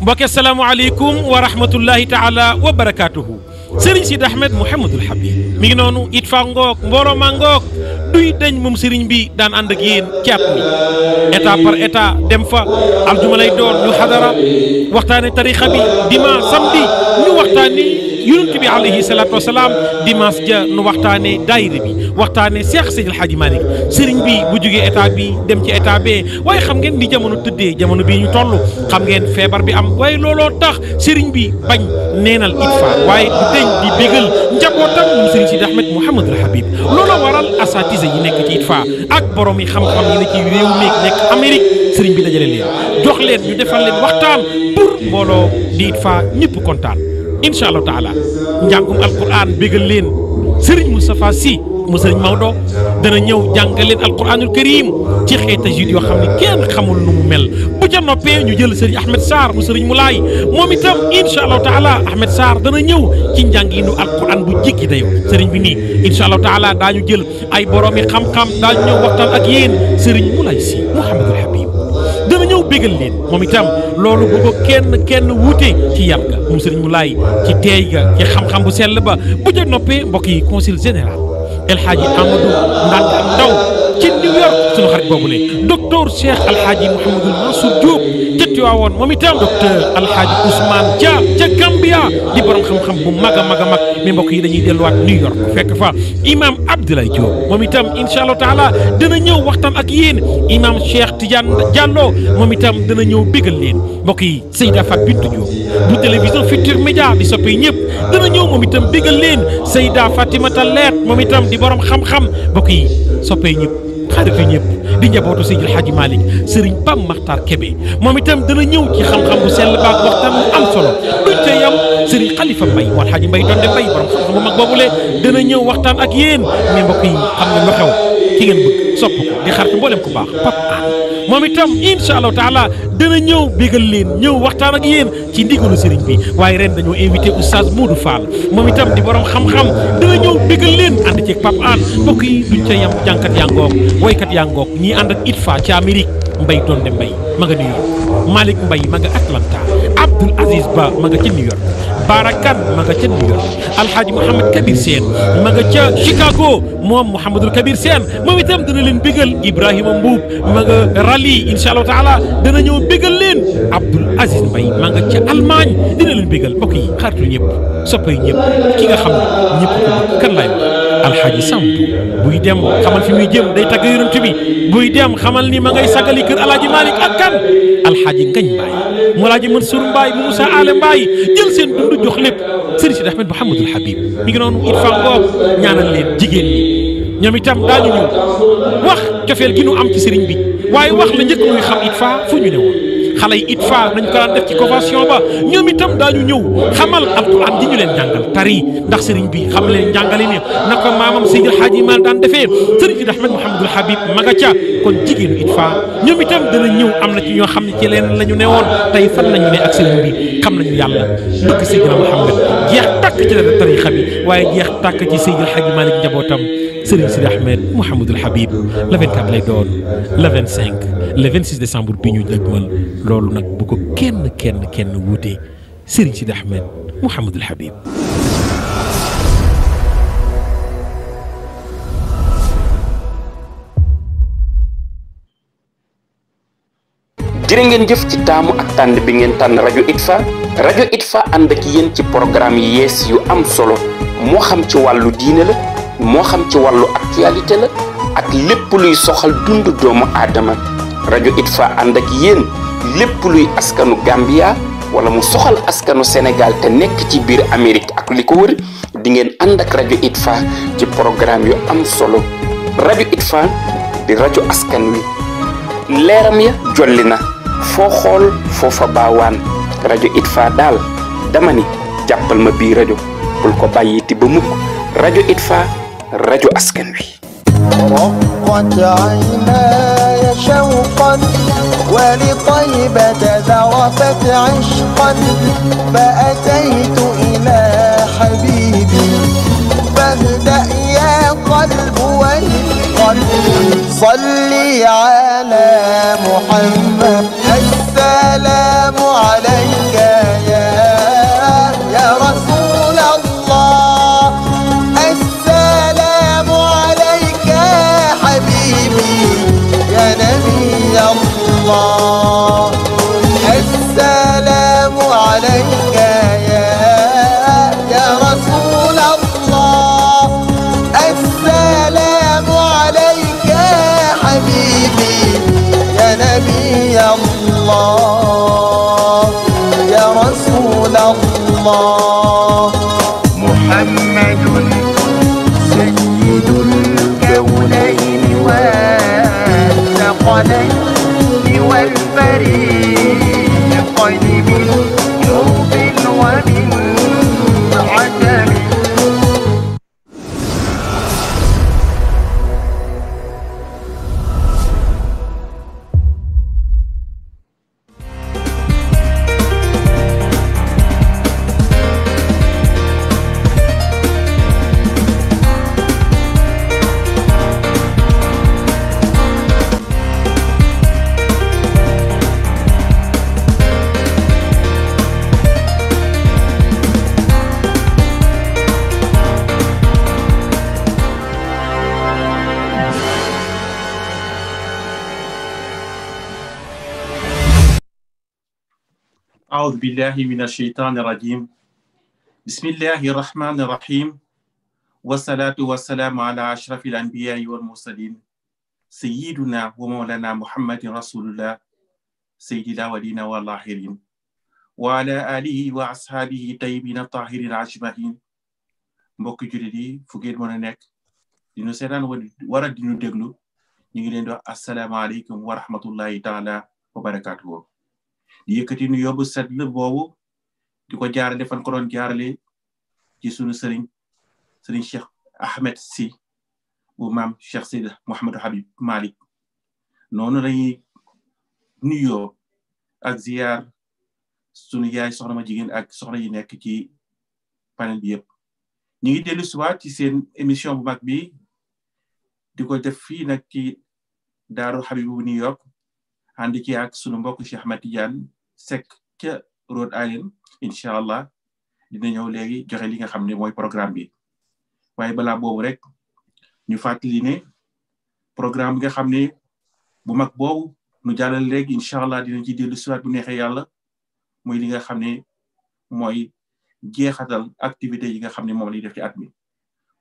mbokk asalaamaaleykum wa rahmatullahi taala wa barakaatuhu sëriñ Sidi Ahmed Mouhamadul Habib mi ngi noonu it fa ngoog mbooloo ma ngoog duy dañ moom sëriñ bi daan ànd ak yéen par état dem fa aljuma doon ñu xadara waxtaane tarixa bi dimanche samedi ñu waxtaani yonent bi alayhi salaatu wasalaam dimanche ja nu waxtaanee daayira bi waxtaanee Seex Seydil Hadji Malick sëriñ bi bu jugee état bi dem ci état bee waaye xam ngeen ni jamono tëddee jamono bii ñu toll xam ngeen feebar bi am waaye looloo tax sëriñ bi bañ neenal itfa waaye du deñ di bégal njabootam moom sëriñ Sidi Ahmed Mouhamadul Habib looloo waral asatise yi nekk ci itfa ak borom xam-xam yi ne ci réew nekk Amérique sëriñ bi dajale leen jox kontaan. inshallah taala njàngum alquran bigal leen Serigne mustapha si mo Serigne Maodo dana ñew jàngal leen alquranul karim ci xeet jid yo xamni kenn xamul nu mu mel bu ca noppé ñu jël Serigne Ahmed sar mo Serigne Moulay momi tam inshallah taala Ahmed Sar dana ñew ci njànginu alquran bu jéggi dayo Serigne bi ni inshallah taala dañu jël ay boromi xam-xam dañu ñew waxtaan ak yeen Serigne Moulay si muhammadul Habib. bégal leen moom itam loolu bu ko kenn kenn wuute ci yar ga moom sëriñ mu laay ci teey ga ci xam-xam bu sell ba bu jë noppee mbokk yi conseil général El Hadji Amadou Ndanka Ndaw yor sunu xarit boobu le docteur Cheikh Alhaji Mouhamadul Mansour Diop ca Tiwaawoon moom itam docteur Alhaji Ousmane Dia ca Gambia di borom xam-xam bu mag a mag a mag mais mbokk yi dañuy delluwaat New York fekk fa imam Abdoulaye Diop moom itam incha allahu taala dana ñëw waxtaan ak yéen imam Cheikh Tidiane Diallo moom itam dana ñëw bégal leen mbokk yi Seyda Fat Bintou Diop bu télévision Futur Média di soppe ñëpp dana ñëw moom itam bégal leen Seyda moom itam di borom xam mbokk yi soppe xaritu ñëpp di njabootu Seydil Hadji Malick sëriñ Pam moom itam dana ñëw ci xam-xam bu sell baak waxtaan mu am solo sëriñ xalifa mbay walxaaji mbay donde mbay borom xam-xam bu mag boobule dana ñëw waxtaan ak yéen mais mbokk yi xam nga lu xew ngeen bëgg sopp ko di xarit mboolem ku baax pap an moom itam incha allahu taala dana ñëw bégal leen ñëw waxtaan ak yéen ci ndigalu sëriñ bi waaye ren dañoo invité oustaz Modou Fall moom itam di borom xam-xam dana ñëw bégal leen ànd ceeg pap an mbokk duñ ca yam jànkat yaa ngoog woykat yaa ngoog ñii ànd ak ITFA ci Amérique mbay donde mbay ma Abdoul Aziz Ba ma nga ca New York Baarakan ma nga ca New York Alhaji Kabir Seen ma nga ca Chicago moom Mouhamadul Kabir Seen moom itam dana leen bégal Ibrahima Mbuub ma nga rali incha allahu taala dana ñëw bégal leen Abdoul Aziz Mbaye ma nga ca Allemagne dina leen bégal mbokk yi xaritu ñëpp soppay ñëpp ki nga xam ne ñëpp ko kan laay alxaaji Samdu buy dem xamal fi muy jëm day tagg yonent bi buy dem xamal ni ma ngay sagali kër alaaji Malick ak kan alxaaji Ngañ Mbaay mu alaaji Mansour Mbaay mu Ale Mbaay jël seen dund jox lépp sëriñ si Ahmed Mouhamadul Habib mi ngi noonu it fa ngoog ñaanal leen jigéen ñi ñoom itam daañu ñu wax cofeel gi nu am ci sëriñ bi waaye wax la njëkk muy xam it fa fu ñu ne woon xale yi itfa nañ ko daan def ci convention ba ñoom itam daañu ñëw xamal alquran di ñu leen jàngal tari ndax sëriñ bi xam leen jàngale ne na ko maamam Seydi El Hadji Mal daan defee sëriñ bi Ahmed Mouhamadul Habib Magaca kon jigéenu itfa ñoom itam dana ñëw am na ci ñoo xam ne ci leen la ñu newoon tey fan la ñu ne ak sëriñ bi xam nañu yàlla bëgg Seydina Mouhamed jeex tàkk ci leen tarixa bi waaye jeex tàkk ci Seydi El Hadji Malick njabootam sëriñ Sidi Ahmed Mouhamadul Habib la 24 lay le 26 décembre bi ñu dëgmal loolu nak bu ko kenn kenn kenn wuute Serigne Sidi Ahmed Al Habib. jërë ngeen jëf ci taamu ak tand bi ngeen tan radio Itfa radio Itfa and ak yeen ci programme yes yu am solo mo xam ci walu diine la mo xam ci walu actualité la ak lepp luy soxal dundu doomu adama Radio ITFA Anda ak yéen lépp luy askanu Gambia wala mu soxal askanu senegal te nek ci bir dengan ak liko wër di ngeen ak ITFA ci programme yu am solo Radio ITFA di Radio askan wi leram ya jollina fo xol fo fa bawan radio ITFA dal dama ni jappal ma bi radio bul ko ti ba mukk radio ITFA Radio askan wi. Oh, شوقا ولطيبة ذرفت عشقا فأتيت إلى حبيبي فاهدأ يا قلب والقلب صلي على محمد السلام بالله من الشيطان الرجيم بسم الله الرحمن الرحيم والصلاة والسلام على أشرف الأنبياء والمرسلين سيدنا ومولانا محمد رسول الله سيدنا ولينا والآخرين وعلى آله وأصحابه طيبين الطاهرين أجمعين mbokk jullit yi fu ngeen mën a nekk di ñu seetaan wara di ñu déglu ñu ngi leen di wax asalaamaaleykum wa rahmatullahi taala wa barakatuhu yëkkati nu yóbbu seetlu boobu di ko jaarale fan ko doon jaarale ci sunu sëriñ sëriñ Cheikh Ahmed si bu maam Cheikh Seydi Mouhamadou Habib Malick noonu lañuy nuyoo ak ziyaar sunu yaay soxla ma jigéen ak soxla yi nekk ci panel bi yëpp. ñu ngi dellu suwaat ci seen émission bu mag bi di ko def fii nag ci daaru Habibu New York. ànd ci ak sunu mbokk Cheikh ma tijaan sek ca Rhode Island incha allah dina ñëw léegi joxe li nga xam ne mooy programme bi waaye balaa boobu rek ñu fàttali ne programme bi nga xam ne bu mag boobu nu jàllal léegi incha allah dina ci dellu siwaat bu neexee yàlla muy li nga xam ne mooy jeexatal activité yi nga xam ne moom lañuy def ci at mi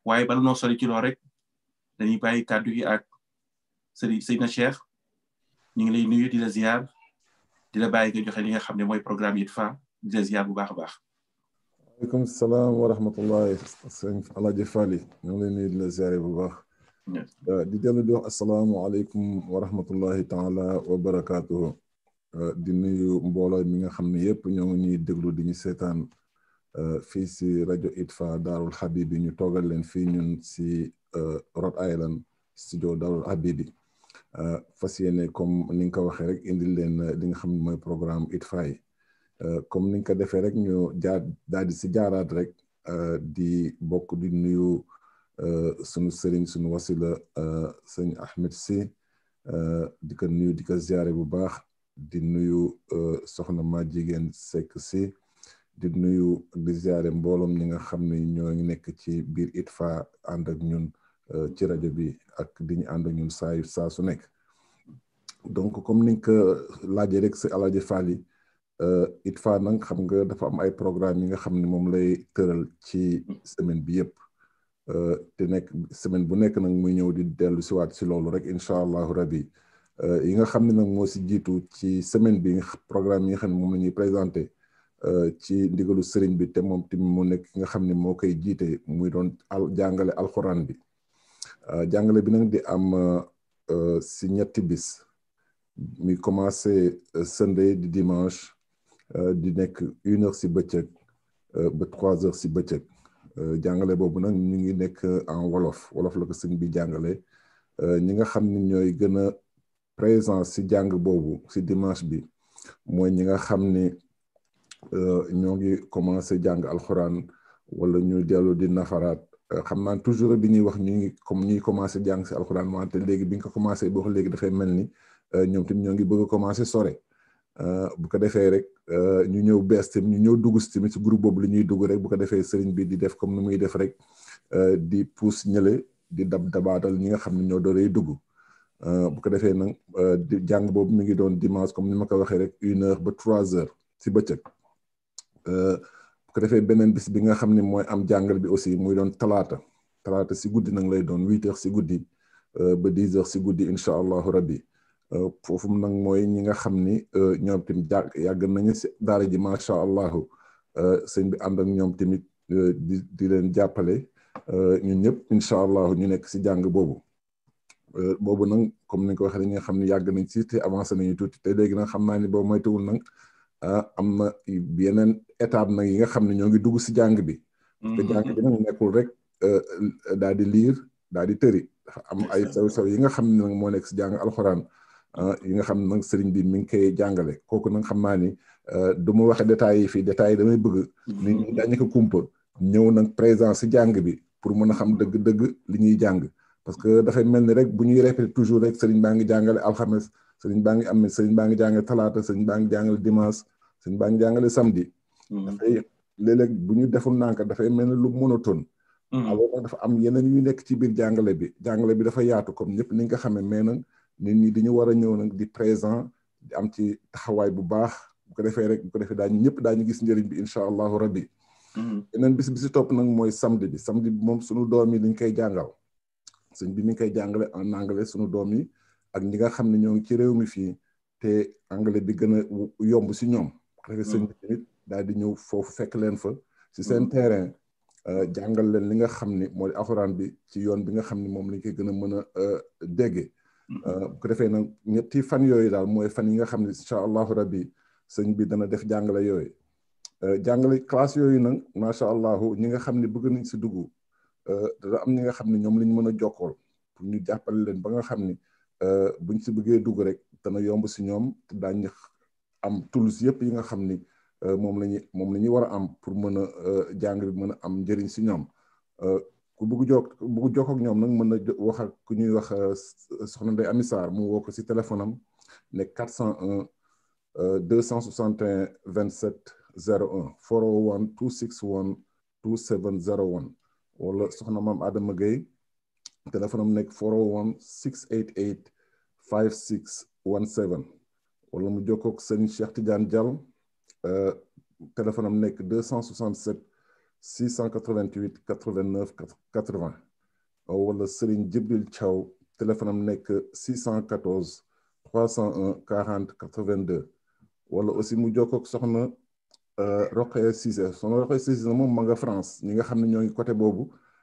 waaye bala noo sori lool rek dañuy bàyyi kàddu gi ak sëriñ Seydina Cheikh ñu ngi lay nuyu di la ziar di la bàyyi nga joxe li nga xam ne mooy programme Yitfa di la ziar bu baax a baax. waaleykum salaam wa rahmatullahi sëñ Alaaji Fali ñu ngi lay nuyu di la ziar bu baax. di dellu di wax asalaamualeykum wa rahmatullahi taala wa barakaatuhu. di nuyu mbooloo mi nga xam ne yépp ñoo ngi ñuy déglu di ñu seetaan fii si rajo Itfa Daarul Habibi ñu toogal leen fii ñun si Rhode Island studio Daarul Habibi. Euh, fas yéene comme ni nga ko waxee rek indil leen euh, li nga xam ne mooy programme ITFAY euh, comme ni nga ko defee rek ñu jaar daal di si jaaraat rek di bokk di nuyu sunu sëriñ sunu wasila sëñ Ahmed si di ko nuyu di ko ziare bu baax di nuyu soxna ma jigéen sekk si di nuyu di ziare mbooloom ñi nga xam ni ñoo ngi nekk ci biir ITFA ànd ak ñun. Eh, ci rajo bi ak di ñu ànd ñun saa saa su nekk donc comme ni ko laajee rek si alaaji Fally eh, it fa nag xam nga dafa am ay programme yi nga xam ne moom lay tëral ci semaine bi yëpp eh, te nekk semaine bu nekk nag muy ñëw di dellu si waat si loolu rek incha allahu rabi yi nga xam ne nag moo si jiitu ci semaine bi programme yi nga xam ne moom la ñuy présenté ci ndigalu sëriñ bi te moom tamit mu nekk nga xam ne moo koy jiite muy doon jàngale alxuraan bi Euh, jàngale bi nag di am euh, euh, si ñetti bis mi commencé sunday di dimanche di nekk une heure si bëccëg ba trois heures si bëccëg jàngale boobu nag ñu ngi nekk en wolof wolof la ko sëñ bi jàngale ñi nga xam ni ñooy gën a présent si jàng boobu si dimanche bi mooy ñi nga xam ni ñoo ngi commencé jàng alxuraan wala ñu dellu di nafaraat Euh, xam naan toujours bi ñuy wax ñu ngi comme ñuy commencé jàng si alxuraan moo te léegi bi nga ko commencé boo wax léegi mel ni euh, ñoom tamit ñoo ngi bëgg a commencé sore euh, bu ko defee rek ñu ñëw bees tamit ñu ñëw dugg si tamit si groupe boobu li ñuy dugg rek bu ko defee seriñ bi di def comme ni muy def rek di puus ñële di dab dabaatal ñi nga xam ne ñoo dooree dugg bu ko defee nag di jàng boobu mi ngi doon dimanche comme ni ma ko waxee rek une heure ba trois heures si bëccëg. bu ko defee beneen bis bi nga xam ni mooy am jàngal bi aussi muy doon talaata talaata si guddi nag lay doon huit heures si guddi euh, ba dix heures si guddi incha allahu rabbi euh, foofu nag mooy ñi nga xam ni euh, ñoom tamit jàgg nañu si daara ji macha allahu sëñ bi ànd ak ñoom tamit di di leen jàppale ñun ñëpp incha allahu ñu nekk si jàng boobu boobu nag comme ni ko waxee ñi nga xam ni yàgg nañ si te avancé nañu tuuti te léegi nag xam naa ni boo moytuwul nag Ah, am na yeneen étape nag yi nga xam ne ñoo ngi dugg si jàng bi. te mm-hmm. jàng bi nag nekkul rek euh, daal di liir daal di tëri am ay saw-saw yi nga xam ne nag moo nekk si jàng alxuraan ah, yi nga xam ne nag bi mi ngi koy jàngale kooku nag xam naa ni euh, du ma waxe détails yi fii détails yi damay bëgg. Mm-hmm. nit ñi dañu ko kumpa ñëw nag présent si jàng bi pour mën a xam dëgg-dëgg li ñuy jàng parce que dafay mel ni rek bu ñuy répété toujours rek sëriñ baa ngi jàngale alxames. sëriñ baa ngi am sëriñ baa ngi jàngale talaata sëriñ baa ngi jàngale dimanche sëriñ baa ngi jàngale samedi hmm. dafay léeg-léeg bu ñu deful nanka dafay mel ne lu monotone hmm. alors nag dafa am yeneen yu nekk ci biir jàngale bi jàngale bi dafa yaatu comme ñëpp ni nga xamee mais nag nit ñi dañu war a ñëw nag di présent di am ci taxawaay bu baax bu ko defee rek bu ko defee daañu ñëpp daañu gis njëriñ bi incha allahu rabbi hmm. yeneen bis bi si topp nag mooy samedi bi samedi bi moom suñu doom yi dañ koy jàngal sëñ bi mi ngi koy jàngale en anglais suñu doom yi ak ñi nga xam ne ñoo ci réew mi fii te anglais bi gën a yomb si ñoom xefe sëñ mm. daal di ñëw foofu fekk leen fa si seen mm. terrain euh, jàngal leen li nga xam ni moo di bi ci yoon bi nga xam ni moom lañ koy gën a mën a euh, dégge mm. euh, bu ko defee nag ñetti fan yooyu daal mooy fan yi nga xam ne incha allahu rabbi sëñ bi dana def jàngale yooyu jàngale classe yooyu nag macha allahu ñi nga xam ne bëgg nañ si dugg dana am ñi nga xam ne ñoom lañ mën a jokkool pour ñu jàppale leen ba nga xam ni Euh, buñ si bëggee dugg rek dana yomb si ñoom te daañu am tools yëpp yi nga xam ni euh, moom la ñu moom la ñuy war a am pour mën a euh, jàng bi mën a am njëriñ si ñoom ku bugg jokk bëgg jokk ak ñoom nag mën na wax ak ku ñuy wax soxna Ndeye Amy Sarr mu woo ko si téléphone am ne 401 261 27 01 401 261 2701 wala soxna maam Adama Gueye téléphone am nekk 401 688 5617 wala mu jokkoog sëñ Cheikh Tidiane Diallo euh, téléphone am nekk 267 688 89 80 wala Serigne Djibril Thiaw téléphone am nekk 614 301 40 82 wala aussi mu jokkoog soxna euh, Roqe Cissé soxna Roqe Cissé moom ma nga France ñi nga xam ne ñoo ngi côté boobu.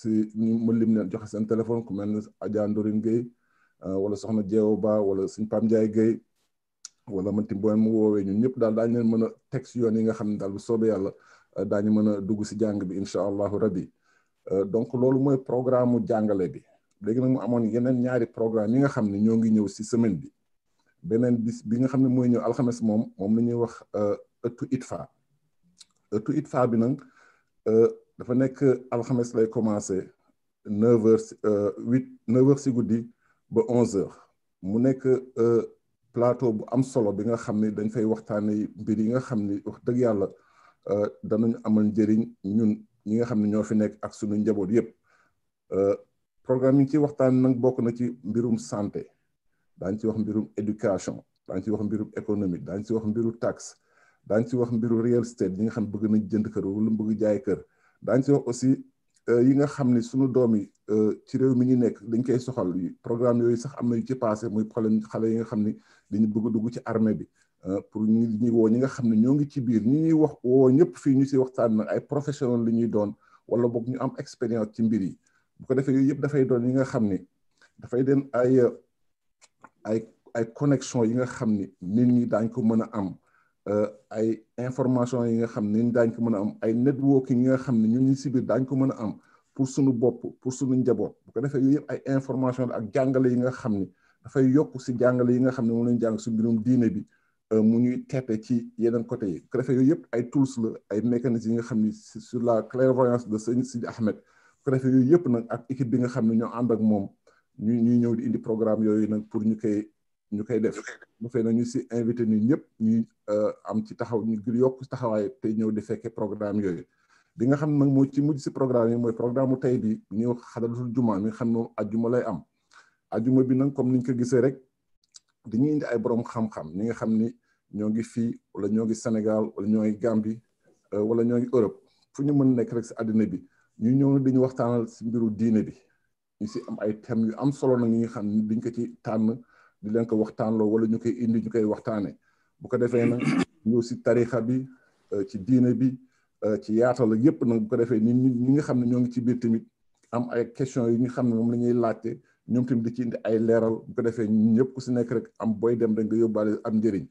si ñu ma lim leen joxe seen téléphone ku mel ni Adja Ndorine Gueye euh, wala soxna Jeewo Ba wala suñ Pam jaay Gueye wala man tim boo mu woowee ñun ñëpp daal daañu leen mën a teg yoon yi nga xam ne daal bu soobee yàlla euh, daañu mën a dugg si jàng bi incha allahu rabbi euh, donc loolu mooy programme mu jàngale bi léegi nag mu amoon yeneen ñaari programme yi nga xam ne ñoo ngi ñëw si semaine bi beneen bis bi nga xam ne mooy ñëw alxames moom moom la ñuy wax ëttu itfa ëttu itfa bi nag dafa nekk alxames lay commencé neuf heures euh, huit neuf heures si guddi ba onze heures mu nekk euh, plateau bu am solo bi nga xam ni dañ fay waxtaane mbir yi nga xam ni wax dëgg yàlla euh, danañu amal njariñ ñun ñi nga xam ni ñoo fi nekk ak sunu njaboot yëpp programme yi ci waxtaan nag bokk na ci mbirum santé daañ ci wax mbirum éducation daañ ci wax mbirum économique daañ ci wax mbiru taxe daañ ci wax mbiru real estate ñi nga xam bëgg nañ jënd kër wala bëgg jaay kër daañu si wax aussi euh, yi nga xam ni sunu doom yi euh, ci réew mi ñu nekk dañ koy soxal programme yooyu sax am na yu ci passé muy xale yi nga xam ni li ñu bëgg dugg ci armée bi euh, pour ñu ñuy woo ñi nga xam ne ñoo ngi ci biir ñi ñuy wax woo ñëpp fii ñu si waxtaan nag ay professionnel li ñuy doon wala boog ñu am expérience ci mbir yi bu ko defee yooyu yëpp dafay doon yi nga xam ni dafay den ay ay ay connexion yi nga xam ni nit ñi daañ ko mën a am ay information yi nga xam ne ñun ko mën a am ay networking yi nga xam ne ñun ñu si biir dañ ko mën a am pour suñu bopp pour suñu njaboot bu ko defee yooyu yëpp ay information ak jàngale yi nga xam ne dafay yokk si jàngale yi nga xam ne moom lañ jàng su mbirum diine bi mu ñuy teete ci yeneen côté yi bu ko defee yooyu yëpp ay tools la ay mécanismes yi nga xam ne sur la clairvoyance de sëñ Sidi Ahmed bu ko defee yooyu yëpp nag ak équipe bi nga xam ne ñoo ànd ak moom ñu ñuy ñëw di indi programme yooyu nag pour ñu koy ñu koy def mu fay na ñu si invité ñu ñëpp ñuy euh, am ci taxaw ñu gën yokk taxawaay te ñëw di fekkee programme yooyu bi nga xam nag moo ci mujj si programme yi mooy programme tey bi ñëw xadaratul juma mi nga xam moom ajjuma lay am ajuma bi nag comme niñ ko gisee rek dañuy indi ay borom xam-xam ñi nga xam ni ñoo ngi fii wala ñoo ngi Sénégal wala ñoo ngi Gambie euh, wala ñoo ngi Europe fu ñu mën nekk rek si àddina bi ñu ñëw na dañu waxtaanal si mbiru diine bi ñu si am ay thèmes yu am solo nag ñi nga xam ni dañ ko ci tànn di leen ko lo wala ñu indi ñu koy waxtaane bu ko defee nag ñëw si tarixa bi ci diine bi ci yaatal ak yépp nag bu ko defee ñi ñi nga xam ne ñoo ngi ci biir tamit am ay question yi nga xam ne moom la ñuy laajte ñoom tamit di ci indi ay leral bu ko defee ñëpp ku si nekk rek am boy dem da nga yóbbaale am njëriñ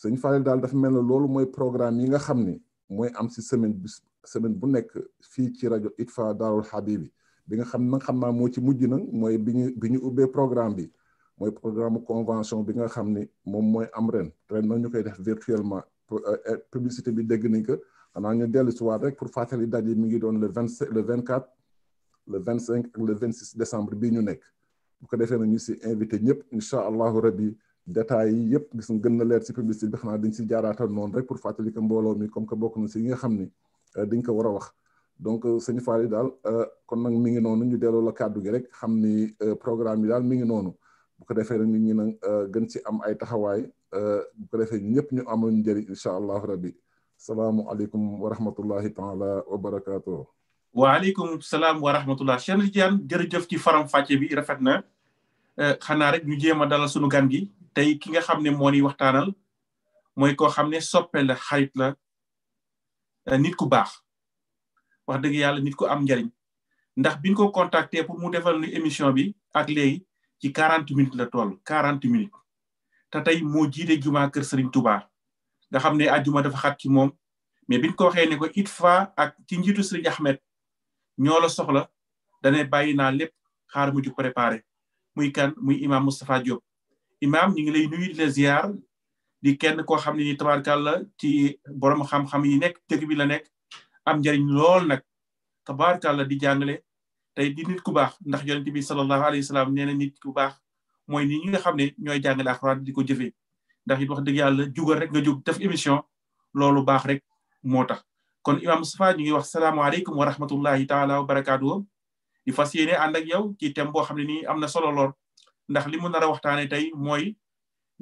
sëñ Fallou daal dafa mel ne loolu mooy programme yi nga xam ne mooy am si semaine bu semaine bu nekk fii ci rajo ITFA darul Habibi bi nga xam na xam naa moo ci mujj nag mooy bi ñu bi programme bi mooy programme convention bi nga xam ni moom mooy am ren ren nag ñu koy def virtuellement euh, euh, publicité bi dégg nañ ko xanaa ñu dellu si waat pour fàttali daje mi ngi doon le vingt le vingt quatre le vingt le vingt six décembre bii ñu nekk bu ko defee nag ñu si invité ñëpp incha allahu rabbi détails yi yëpp gis gën na leer si publicité bi xanaa dañ si jaaraatal noonu rek pour fàttali que mi comme que bokk na nga xam ni euh, dañ ko war a wax donc sëñ Fall yi daal kon nag mi ngi noonu ñu delloo la kàddu gi rek xam ni programme bi daal mi ngi noonu bu ko defee rek nit ñi nag euh, gën ci am ay taxawaay euh, bu ko defee ñëpp ñu amoon njëriñ incha allahu rabbi aleykum wa rahmatullahi taala wa barakaatu. waaleykum salaam wa rahmatullah Cheikh Tidiane jërëjëf ci faram fàcce bi rafet na euh, xanaa rek ñu jéem a dalal sunu gan gi tey ki nga xam ne moo ni waxtaanal mooy koo xam ne soppe la xarit la nit ku baax wax dëgg yàlla nit ku am njariñ ndax biñ ko contacté pour mu defal ni émission bi ak léegi ci quarante minutes la tool quarante minutes te tey moo jiite juma kër Serigne Touba nga xam ne ajuma dafa xat ci moom mais biñ ko waxee ne ko ITFA ak ci njiitu Serigne Ahmed ñoo la soxla dane bàyyi naa lépp xaar mu ci préparé muy kan muy imam Moustapha Diop imam ñu ngi lay nuyu di la ziar di kenn koo xam ne ni tabaarkàlla ci borom xam-xam yi nekk dëkk bi la nekk am njariñ lool nag tabaarkàlla di jàngale tey di nit ku baax ndax yonent bi sallallahu alayhi wa sallam nee na nit ku baax mooy nit ñi nga xam ne ñooy jàngale alxuraan di ko jëfee ndax wax dëgg yàlla jugal rek nga jóg def émission loolu baax rek moo tax kon imam Moustapha ñu ngi wax salaamaaleykum wa rahmatullahi taala wa barakaatuhu di fas yéene ànd ak yow ci thème boo xam ne nii am na solo lool ndax li mu nar a waxtaanee tey mooy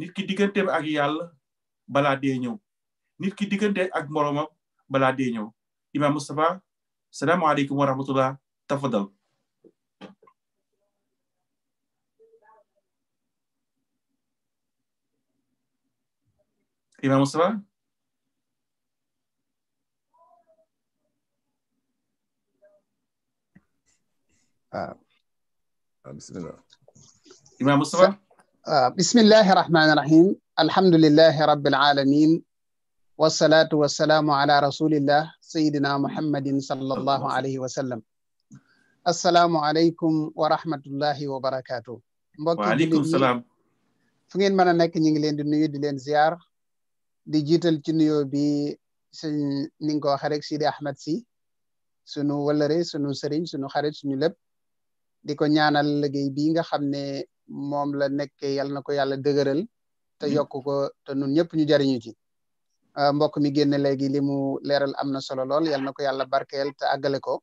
nit ki digganteem ak yàlla balaa dee ñëw nit ki diggante ak moroomam balaa dee ñëw imam Moustapha salaamaaleykum wa rahmatullah tafadal إمام مصطفى آه، بسم الله إمام مصطفى آه، بسم الله الرحمن الرحيم الحمد لله رب العالمين والصلاة والسلام على رسول الله سيدنا محمد صلى الله عليه وسلم السلام عليكم ورحمة الله وبركاته وعليكم السلام fu ngeen mën a nekk ñu ngi di jiital ci nuyo bi sëñ ni nga ko waxee rek Sidi Ahmed si sunu wëllëre sunu sëriñ sunu xarit suñu lépp di ko ñaanal liggéey bii nga xam ne moom la nekk yal na ko yàlla dëgëral te mm-hmm. yokk ko te nun ñëpp ñu jariñu ci ah, mbokk mi génn léegi li mu leeral am na solo lool yal na ko yàlla barkeel te àggale ko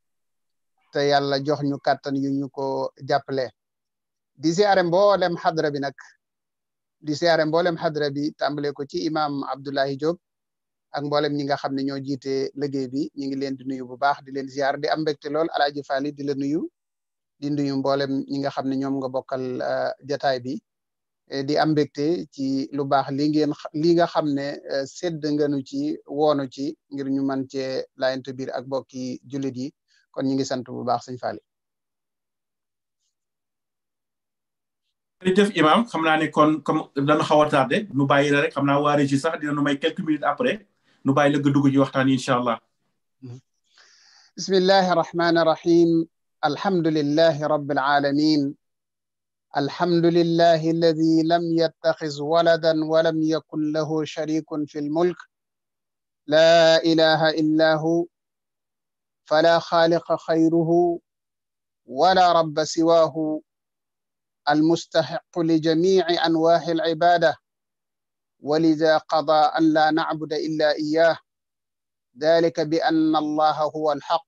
te yàlla jox ñu kàttan yu ñu ko jàppale di siyaare mboolem xadra bi nag di siyaare mboolem xadra bi tàmbale ko ci imaam Abdullahi Diop ak mboolem ñi nga xam ne ñoo jiite liggéey bi ñu ngi leen di nuyu bu baax di leen ziar di am mbégte lool alaaji Faali di la nuyu di nuyu mboolem ñi nga xam ne ñoom nga bokkal uh, jataay bi eh, di am mbégte ci lu baax li ngeen li nga xam ne uh, sedd nganu ci woonu ci ngir ñu mën cee laayante biir ak bokki jullit yi kon ñu ngi sant bu baax sëñ Faali jërëjëf imam xam naa ne kon comme dana xaw a tardé nu bàyyi la rek xam naa waa régie sax dina nu may quelques minutes après nu bàyyi la nga dugg waxtaan alhamdulillahi rabbil alamin الحمد لله الذي لم يتخذ ولدا ولم يكن له شريك في الملك لا اله الا هو فلا خالق خيره ولا رب سواه المستحق لجميع أنواع العبادة ولذا قضى أن لا نعبد إلا إياه ذلك بأن الله هو الحق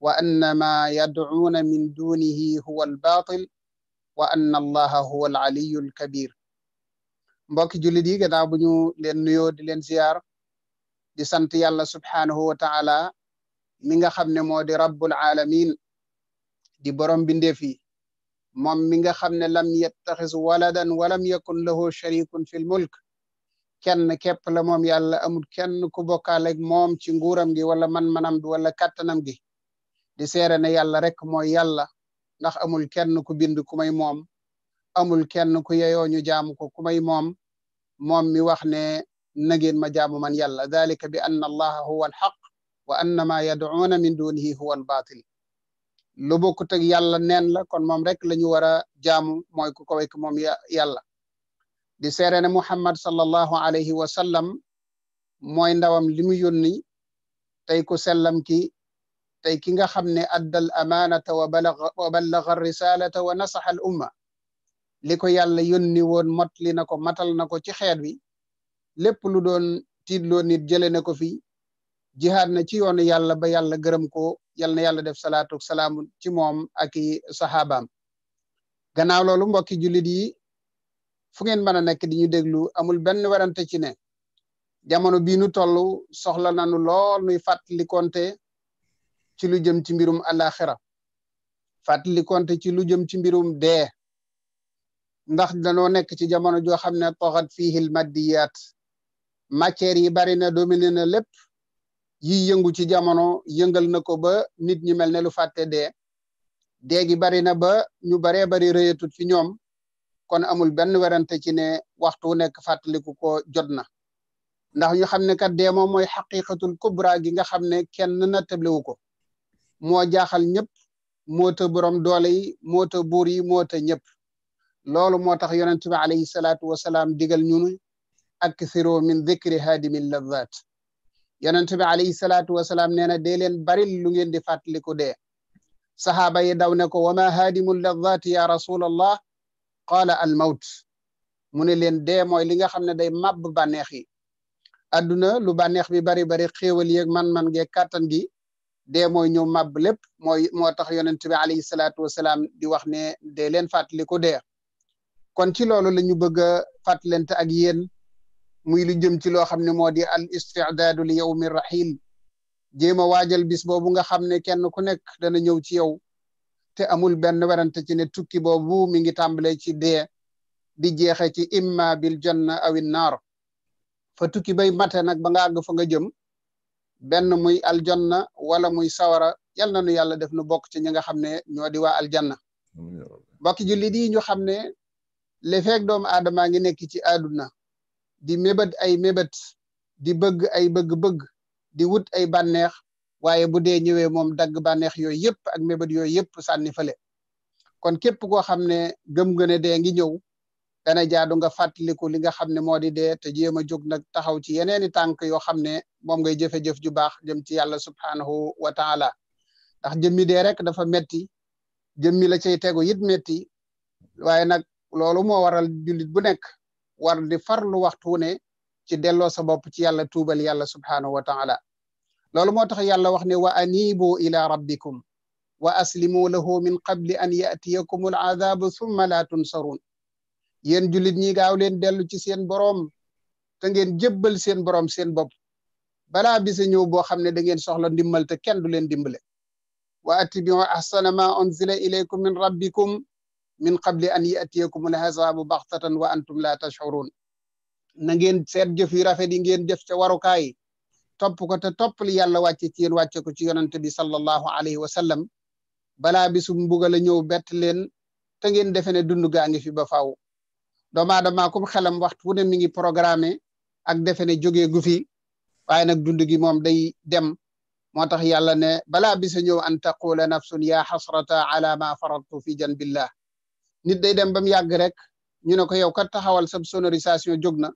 وأن ما يدعون من دونه هو الباطل وأن الله هو العلي الكبير mbokki jullit yi gannaaw bu ñu leen nuyoo di leen ziyaar di sant yàlla subhaanahu wa taala mi nga xam ne moo di rabbul alamin di borom bindeef yi moom mi nga xam ne lam yettaxis waladan walam yakun lahu sharikun fil mulk kenn képp la moom yàlla amul kenn ku bokkaaleeg moom ci nguuram gi wala man-manam gi wala kattanam gi di seere ne yàlla rek mooy yàlla ndax amul kenn ku bind ku may moom amul kenn ku yeyoo ñu jaamu ko ku may moom moom mi wax ne na ngeen ma jaamu man yàlla dalika bi anna allaha huwa alxaq wa anna ma yad'uuna min dunihi huwa albatil lu bokut ak yàlla nen la kon mom rek lañu wara jaamu moy ku ko wek mom yàlla di serene muhammad sallallahu alayhi wa sallam moy ndawam limu mu yónni tey ku sellam ki tay ki nga xamne ne amanata wa amaanata wa balaga ar risalata wa nasaha al umma liko yàlla yónni won mot nako na matal nako ci xet bi lépp lu don tidlo nit jële nako fi jihaad na ci yoonu yàlla ba yàlla gërëm ko yal na yàlla def salaatu salaam ci moom ak i saxaabaam loolu mbokki jullit yi fu ngeen mën a nekk di ñu déglu amul benn werante ci ne jamono bii nu toll soxla nanu lool nuy fàttali konte ci lu jëm ci mbirum alaxira fàttali ci lu jëm ci mbirum dee ndax danoo nekk ci jamono joo xam ne toxat fiihil maddiyaat matière yi bari na domine na lépp yi yëngu ci jamono yëngal na ko ba nit ñi mel ne lu fàtte dee dee gi bari na ba ñu baree bari rëyatut ci ñoom kon amul benn werante ci ne waxtu wu nekk fàttaliku ko jot na ndax ñu xam ne kat dee moom mooy xaqiqatul kubra gi nga xam ne kenn nattablewu ko moo jaaxal ñëpp moo te borom doole yi moo te buur yi moo te ñëpp loolu moo tax yonent bi alayhi salaatu wasalaam digal ñunu ak siro min dikri haadimi lazaat yonent bi alayhi salaatu wasalaam nee na dee leen bari lu ngeen di fàttaliku dee saxaaba yi daw ne ko wama haadimul ladati ya rasulallah qaala al mawt mu ne leen dee li nga xam day màbb bànneex yi adduna lu bànneex bi bari bari xéewal yeeg man-man geeg kàttan gi dee mooy ñëw màbb lépp mooy moo tax yonent bi alayhi salaatu wasalaam di wax ne dee leen fàttaliku dee kon ci loolu la bëgg a ak yéen muy lu jëm ci loo xam ne moo di al istidaadu li yawmi rahim jéem a waajal bis boobu nga xam ne kenn ku nekk dana ñëw ci yow te amul benn werante ci ne tukki boobu mi ngi tàmbale ci dee di jeexe ci imma bil janna aw naar fa tukki bay mate nag ba nga àgg fa nga jëm benn muy janna wala muy sawara yal na nu yàlla def nu bokk ci ñi nga xam ne ñoo di waa aljanna bokki jullit di ñu xam ne li feeg doomu aadamaa ngi nekk ci àdduna di mébét ay mébét di bëgg ay bëgg di wut ay bànneex waaye bu dee ñëwee moom dagg bànneex yooyu yëpp ak mébét yooyu yëpp sànni fële kon képp koo xam ne gëm nga ne dee ngi ñëw dana jaadu nga fàttaliku li nga xam ne moo di dee te jéem a jóg nag taxaw ci yeneeni tànk yoo xam ne moom ngay jëfe-jëf ju baax jëm ci yàlla subhaanahu wa taala ndax jëmmi dee rek dafa metti jëmmi la cay tegu it metti waaye nag loolu moo waral jullit bu nekk war di farlu waxtu ne ci delo sa bop ci yàlla tubal yàlla subhanahu wa taala lolu motax yàlla wax ne wa anibu ila rabbikum wa aslimu lahu min qabl an yatiyakum al azabu summa laa tunsaruun yéen jullit ñi gaaw leen delu ci seen borom te ngeen jébbal seen borom seen bop bala bisa ñëw bo xamne da ngeen soxla ndimbal te kenn du leen dimbale wa atbiu ahsana ma unzila ilaykum min rabbikum min qabli an yatiyakumul azabu baxtatan wa antum la tashurun na ngeen seet jëf yu rafet yi ngeen jëf ca warukaay topp ko te topp li yàlla wàcce ci yéen wàcce ko ci yonante bi sallallahu alayhi wa sallam balaa bisu mbugal a ñëw bett leen te ngeen defe ne dund gaa ngi fi ba faaw doomu aadama kum xelam waxtu wu ne mi ngi programmé ak defe ne jógee gu fi waaye nag dund gi moom day dem moo tax yàlla ne balaa bisa ñëw an taqula nafsun ya xasrata ala ma faradtu fi janbillah nit day dem bam yag rek ñu ne ko yow kat taxawal sa sonorisation jogna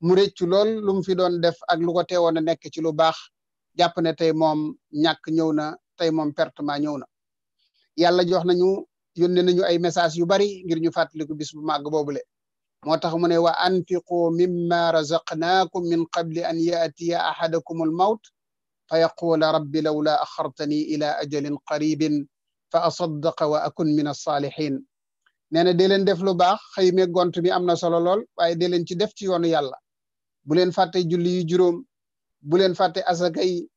mu rëccu lool lu mu fi doon def ak lu ko teewoon nek ci lu bax jàpp ne tay mom ñak ñëw na tey moom pertement ñëw na yàlla jox nañu yonne nañu ay message yu bari ngir ñu ko bis bu mag boobule moo tax mu ne wa anfiqu mimma razaqnakum min qabl an yaatiya ahadakum al maut fa rabbi lawla axartani ila ajalin qaribin fa asaddaqa wa akun min alsaalihin nee de leen def lu baax xëy me gont bi amna solo lol waye de leen ci def ci yoonu yalla bu leen fatte julli yu juróom bu leen fatte asaka yi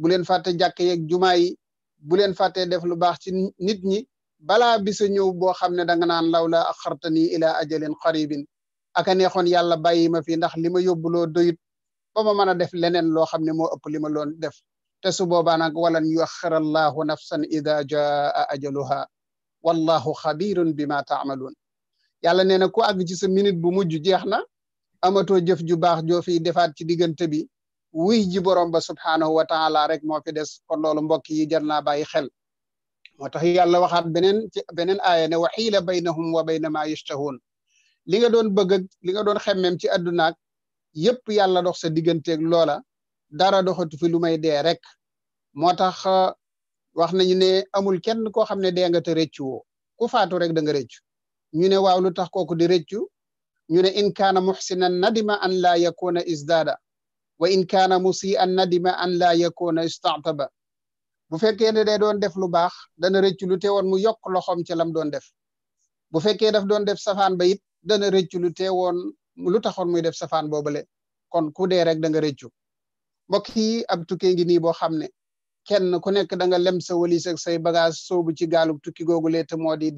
bu leen juma yi bu leen fatte def lu baax ci nit ñi bala bisa ñew bo xamne da danga naan lawla akhartani ila ajalin qaribin aka neexon yalla bàyyi ma fii ndax lima yobulo doyit ba ma mën def leneen lo xamne mo ëpp def te su boba nak walan yuaxira allahu nafsan ida jaa ajaluha wallahu xabirun bima taamaluun yàlla nee na ku àgg ci sa minute bu mujj jeex na amatoo jëf ju baax joo fiy defaat ci diggante bi wuy ji borom ba subhaanahu wa taala rek moo fi des kon loolu mbokk yi jar naa bàyyi xel moo tax yàlla waxaat beneen ci beneen aaya ne wa xiila baynahum wa bayna maa yashtahuun li nga doon bëgg ak li nga doon xemmem ci addunaak yépp yàlla dox sa digganteeg loola dara doxatu fi lu may dee rek moo tax wax nañu ne amul kenn koo xam ne dee nga te rëccu woo ku faatu rek da nga rëccu ñu ne waaw lu tax kooku di rëccu ñu ne in kaana muxsinan nadima an laa yakuna isdaada wa in kaana musian nadima an laa yakuna istataba bu fekkee ne day doon def lu baax dana rëccu lu teewoon mu yokk loxoom ci lam doon def bu fekkee daf doon def safaan ba dana rëccu lu teewoon lu taxoon muy def safaan boobale kon ku dee rek da nga rëccu mbokk yi ab tukkee xam ne kenn ku nekk da nga lem sa say baga soobu ci gaalub tukki googu lee te moo di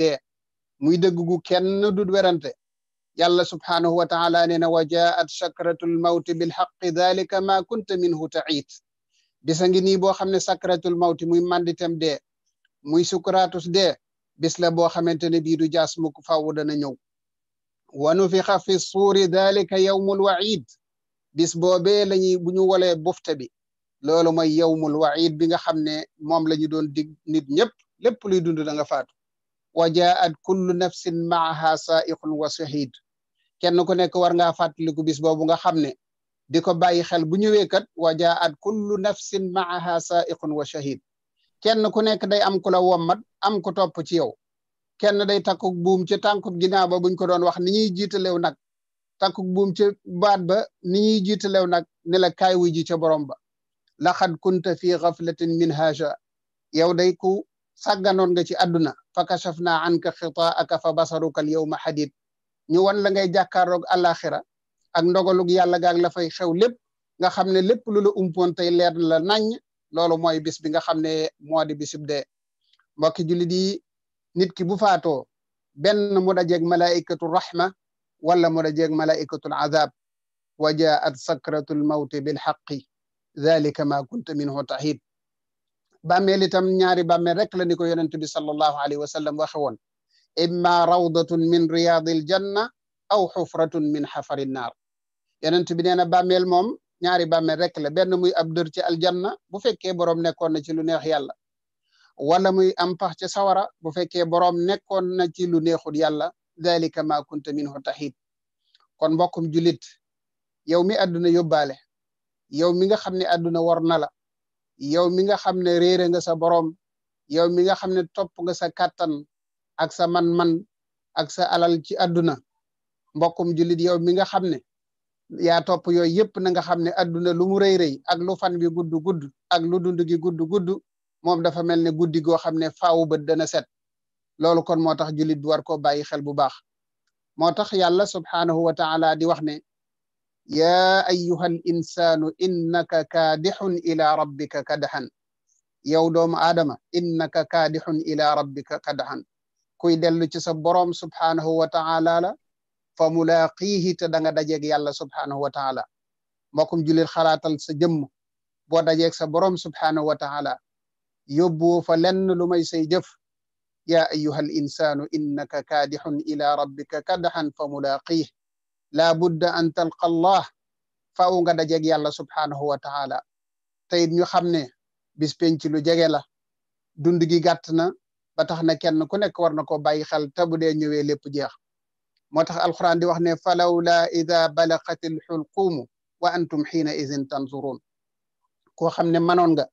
muy dëgg kenn du werante yàlla subhaanahu wa taala nee na wa jaat sakratul mawti bil xaqi dalika ma kunta minhu taxiit bisa ngi ni boo xam ne sakratul mawti muy manditam dee muy sukratus dee bis la boo xamante ne bii du jaas mukk fàww dana ñëw wa nufixa fi suuri dalika yawmul waid bis boobee lañuy bu ñu wolee bufte bi loolu mooy yawmul waid bi nga xam ne moom la ñu doon dig nit ñëpp lépp luy dund da nga faatu wa jaat kullu nafsin maaha saaiqun wa shahid kenn ku nekk war ngaa fàttaliku bis boobu nga xam ne di ko bàyyi xel bu ñëwee kat wa jaat kullu nafsin maaha saaiqun wa shahid kenn ku nekk day am ku la wommat am ku topp ci yow kenn day takkuk buum ci tànkub ginnaaw ba buñ ko doon wax ni ñuy jiitalew nag takkuk buum ci baat ba ni ñuy jiitalew nag ne la kaay wuy ji ca borom ba laxad كنت في غفلة min haja yow day ku sàgganoon nga ci àdduna fa kashafna anka xitaa'aka fa basaruka al yawma hadid ñu wan la ngay jàkkaaroog àllaaxira ak ndogalug yàlla gaag la fay xew lépp nga xam ne lépp lu la umpoon tey leer la naññ loolu mooy bis bi nga xam ne moo di bisub dee mbokki jullit yi nit ki bu faatoo benn mu dajeeg malaikatu rahma wala mu dajeeg malaikatul azab wa jaat sakratul mawti bil haqqi dhalika ma kunta minhu tahid bàmmeel itam ñaari bàmmeel rek la ni ko yonent bi sallallahu alayhi wa sallam waxe woon imma rawdatun min riyadil janna aw xufratun min xafari naar yonent bi nee na bàmmeel moom ñaari bàmmeel rek la benn muy ab dër ci aljanna bu fekkee boroom nekkoon na ci lu neex yàlla wala muy am pax sawara bu fekkee boroom nekkoon na ci lu neexul yàlla dhalika ma kunta minhu tahid kon mbokkum julit yow mi àdduna yóbbaale yow mi nga xamne aduna war na la yow mi nga xamne ne nga sa borom yow mi nga xamne top nga sa katan ak sa man-man ak sa alal ci aduna mbokum julit yow mi nga xamne ya top yoy yep na nga xamne aduna lu mu reey reey ak lu fan bi gudd gudd ak lu dund gi gudd gudd mom dafa melni ne guddi goo xam ne dana set lolou kon motax julit jullit war ko bayyi xel bu baax motax yalla subhanahu wa taala di wax ne يا أيها الإنسان إنك كادح إلى ربك كدحا يودوم آدم إنك كادح إلى ربك كدحا كوي دلو تسبرهم سبحانه وتعالى فملاقيه تدنغ دجيك يالله سبحانه وتعالى مكم جل الخلاط السجم ودجيك سبرهم سبحانه وتعالى يبو فلن لمي سيجف يا أيها الإنسان إنك كادح إلى ربك كدحا فملاقيه laa budda an talqa allah faaw nga dajeeg yàlla subhaanahu wa taala teyit ñu xam ne bis penc lu jege la dund gi gàtt na ba tax na kenn ku nekk war na ko bàyyi xel te bu dee ñëwee lépp jeex moo tax alquran di wax ne falawla ida balaqat alxulquumu wa antum xiina idin tanzuruun koo xam ne manoon nga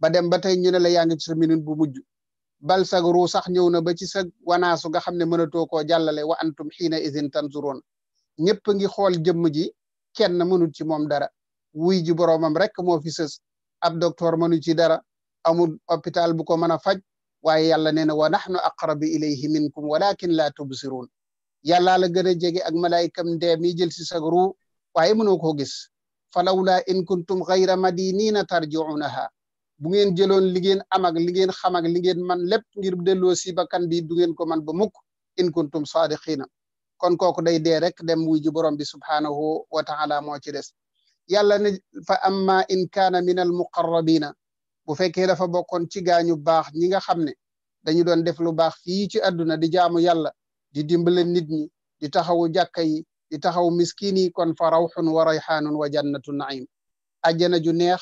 ba dem ba tey ñu ne la yaa ngi ci sa minute bu mujj bal sag ruu sax ñëw na ba ci sa wanaasu nga xam ne mënatoo koo jàllale wa antum xiina idin tanzuruun ñëpp ngi xol jëm ji kenn mënu ci mom dara wuy ji boromam rek mo fi seus ab docteur mënu ci dara amul hôpital bu ko mëna faj waye yàlla neena wa nahnu aqrabu ilayhi minkum walakin la tubsirun yalla la gëna a jege ak malaayikam dé mi jël ci sagru waye mënu ko gis falawla in kuntum ghayra madinina tarjiunaha bu ngeen jëlon li ngeen am ak li ngeen xam ak li ngeen man lépp ngir delo ci bakan bi du ngeen ko man ba mukk in kuntum sadiqina kon kooku day dee rek dem wuy ji borom bi subhaanahu wa taala moo ci des yàlla ne fa amma in kaana min al muqarrabina bu fekkee dafa bokkoon ci gaañu baax ñi nga xam ne dañu doon def lu baax fii ci àdduna di jaamu yàlla di dimbale nit ñi di taxawu jàkka yi di taxaw miskin yi kon fa rawxun wa rayxaanun wa jannatu naim ajjana ju neex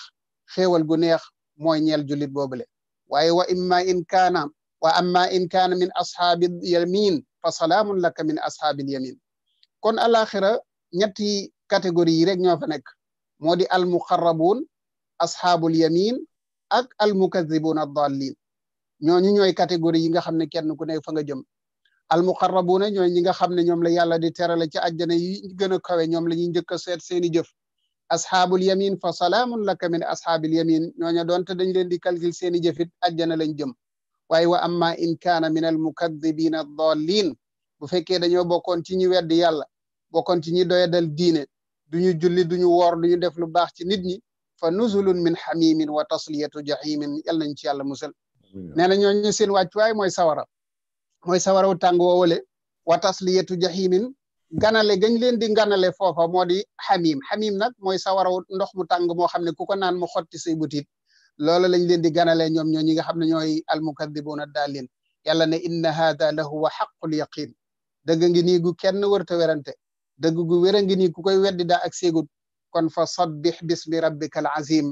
xewal gu neex mooy ñeel jullit boobule waaye wa imma in kaana wa amma in kaana min ashaabi yamin fa salaamun laka min ashaabil yamin kon alaxira ñetti catégorie yi rek ñoo fa nekk moo di al muqarrabuun ashaabul yamin ak al mukazibuun addallin ñooñu ñooy catégorie yi nga xam ne kenn ku nekk fa nga jëm al muqarrabuuna ñooy ñi nga xam ne ñoom la yàlla di terale ci àjjana yi gën a kawe ñoom la ñuy njëkk seet seeni jëf ashaabul yamin fa salaamun laka min ashaabil yamin ñooña doonte dañ leen di calcul seeni jëfit àjjana lañ jëm waaye wa amma in kaana min al mukaddibiina dallin bu fekkee dañoo bokkoon ci ñi weddi yàlla bokkoon ci ñi doyadal diine duñu julli duñu woor ñu def lu baax ci nit ñi fa nuzulun min hamimin wa tasliyatu jahimin yal nañ ci yàlla musal nee na ñooñu seen wàccuwaay mooy sawara mooy sawaraw tàng woowale wa tasliyatu jahimin ganale gañ leen di ganale foofa moo di xamim xamim nag mooy wu ndox mu tàng moo xam ne ku ko naan mu xotti say butit loola lañ leen di ganalee ñoom ñoo ñi nga xam ne ñooy almukadibuuna daalin yàlla ne inna haada la huwa xaqul yaqin dëgg ngi nii gu kenn wërta werante dëgg gu wér a ku koy weddi daa ak séegut kon fa sabbix bismi rabbika al azim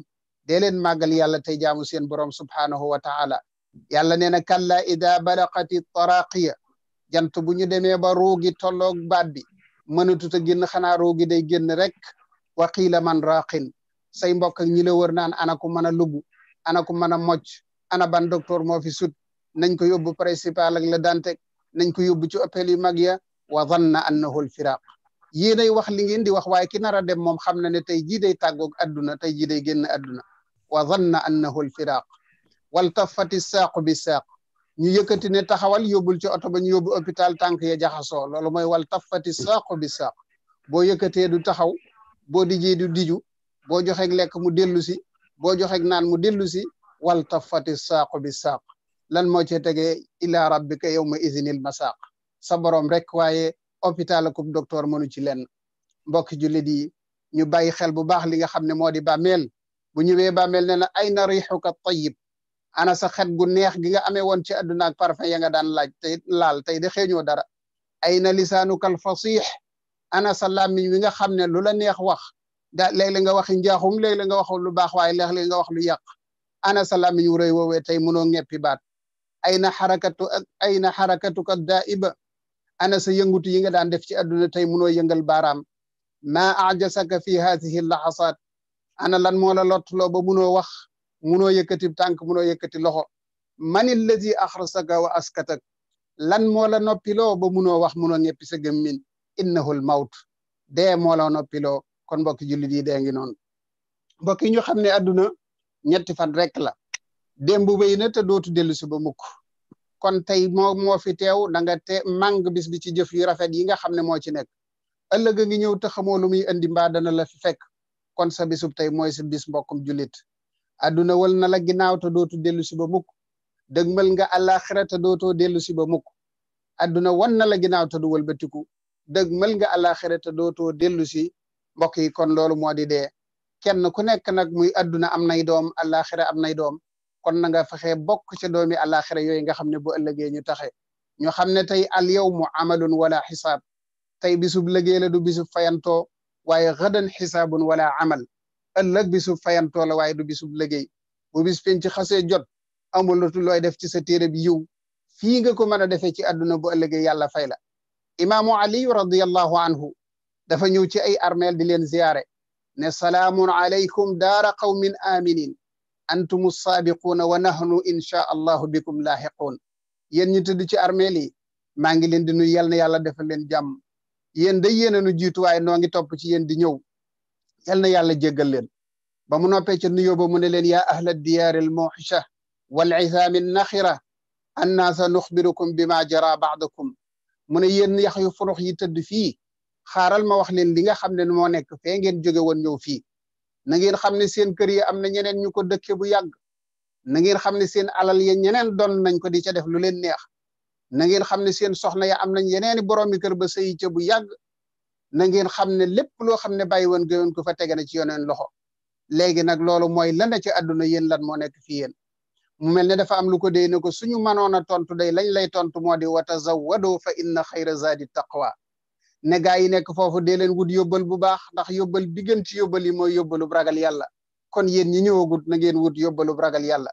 dee leen màggal yàlla tey jaamu seen borom subhaanahu wa taala yàlla nee na kalla ida balaqati taraqiya jant bu ñu demee ba ruugi tolloog baat bi mënatut a génn xanaa ruugi day génn rek waqiila man raqin sey mbokk ak ñi la wër naan ana ku mën a lugg ana ku mën a mocc ana ban docteur moo fi sut nañ ko yóbbu principal ak la danteg nañ ko yóbbu ci hôpital yu mag ya na wa zanna annahu alfiraq yéenay wax li ngeen di wax waaye ki nar a dem moom xam na ne tey jii day tàggoog adduna tey jii day génn adduna wa na annahu alfiraq wal tafati saaqu bi saaq ñu yëkkati ne taxawal yóbbul ci oto ba ñu yóbbu hôpital tànk ya jaxasoo loolu mooy wal tafati saaqu bi saaq boo yëkkatee du taxaw boo dijee du diju boo joxeeg lekk mu dellu si boo joxeeg nan mu delu ci wal tafati saq bi saq lan mo ci tege ila rabbika yawma izinil masaq sa borom rek waye hôpital akub docteur monu ci len mbok jullit yi ñu bàyyi xel bu baax li nga xamne modi bamel bu ñewé bamel ne na ay na tayyib ana sa xet gu neex gi nga amé won ci aduna ak parfum ya nga daan laaj tey laal tay de xéñu dara ayna lisanuka al fasih ana sa mi nga xamne lula neex wax da léeg-léeg nga waxi njaaxum léeg-léeg nga wax lu baax waaye léeg-léeg nga wax lu yàq ana sa làmmiñ rëy woowee tey mënoo ñeppi baat ay xarakatu ak xarakatuka daa'iba ana sa yëngutu yi nga daan def ci àdduna tey mënoo yëngal baaraam maa ajasaka fi haadihi laxasaat ana lan moo la lottloo ba mënoo wax mënoo yëkkati tànk mënoo yëkkati loxo man alladi axrasaka wa askatak lan moo la noppiloo ba mënoo wax mënoo ñeppi sa gémmiñ innahu l mawt dee moo la noppiloo kon mbokki julit yi dee non noonu mbokk ñu xamne aduna ñetti fan rek la dembu wéy na te dootu delu si ba mukk kon tay mo mo fi tew da nga te mang bis bi ci jëf yu rafet yi nga xamne mo ci nek ëllëg nga ngi ñëw te xamoo lu muy andi mba dana la fi fekk kon sa bisub tay moy sa bis mbokkum julit aduna wal na la ginaaw te dootu delu si ba mukk deggmal nga àllaaxira te dooto delu si ba mukk aduna wan na la ginaaw te du wëlbatiku deggmal nga àllaaxira te dooto delu si mbokk yi kon loolu moo di dee kenn ku nekk nag muy adduna am nay doom àllaaxira am nay doom kon na nga fexe bokk ci doomi àllaaxira yooyu nga xam ne bu ëllëgee ñu taxe ñu xam ne tey al yawmu amalun wala xisaab tey bisub lëggee la du bisub fayantoo waaye xëdan xisaabun wala amal ëllëg bisub fayantoo la waaye du bisub lëggéey bu bis fin ci xasee jot amul lu looy def ci sa téere bi yiw fii nga ko mën a defee ci adduna bu ëllëgee yàlla fay la imaamu ali radiallahu anhu dafa ñëw ci ay armeel di leen ziyaare ne salaamun alaykum daara qawmin aminin antumu saabiquuna wa nahnu insha allahu bikum laaxiquun yéen ñu tëdd ci armeel yi maa ngi leen di nuyu yal na yàlla defal leen jàmm yéen day yéen a nu jiitu waaye noo ngi topp ci yéen di ñëw yal na yàlla jéggal leen ba mu noppee ca nuyoo ba mu ne leen yaa ahla diyaari almuxisha wal isaami naxira annaa sa nuxbirukum bima jara baadakum mu ne yéen yax yu furux yi tëdd fii xaaral ma wax leen li nga xam ne moo nekk fee ngeen jóge woon ñëw fii na ngeen xam ne seen kër yi am na ñeneen ñu ko dëkke bu yàgg na ngeen xam ne seen alal ya ñeneen doon nañ ko di ca def lu leen neex na ngeen xam ne seen soxna ya am nañ yeneeni boroomi kër ba sëyi ca bu yàgg na ngeen xam ne lépp loo xam ne bàyyi woon gëwoon ko fa tege na ci yoneen loxo léegi nag loolu mooy la la ci àdduna yéen lan moo nekk fii yéen mu mel ne dafa am lu ko dee ne ko suñu mënoon a tontu day lañ lay tontu moo di wa fa inna xayra zaadi taqwa ne gaay yi nekk foofu dee leen wut yóbbal bu baax ndax yóbbal bi gën ci yóbbal yi mooy yóbbalub ragal yàlla kon yéen ñi ñëwagut na ngeen wut yobbalu ragal yàlla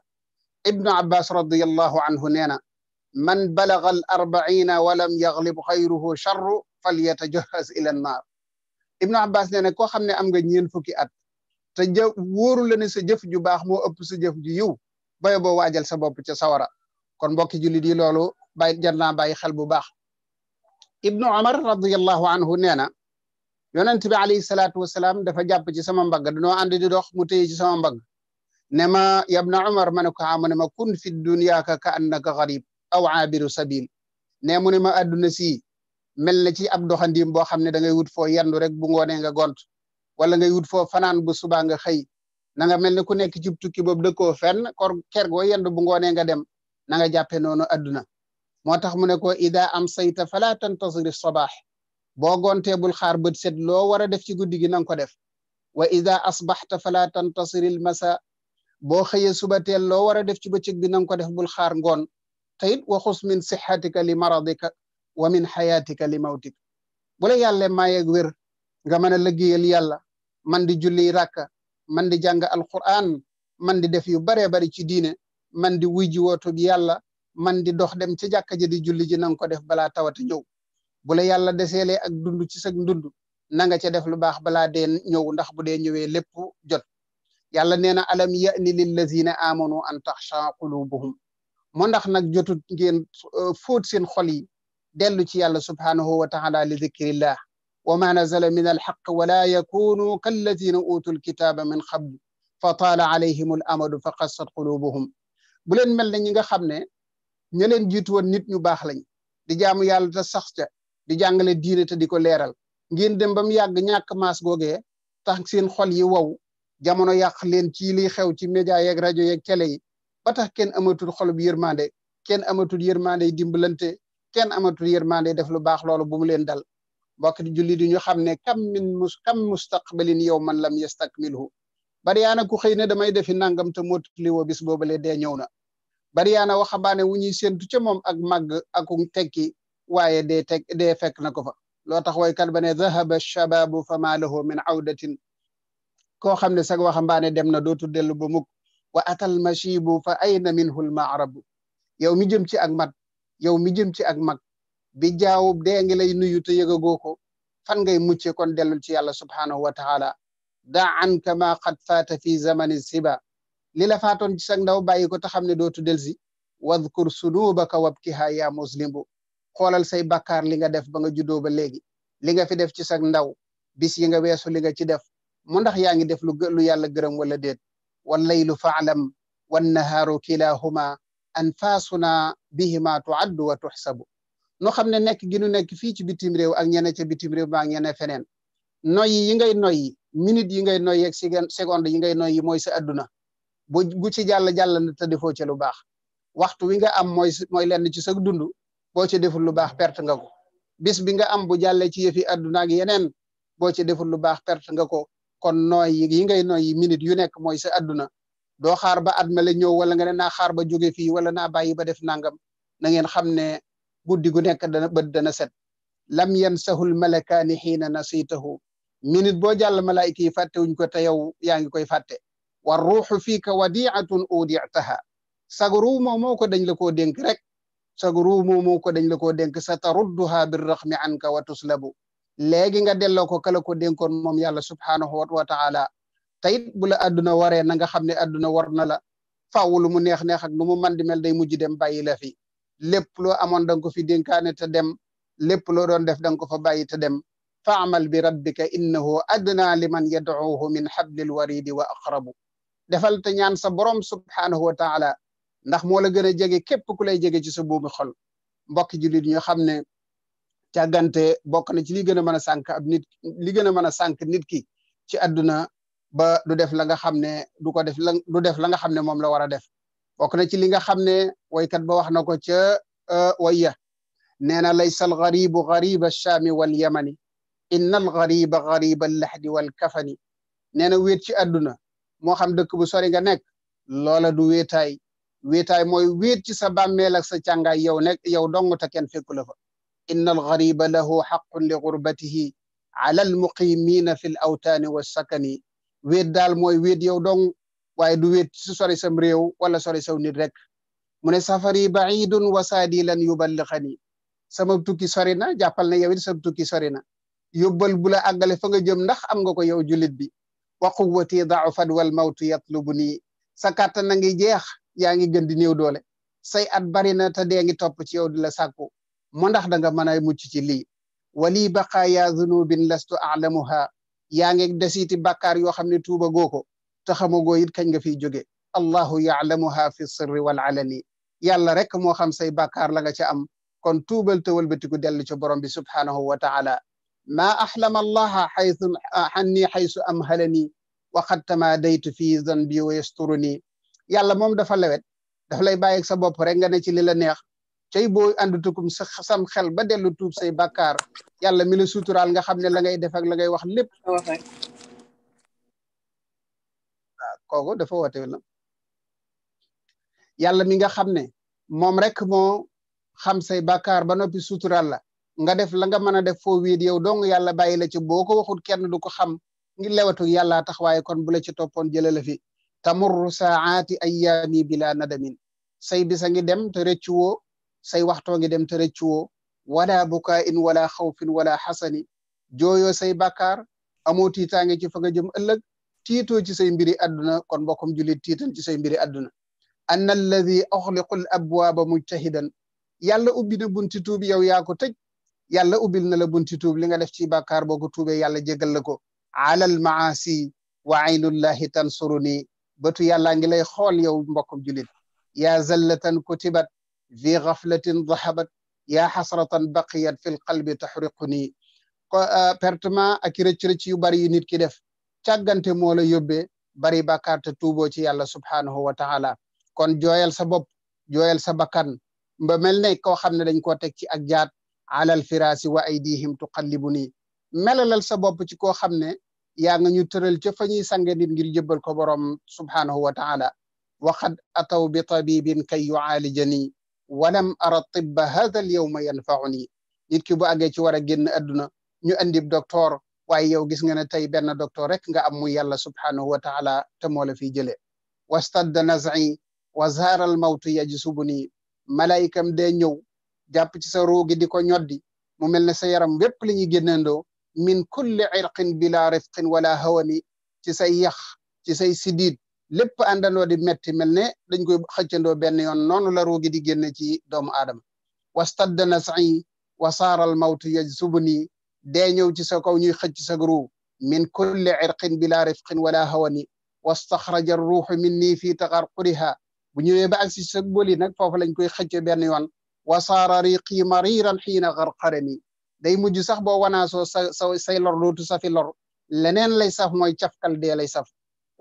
ibn abbas radiyallahu anhu neena man balagha al 40 wa lam yaghlib khayruhu sharr falyatajahhaz ila an-nar ibn abbas neena ko xamne am nga ñeen fukki at te ja wóoru la ne sa jëf ju baax mo upp sa jëf ju yiw bayo bo wajal sa bop ci sawara kon mbokk julit yi lolu bay janna bay xel bu baax ibnu omar radiallahu anhu nee na yonent bi alayhi salaatu wasalaam dafa jàpp ci sama mbagg danoo ànd di dox mu téye ci sama mbagg ne ma yabna omar ma ne ko amu ne ma kun fi dunya ka ka annaka garib aw aabiru sabil ne mu ne ma àdduna si mel na ci ab doxandiim boo xam ne da ngay wut foo yendu rek bu ngoonee nga gont wala ngay wut foo fanaan bu subaa nga xëy na nga mel ne ku nekk ci tukki boobu dëkkoo fenn kor ker goo yendu bu ngoonee nga dem na nga jàppee noonu àdduna moo tax mu ne ko ida am sayta fala tantasiri sabaax boo gontee bul xaar bët set loo war a def ci guddi gi nanga ko def wa ida asbaxta fala tantasiri l masa boo xëyee suba teel loo war a def ci bëccëg bi nanga ko def bul xaar ngoon te it waxus min sixaatika li maradika wa min xayaatika li mawtika bu la yàlla mayeeg wér nga mën a liggéeyal yàlla man di julli rakka man di jàng alquran man di def yu baree bari ci diine man di wuy ji wootu yàlla man di dox dem ci jàkka ji di julli ji nang ko def bala tawata ñëw bu la yàlla deseelee ak dundu ci sax dundu na nga ca def lu baax bala de ñëw ndax bu de ñewé lépp jot yàlla neena alam ya'ni lil ladzina amanu an tahsha qulubuhum mo ndax nak jotut ngeen fóot seen xol yi delu ci yàlla subhanahu wa taala li dikrillah wa ma nazala min alxaq wala yakunu kalladina utul kitaaba min qabl fa taala alayhim al amadu fa qassat qulubuhum bu leen mel nga xam ñeneen jiitu woon nit ñu baax lañ di jaamu yàlla te sax ca di jàngale diine te di ko leeral ngeen dem ba mu yàgg ñàkk maas googee tax seen xol yi wow jamono yàq leen ci liy xew ci média yeeg rajo yeeg télé yi ba tax kenn amatul xolub yërmande kenn amatul yërmande dimbalante kenn amatul yërmande def lu baax loolu bu mu leen dal mbokk di julli di ñu xam ne kam min mus kam yow man lam yastakmilhu bari yaa na ku xëy ne damay defi nangam te mootuli woo bis boobale dee ñëw na bariyaana waxambaane wu ñuy séentu ca moom ak màgg aku tekki waaye de teg dee fekk na ko fa loo tax woykat ba ne dhahaba shababu fama lahu min awdatin koo xam ne sag waxambaane dem na dootu dellu ba mukk wa atal mashibu fa ayna minhu lmaarabu yow mi jëm ci ak mat yow mi jëm ci ak mag bi jaawub dee ngi lay nuyu te yëgagoo ko fan ngay mucce kon dellul ci yàlla subhaanahu wa taala daa anka ma qad faata fi zamani siba li la faatoon ci sag ndaw bàyyi ko te xam ne dootu delsi wadkur sunubaka wabkiha ya muslimu xoolal say bakkaar li nga def ba nga juddoo ba léegi li nga fi def ci sag ndaw bis yi nga weesu li nga ci def mu ndax yaa ngi def lu lu yàlla gërëm wala déet wallaylu faalam wannahaaru kilahuma anfaasuna bihima tuaddu wa tuxsabu nu xam ne nekk gi nu nekk fii ci bitim rew ak ñene ca bitim réew maa ngene feneen noyyi yi ngay noyyi minute yi ngay noyyi ak seconde yi ngay noyyi mooy sa adduna bu gu ci jàll jàll na te defoo ca lu baax waxtu wi nga am mooy mooy lenn ci sa dund boo ci deful lu baax perte nga ko bis bi nga am bu jàllee ci yëfi àdduna ak yeneen boo ci deful lu baax perte nga ko kon nooy yi ngay nooy yi yu nekk mooy sa àdduna doo xaar ba at ma la ñëw wala nga ne naa xaar ba jóge fii wala naa bàyyi ba def nangam na ngeen xam ne guddi gu nekk dana bët dana set lam yansahul malakaani xiina nasitahu minute boo jàll malaayika yi fàttewuñ ko te yow yaa ngi koy fàtte والروح فيك وديعة أودعتها سغرو مومو كو دنج لكو دنك رك سغرو مومو دنج لكو دنك ستردها بالرغم عنك وتسلب léegi nga delloo ko kala ko dénkoon moom yàlla subhaanahu wa taala tayit bu la àdduna waree na nga xam ne àdduna war na la faaw lu mu neex neex ak lu mu mën di mel day mujj dem bàyyi la fi lépp loo amoon da ko fi dénkaane te dem lépp loo doon def da ko fa bàyyi te dem faamal bi rabbika innahu adna liman yadcuuhu min xablil waridi wa aqrabu defal te ñaan sa borom subhaanahu wa taala ndax moo la gën a jege képp ku lay jege ci sa buumi xol mbokki jullit ñu xam ne càggante bokk na ci li gën a mën ab nit li gën a mën nit ki ci àdduna ba du def la nga xam du ko def du def la nga xam ne la war def bokk na ci li nga xam ne waykat ba wax na ko waya nee na laysa al garibu gariba wal yamani inna al gariba al lahdi wal kafani nee na wéet ci àdduna moo xam dëkk bu sori nga nekk loola du wéetaay wéetaay mooy wéet ci sa bàmmeel ak sa càngaay yow nekk yow dong te kenn fekku la fa inna lahu xaqun li gurbatihi ala almuqimina fi l awtaani wa sakani wéet daal mooy wéet yow dong waaye du wéet ci sori sam réew wala sori saw nit rek mu safari baidun wa saadi lan sama tukki sori na jàppal na yow it sama tukki sori na yóbbal bu la fa nga jëm ndax am nga ko yow jullit bi wa quwwati daafan wal mawtu yatlubu ni sa kàttan na ngi jeex yaa ngi gën di néew doole say at bari na te dee ngi topp ci yow di la sàkku mu ndax da nga mën a mucc ci lii wali baqaaya zunubin lastu alamuha yaa ngi desiti bàkkaar yoo xam ne tuuba goo ko te xamagoo it kañ nga fiy jóge allahu yaalamuha fi sirri wal alani yàlla rek moo xam say bàkkaar la nga ca am kon tuubal te wëlbatiku dellu ca borom bi subhaanahu wa taala ما أحلم الله حيث عني حيث أمهلني وقد تماديت في ذنبي ويسترني yàlla moom dafa lewet dafa lay bàyyi sa bopp rek nga ne ci li la neex cay boo àndutukum sa sam xel ba dellu tuub say bàkkaar yàlla mi la suturaal nga xam ne la ngay def ak la ngay wax lépp. waaw kooku dafa woote la yàlla mi nga xam ne moom rek moo xam say bàkkaar ba noppi suturaal la nga def la nga mën a def foo wéet yow dong yàlla bàyyi la ci boo ko waxul kenn du ko xam ngir lewatu yàllaa tax waaye kon bu la ci toppoon jële la fi tamurru saaati ayyaami bila nadamin say bisa ngi dem te rëccu say waxtoo ngi dem te rëccu woo wala bukaa in wala xawfin wala xasani jooyoo say bàkkaar amoo tiitaange ci fa nga jëm ëllëg tiitoo ci say mbiri àdduna kon mbokkum jullit tiital ci say mbiri àdduna anna alladi axliqu al abwaaba mujtahidan yàlla ubbi na bunti tuub yow yaa ko tëj يالا اوبيل نلا بونتي توب ليغا ديف سي بكار بوكو توبي يالا جيغال لاكو على المعاصي وعين الله تنصرني باتو يالا نغي لاي خول يو مبوكم يا زله كتبت في غفله ذهبت يا حسره بقيت في القلب تحرقني بيرتما اكي ريتش ريتش يو باري نيت كي ديف تياغانتي مولا يوبي باري بكار توبو سي يالا سبحانه وتعالى كون جويل سا بوب جويل سا بكان ba melne ko xamne alal firaasi wa aydihim tuqallibu nii melalal sa bopp ci koo xam ne yaa nga ñu tëral ca fa ñuy ngir jëbbal ko borom subhaanahu wa taala waxad ataw bi tabibin kay yuaalija nii walam ara tibba hatha al yowma yanfaau nii nit ki bu àggee ci war a génn àdduna ñu andib docteur waaye yow gis nga ne tey benn docteur rek nga am muy yàlla subhaanahu wa taala te moo la fiy jëlee wastadda naz'i wa zaaral mawtu yajsubu nii malaykam dee ñëw jàpp ci sa ruu gi di ko ñoddi mu mel ne sa yaram wépp la ñuy génnandoo min kulli irqin bila rifqin wala hawani ci say yax ci say sidiid lépp àndandoo di metti mel ne dañ koy xëccandoo benn yoon noonu la ruu gi di génn ci doomu aadama wastadda nas'i wa saaral mawtu yajsubuni dee ñëw ci sa kaw ñuy xëcc sa ruu min kulli irqin bila rifqin wala hawani wastaxraja ruuxu min nii fii taxarquriha bu ñëwee ba agsi sa boli nag foofu lañ koy xëcce benn yoon wasaara riqii mariran xiina xarxarani day mujj sax boo wanaasoo sa sa say lor dootu safi lor leneen lay saf mooy cafkal dee lay saf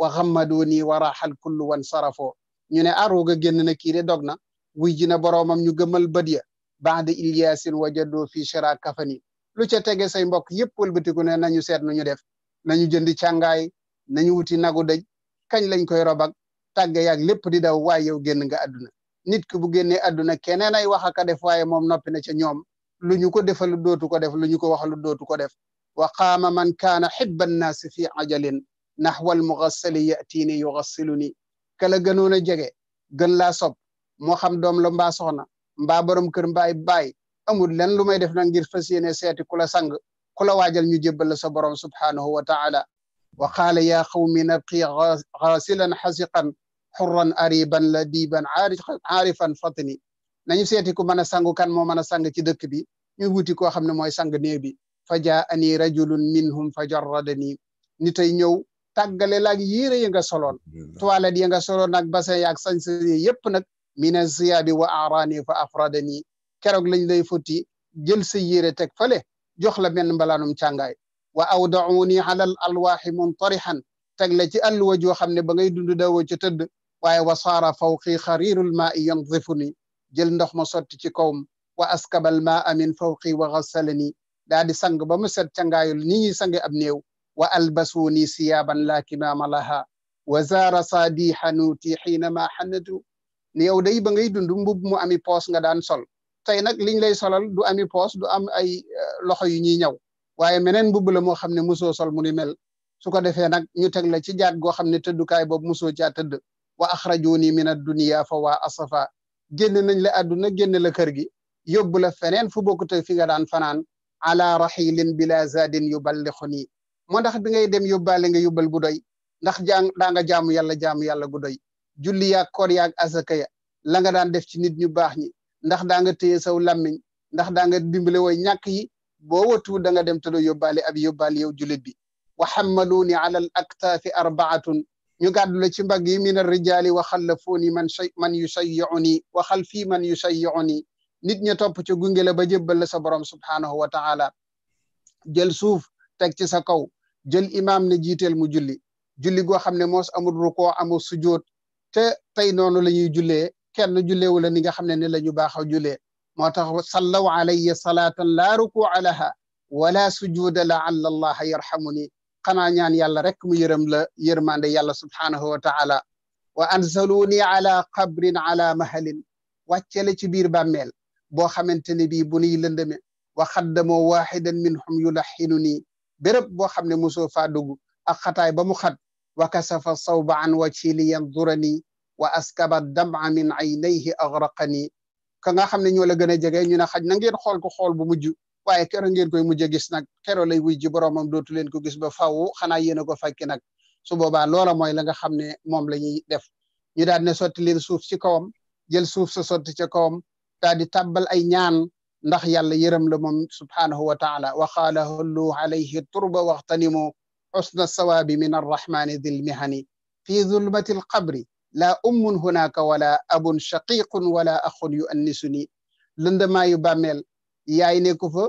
wa xammadoo nii waraaxal kullu wan sarafo ñu ne arooga génn na kii de dog na wuy ji na boroomam ñu gëmal bët ya baada ilyaasin wajadoo fii shara kafani lu ca tege say mbokk yëpp wëlbatiku ne nañu seet nu ñu def nañu jëndi càngaay nañu wuti nagu dëj kañ lañ koy robak tàgga yaag lépp di daw waaye yow génn nga àdduna nit ki bu génné aduna keneen ay wax ak def waaye moom noppi na ca ñoom lu ñu ko defal dootu ko def lu ñu ko waxalu dootu ko def wa qama man kana hibba an-nas fi ajalin nahwa al-mughassil yatini yughassiluni kala gënoon jege gën la sop mo xam doom la mba soxna mba borom kër mbaay bay amul len lu may def nag ngir fasiyene seti kula sang kula wajal ñu jébal la sa borom subhanahu wa taala wa qaala yaa qawmi nabqi gaasilan xasiqan xurran ariban ladiban aarifan fatni nañu seeti ku mën a sangu kan moo mën a sang ci dëkk bi ñu wuti koo xam ne mooy sang néew bi fa jaa ani rajulun minhum fa jarradani nit ay ñëw tàggale laag yére ya nga soloon toilette ya nga soloon ak bassin yaag sañse yépp nag mina ziyaabi wa aaraani fa afradani keroog lañ lay futti jël sa yére teg fale jox la benn mbalaanum càngaay wa awdauni ala al alwaaxi muntarixan teg la ci àlluwa joo xam ne ba ngay dund dawoo ca tëdd waaye wasaara fawqi kharirul ma yanzifuni jël ndox ma sotti ci kawm wa askabal ma min fawqi wa xasalani dadi sang ba mu set ngayul ni ñi sange ab néew wa albasuni siyaban la kimama laha wa zara zaara saadi hina ma hanadu ni yow day ba ngay dund mbub mu ami pos nga daan sol tay nak liñ lay solal du ami pos du am ay loxo yu ñi ñew waye menen mbub la mo xamne muso sol mu ni mel su ko defee nag ñu teg la ci jaat go xamne ne tëddukaay boobu musoo caa tëdd wa axrajuuni min addunia fa waa asafa génne nañ la àdduna génne la kër gi yóbbu la feneen fu bokkut fi nga daan fanaan ala raxilin bila zadin yubalixu nii moo ndax bi ngay dem yóbbaale nga yóbbal gu doy ndax jàng daa nga jaamu yàlla jaamu yàlla gu doy julli yaag koor yaag asaka ya la nga daan def ci nit ñu baax ñi ndax daa nga téye saw làmmiñ ndax daa nga dimbale way ñàkk yi boo watu da nga dem te doo yóbbaale ab yóbbaale yow jullit bi wa xammaluuni ala al aktaafi arbaatun يقعد لكن بقي من الرجال وخلفوني من شي من يشيعني وخلفي من يشيعني نيت ني توب تي غونغي بجيب بل صبرم سبحانه وتعالى جل سوف تك تي جل امام ني جيتل مو جولي جولي غو خامني موس امو ركوع امو سجود تا تاي نونو لا ني جولي كين جولي ولا نيغا خامني ني لا ني باخا جولي موتاخ صلوا علي صلاه لا ركوع لها ولا سجود لا لعل الله يرحمني قنا نيان يالا رك مو يرم لا يرمان يالا سبحانه وتعالى وانزلوني على قبر على مهل واتيلي تي بير باميل بو خامتني بي بوني لندمي وخدمو واحدا منهم يلحنني برب بو خامني موسو فا دوغ اك خطاي بامو خد وكسف الصوب عن وجهي لينظرني واسكب الدمع من عينيه اغرقني كاغا خامني نيو لا غنا جيغي ني نا خاج نانغي خول كو خول بو مجو waaye kero ngeen koy mujj a gis nag kero lay wuy ji boroomam dootu leen ko gis ba faw xanaa yéen a ko fàkki nag su boobaa loola mooy la nga xam ne moom la ñuy def ñu daal ne sotti leen suuf ci kawam jël suuf sa sotti ca kawam daal di tàbbal ay ñaan ndax yàlla yërëm la moom subhaanahu wa taala wa qaala hullu alayhi turba waxtanimu xusna sawaabi min arrahmani dil mihani fi zulmati alqabri laa ummun hunaka wala abun shaqiqun wala axun yu annisuni lëndamaayu bàmmeel yaay nekku fa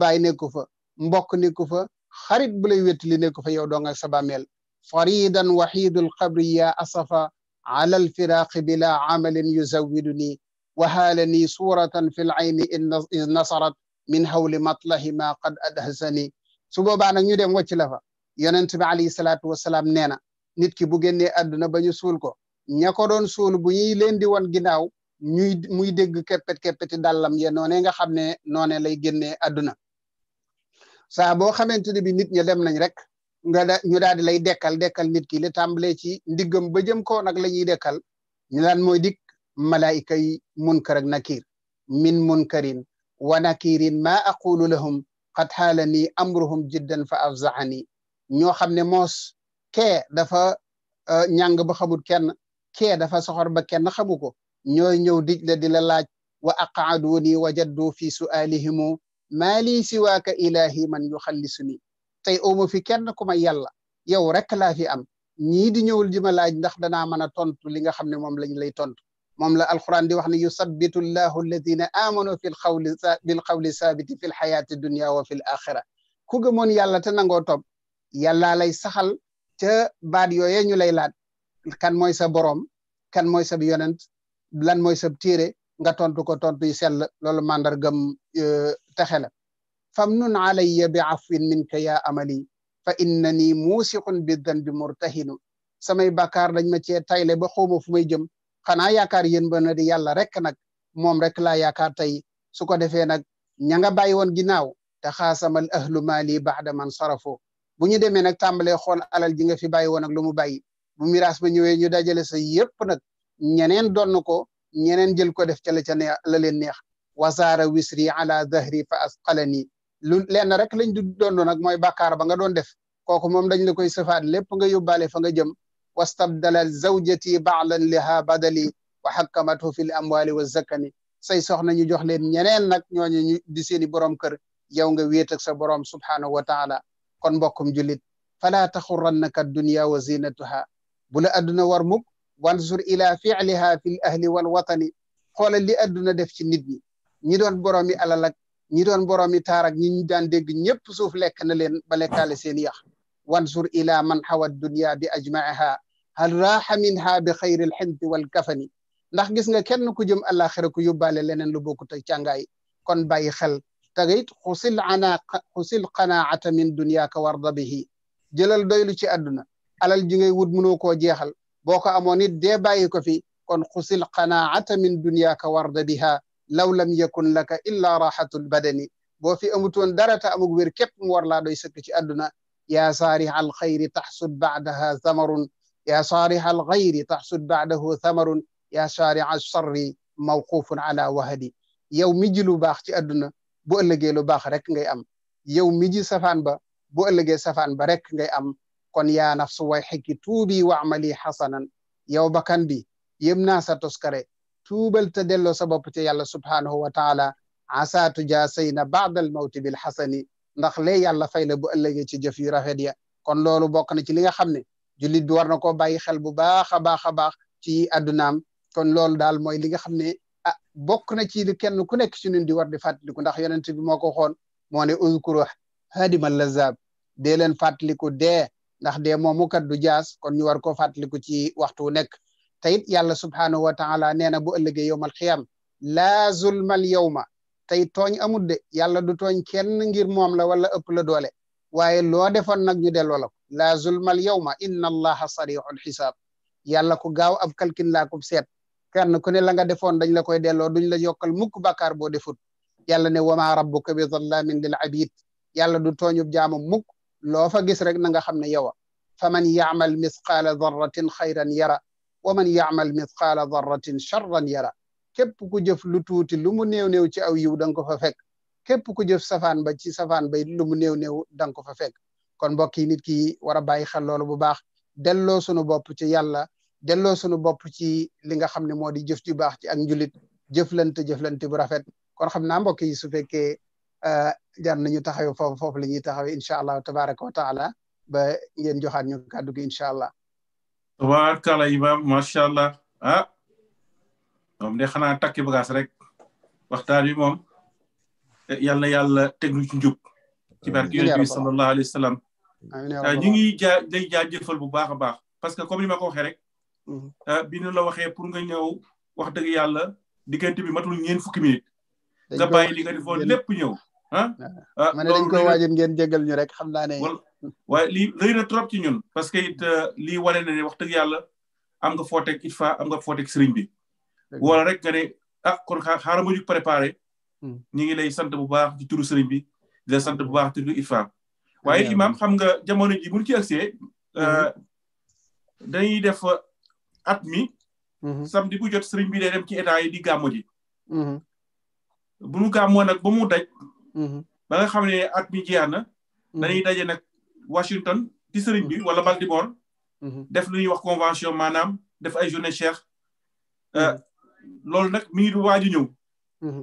baay nekku fa mbokk nekku fa xarit bu lay wetti li nekku fa yow do nga sa bàmmeel faridan wahidul qabri ya asafa ala al firaq bila amal yuzawiduni wa halani suratan fil ayn in nasarat min hawli matlahi ma qad adhasani أدهسني سبو nak ñu dem wacc la fa بي bi ali salatu wassalam neena nit ki bu ادنا aduna bañu sul ko ñako don sul bu ñi leen di won ginaaw ñuy muy dégg keppet keppeti dàllam ya noone nga xam ne noone lay génnee àdduna saa boo xamante bi nit ña dem nañ rek nga da ñu daal di lay dekkal dekkal nit ki li tàmbalee ci ndiggam ba jëm ko nag la ñuy dekkal ñu daan mooy dikk malaayika yi munkar ak nakir min munkarin wa nakirin ma aqulu lahum qad xaala amruhum jiddan fa afzaani ñoo xam ne moos kee dafa ñàng ba xamut kenn kee dafa soxor ba kenn xamu ko ñoy ñëw dij la di la laaj wa aqaaduuni wa jaddu fi suaalihimu maa lii siwaaka ilahi man yukhallisuni tay o mo fi kenn kuma yàlla yow rek la fi am ñi di ñëwul jima laaj ndax dana mëna tontu li nga xamne mom lañ lay tontu mom la alquran di wax ni yusabbitu llahu alladhina amanu fil lqawli bil qawli sabit fil hayati dunya wa fil akhirah ku gëmon yàlla te nango top yalla lay saxal ca baat yooye ñu lay laaj kan mooy sa borom kan mooy sa yonent lan moy sab téere nga tontu ko tontu yi sell loolu màndargam texe la fam alayya bi afwin minka ya amali fa innani musiqun bi danbi murtahinu samay bakar lañ ma ci tayle ba xawma fu may jëm xana yaakaar yéen ba na di yàlla rek nak mom rek la yaakaar tay su ko defee nag ña nga bàyyi woon ginnaaw te xaasamal ahlu mali ba'da man sarafu bu ñu démé nak tambalé xol alal ji nga fi bàyyi won ak lu mu bàyyi bu mirage ba ñëwé ñu dajale sa yépp nak ñeneen don ko ñeneen jël ko def ci la ca la leen neex wasara wisri ala dhahri fa asqalani lu lenn rek lañ du don nak moy bakkar ba nga don def koku mom dañ la koy sëfaat lépp nga yobale fa nga jëm wastabdala zawjati ba'lan liha badali wa hakamatu fil amwali wa zakani say soxna ñu jox leen ñeneen nak ñooñu ñu di seeni borom kër yow nga wéet ak sa borom subhanahu wa taala kon mbokum julit fala ad dunya wa zinatuha bula aduna adduna war mukk wansur ila fi'liha fil ahli wal watani xoola li adduna def ci nit ñi ñi doon boroomi alal ak ñi doon boroomi taar ak ñi ñu daan dégg ñëpp suuf lekk na leen ba lekkaale seen yax wansur ila man xawa dunya bi ajmaiha hal raaxa minha bi xayri alxinti wal kafani ndax gis nga kenn ku jëm àllaaxira ku yóbbaale leneen lu bokkut ak càngaay kon bàyyi xel tagayit xusil anaa xusil qanaata min dunyaaka warda bihi jëlal doylu ci àdduna alal ji ngay wut mënoo koo jeexal boo ko amoon it dee bàyyi ko fi kon xusil qanaata min dunyaaka warda biha law lam yakun laka illa raxatul badani boo fi amutoon dara te amug wér képp mu war laa doy sëkk ci àdduna yaa saarix al xayri taxsud baadaha thamarun yaa saarix al ala wahadi yow mi ji lu baax ci àdduna bu ëllëgee lu baax rek ngay am yow mi ji safaan ba bu ëllëgee safaan ba rek ngay am kon yaa nafsu way xekki tuubi wa amali xasanan yow bakkan bi yëm naa sa toskare tuubal te delloo sa bopp ci yàlla subhaanahu wa taala asa tujaasayna baadal mawti bil xasani ndax lee yàlla fay la bu ëllëgee ci jëf yu rafet ya kon loolu bokk na ci li nga xam ne jullit bi war na koo bàyyi xel bu baax a baax a baax ci addunaam kon loolu daal mooy li nga xam ne ah bokk na ci li kenn ku nekk ci ñun di war di fàttaliku ndax yonent bi moo ko xoon moo ne uzkuru hadima lazab dee leen fàttaliku dee ndax de momu kat du jaas kon ñu war ko fàttaliku ci waxtu nek tayit yàlla subhanahu wa taala neena bu ëllëgé yowmal xiyaam laa zulmal yawma tay togn amul de yàlla du togn kenn ngir mom la wala ëpp la doole waye lo defon nak ñu delloo la ko laa zulmal yowma inna allaha sarixul hisab yàlla ku gaaw ab kalkin la ko set kenn ku ne la nga defon dañ la koy delo duñ la yokal mukk bakar bo defut yàlla ne wama rabbuka bi zallamin lil abid yàlla du tooñub jaamu mukk loo fa gis rek na nga xam ne yow fa man yaamal misqaala darratin xayran yara wa man yaamal misqaala darratin charran yara képp ku jëf lu tuuti lu mu néew néew ci aw yiw dang nga ko fa fekk képp ku jëf safaan ba ci safaan bay lu mu néew néew dang nga ko fa fekk kon mbokk yi nit ki war a bàyyi xel loolu bu baax delloo sunu bopp ci yàlla delloo sunu bopp ci li nga xam ne moo di jëf ci baax ci ak njulit jëflante jëflante bu rafet kon xam naa mbokk yi su fekkee Eh, jar nañu taxaw foofu foofu la ñuy taxawee incha allah tabaraka wa taala ba ngeen joxaat ñu kàddu gi incha allah. tabaarkalla imaam macha allah ah moom de xanaa takki bagaas rek waxtaan wi moom yàlla yàlla teg ñu ci njub. ci barke yonent bi sallallahu alayhi wa sallam. Ah, ñu ngi jaa day jaajëfal bu baax a baax parce que comme ni ko waxee rek. Mm-hmm. Ah, bi ñu la waxee pour nga ñëw wax dëgg yàlla diggante bi matul ñeen fukki minute. nga bàyyi li nga defoon lépp ñëw. Ah? ah ma ne ngeen jégal ñu rek xam naa ne waaye lii rëy na trop ci ñun parce que it euh, lii wane na ne wax dëgg yàlla am nga foo it fa am nga foo teg sëriñ bi wala rek nga ne ah kon xaaral ma ñu préparé hmm. ñu ngi lay sant bu baax ci turu sëriñ bi di la sant bu baax ci turu ITFA waaye imaam xam nga jamono ji buñ ci agsee hmm. euh, dañuy def euh, at mi hmm. samedi bu jot sëriñ bi day dem ci état yi di gàmmo ji bu mu gàmmoo nag ba mu daj Mm-hmm. ba nga xam ne at mi jeex na. Mm-hmm. dañuy daje nag Washington ci sëriñ bi mm-hmm. wala Baltimore. def lu ñuy wax convention maanaam def ay journée cheikh. Euh, loolu nag mi ngi waaju ñëw.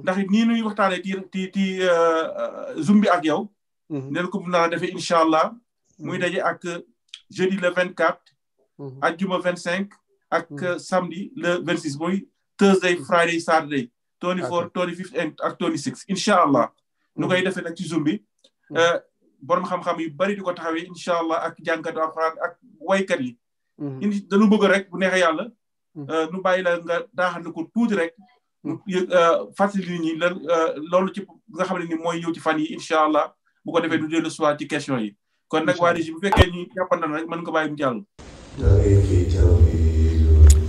ndax nii nuy waxtaanee ti ti ci euh, euh, zoom bi ak yow. neen ko naa a defee incha allah. muy daje ak jeudi le vingt quatre. juma vingt cinq. ak samedi le vingt six muy Thursday Friday Saturday. twenty four twenty fifth ak twenty six incha allah. nu koy defee nag ci zoom bi. Mm-hmm. Euh, borom xam-xam yu bari di ko taxawee incha allah ak jànkatu ak waykat yi. Mm-hmm. indi dañu bëgg rek bu neexee yàlla. Mm-hmm. Euh, nu bàyyi la nga daaxal ko tuuti rek. Euh, fàttali nit ñi lan loolu ci nga xam ne ni mooy ñëw ci fan yi incha allah bu ko defee nu dellu soit ci question yi kon nag waa régie bu fekkee ñu jàppandal rek mën nga bàyyi mu jàll.